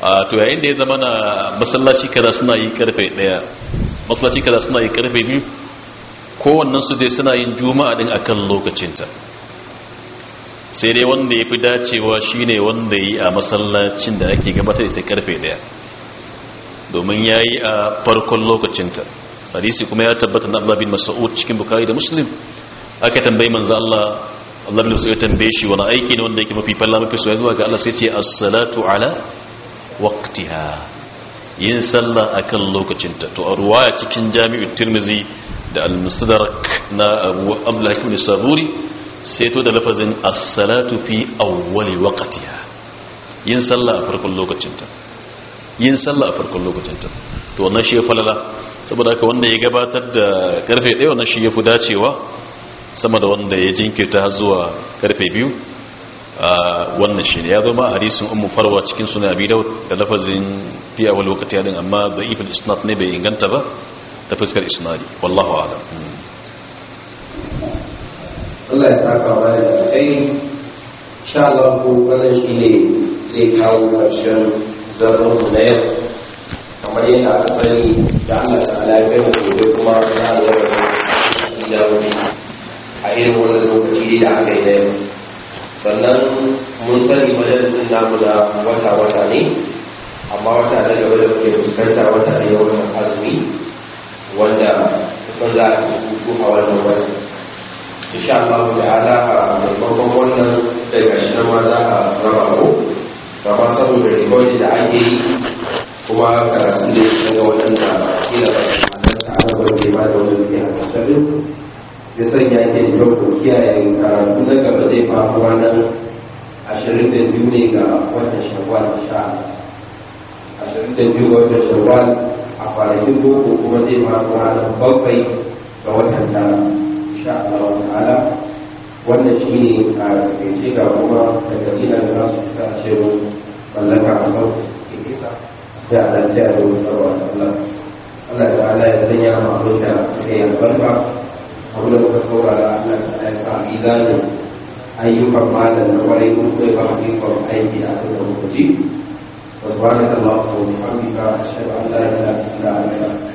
[SPEAKER 1] a to yayin da ya zama na masallaci kaza suna yi karfe daya masallaci kaza suna yi karfe biyu kowannen su dai suna yin juma'a din akan lokacinta sai dai wanda ya fi dacewa shine wanda yi a masallacin da ake gabata da karfe daya domin ya yi a farkon lokacinta hadisi kuma ya tabbata na Allah bin Mas'ud cikin Bukhari da Muslim aka tambayi manza Allah Allah bin ya tambaye shi wani aiki ne wanda yake mafi falla mafi soyayya zuwa ga Allah sai ce as-salatu ala waqtiha yin sallah akan lokacinta to a ruwaya cikin Jami'ut tirmizi da al-Mustadrak na Abu Abdullah ibn Saburi sai to da lafazin as-salatu fi awwali waqtiha yin sallah a farkon lokacinta yin sallah a farkon lokacinta to wannan shi ya falala saboda haka wanda ya gabatar da karfe 1 wannan shi ya fi dacewa sama da wanda ya jinkirta zuwa karfe 2 wannan shi ne ya zama hadisin ummu farwa cikin suna abi daud da lafazin fi awwali waqtiha din amma da'if ifin isnad ne bai inganta ba ta fuskar isnadi wallahu a'lam hmm.
[SPEAKER 2] Allah ya saka wa da kai insha Allah ku wannan ne zai kawo karshen zaman mu na yau kamar yadda aka sani da Allah ta lafiyar mu gobe kuma a da wani a irin wannan lokaci da aka yi da yau sannan mun sani majalisin namu na wata-wata ne amma wata da gaba da muke fuskanta wata ne yau azumi wanda kusan za a hutu a wannan wata insha Allah ta'ala a babban wannan da gashi nan ma za a raba ko amma saboda rikodi da ake yi kuma karatun da ya shi ga waɗanda kila ba su halarta a gaban da ba da wani biya a shirin ya sanya ke yau ko kiyaye karatu na gaba zai faru ranar ashirin da biyu ne ga watan shawwal insha ashirin da biyu ga watan shawwal a kwanakin boko kuma zai faru ranar bakwai ga watan tara insha Allah ta'ala wannan shi ne a takaice ga kuma da dalilin da za su sa mu mallaka a sauki suke kisa da a zance a domin tsarwa Allah Allah ta'ala ya sanya mu abin da suka yi albarka abin da muka da Allah ta'ala ya sa mizanin ayyukan malam na kwarai mun kai ba ayyukan aiki a kan lokaci wasu ba da Allah ko muhammadu a shaɗa Allah ya Allah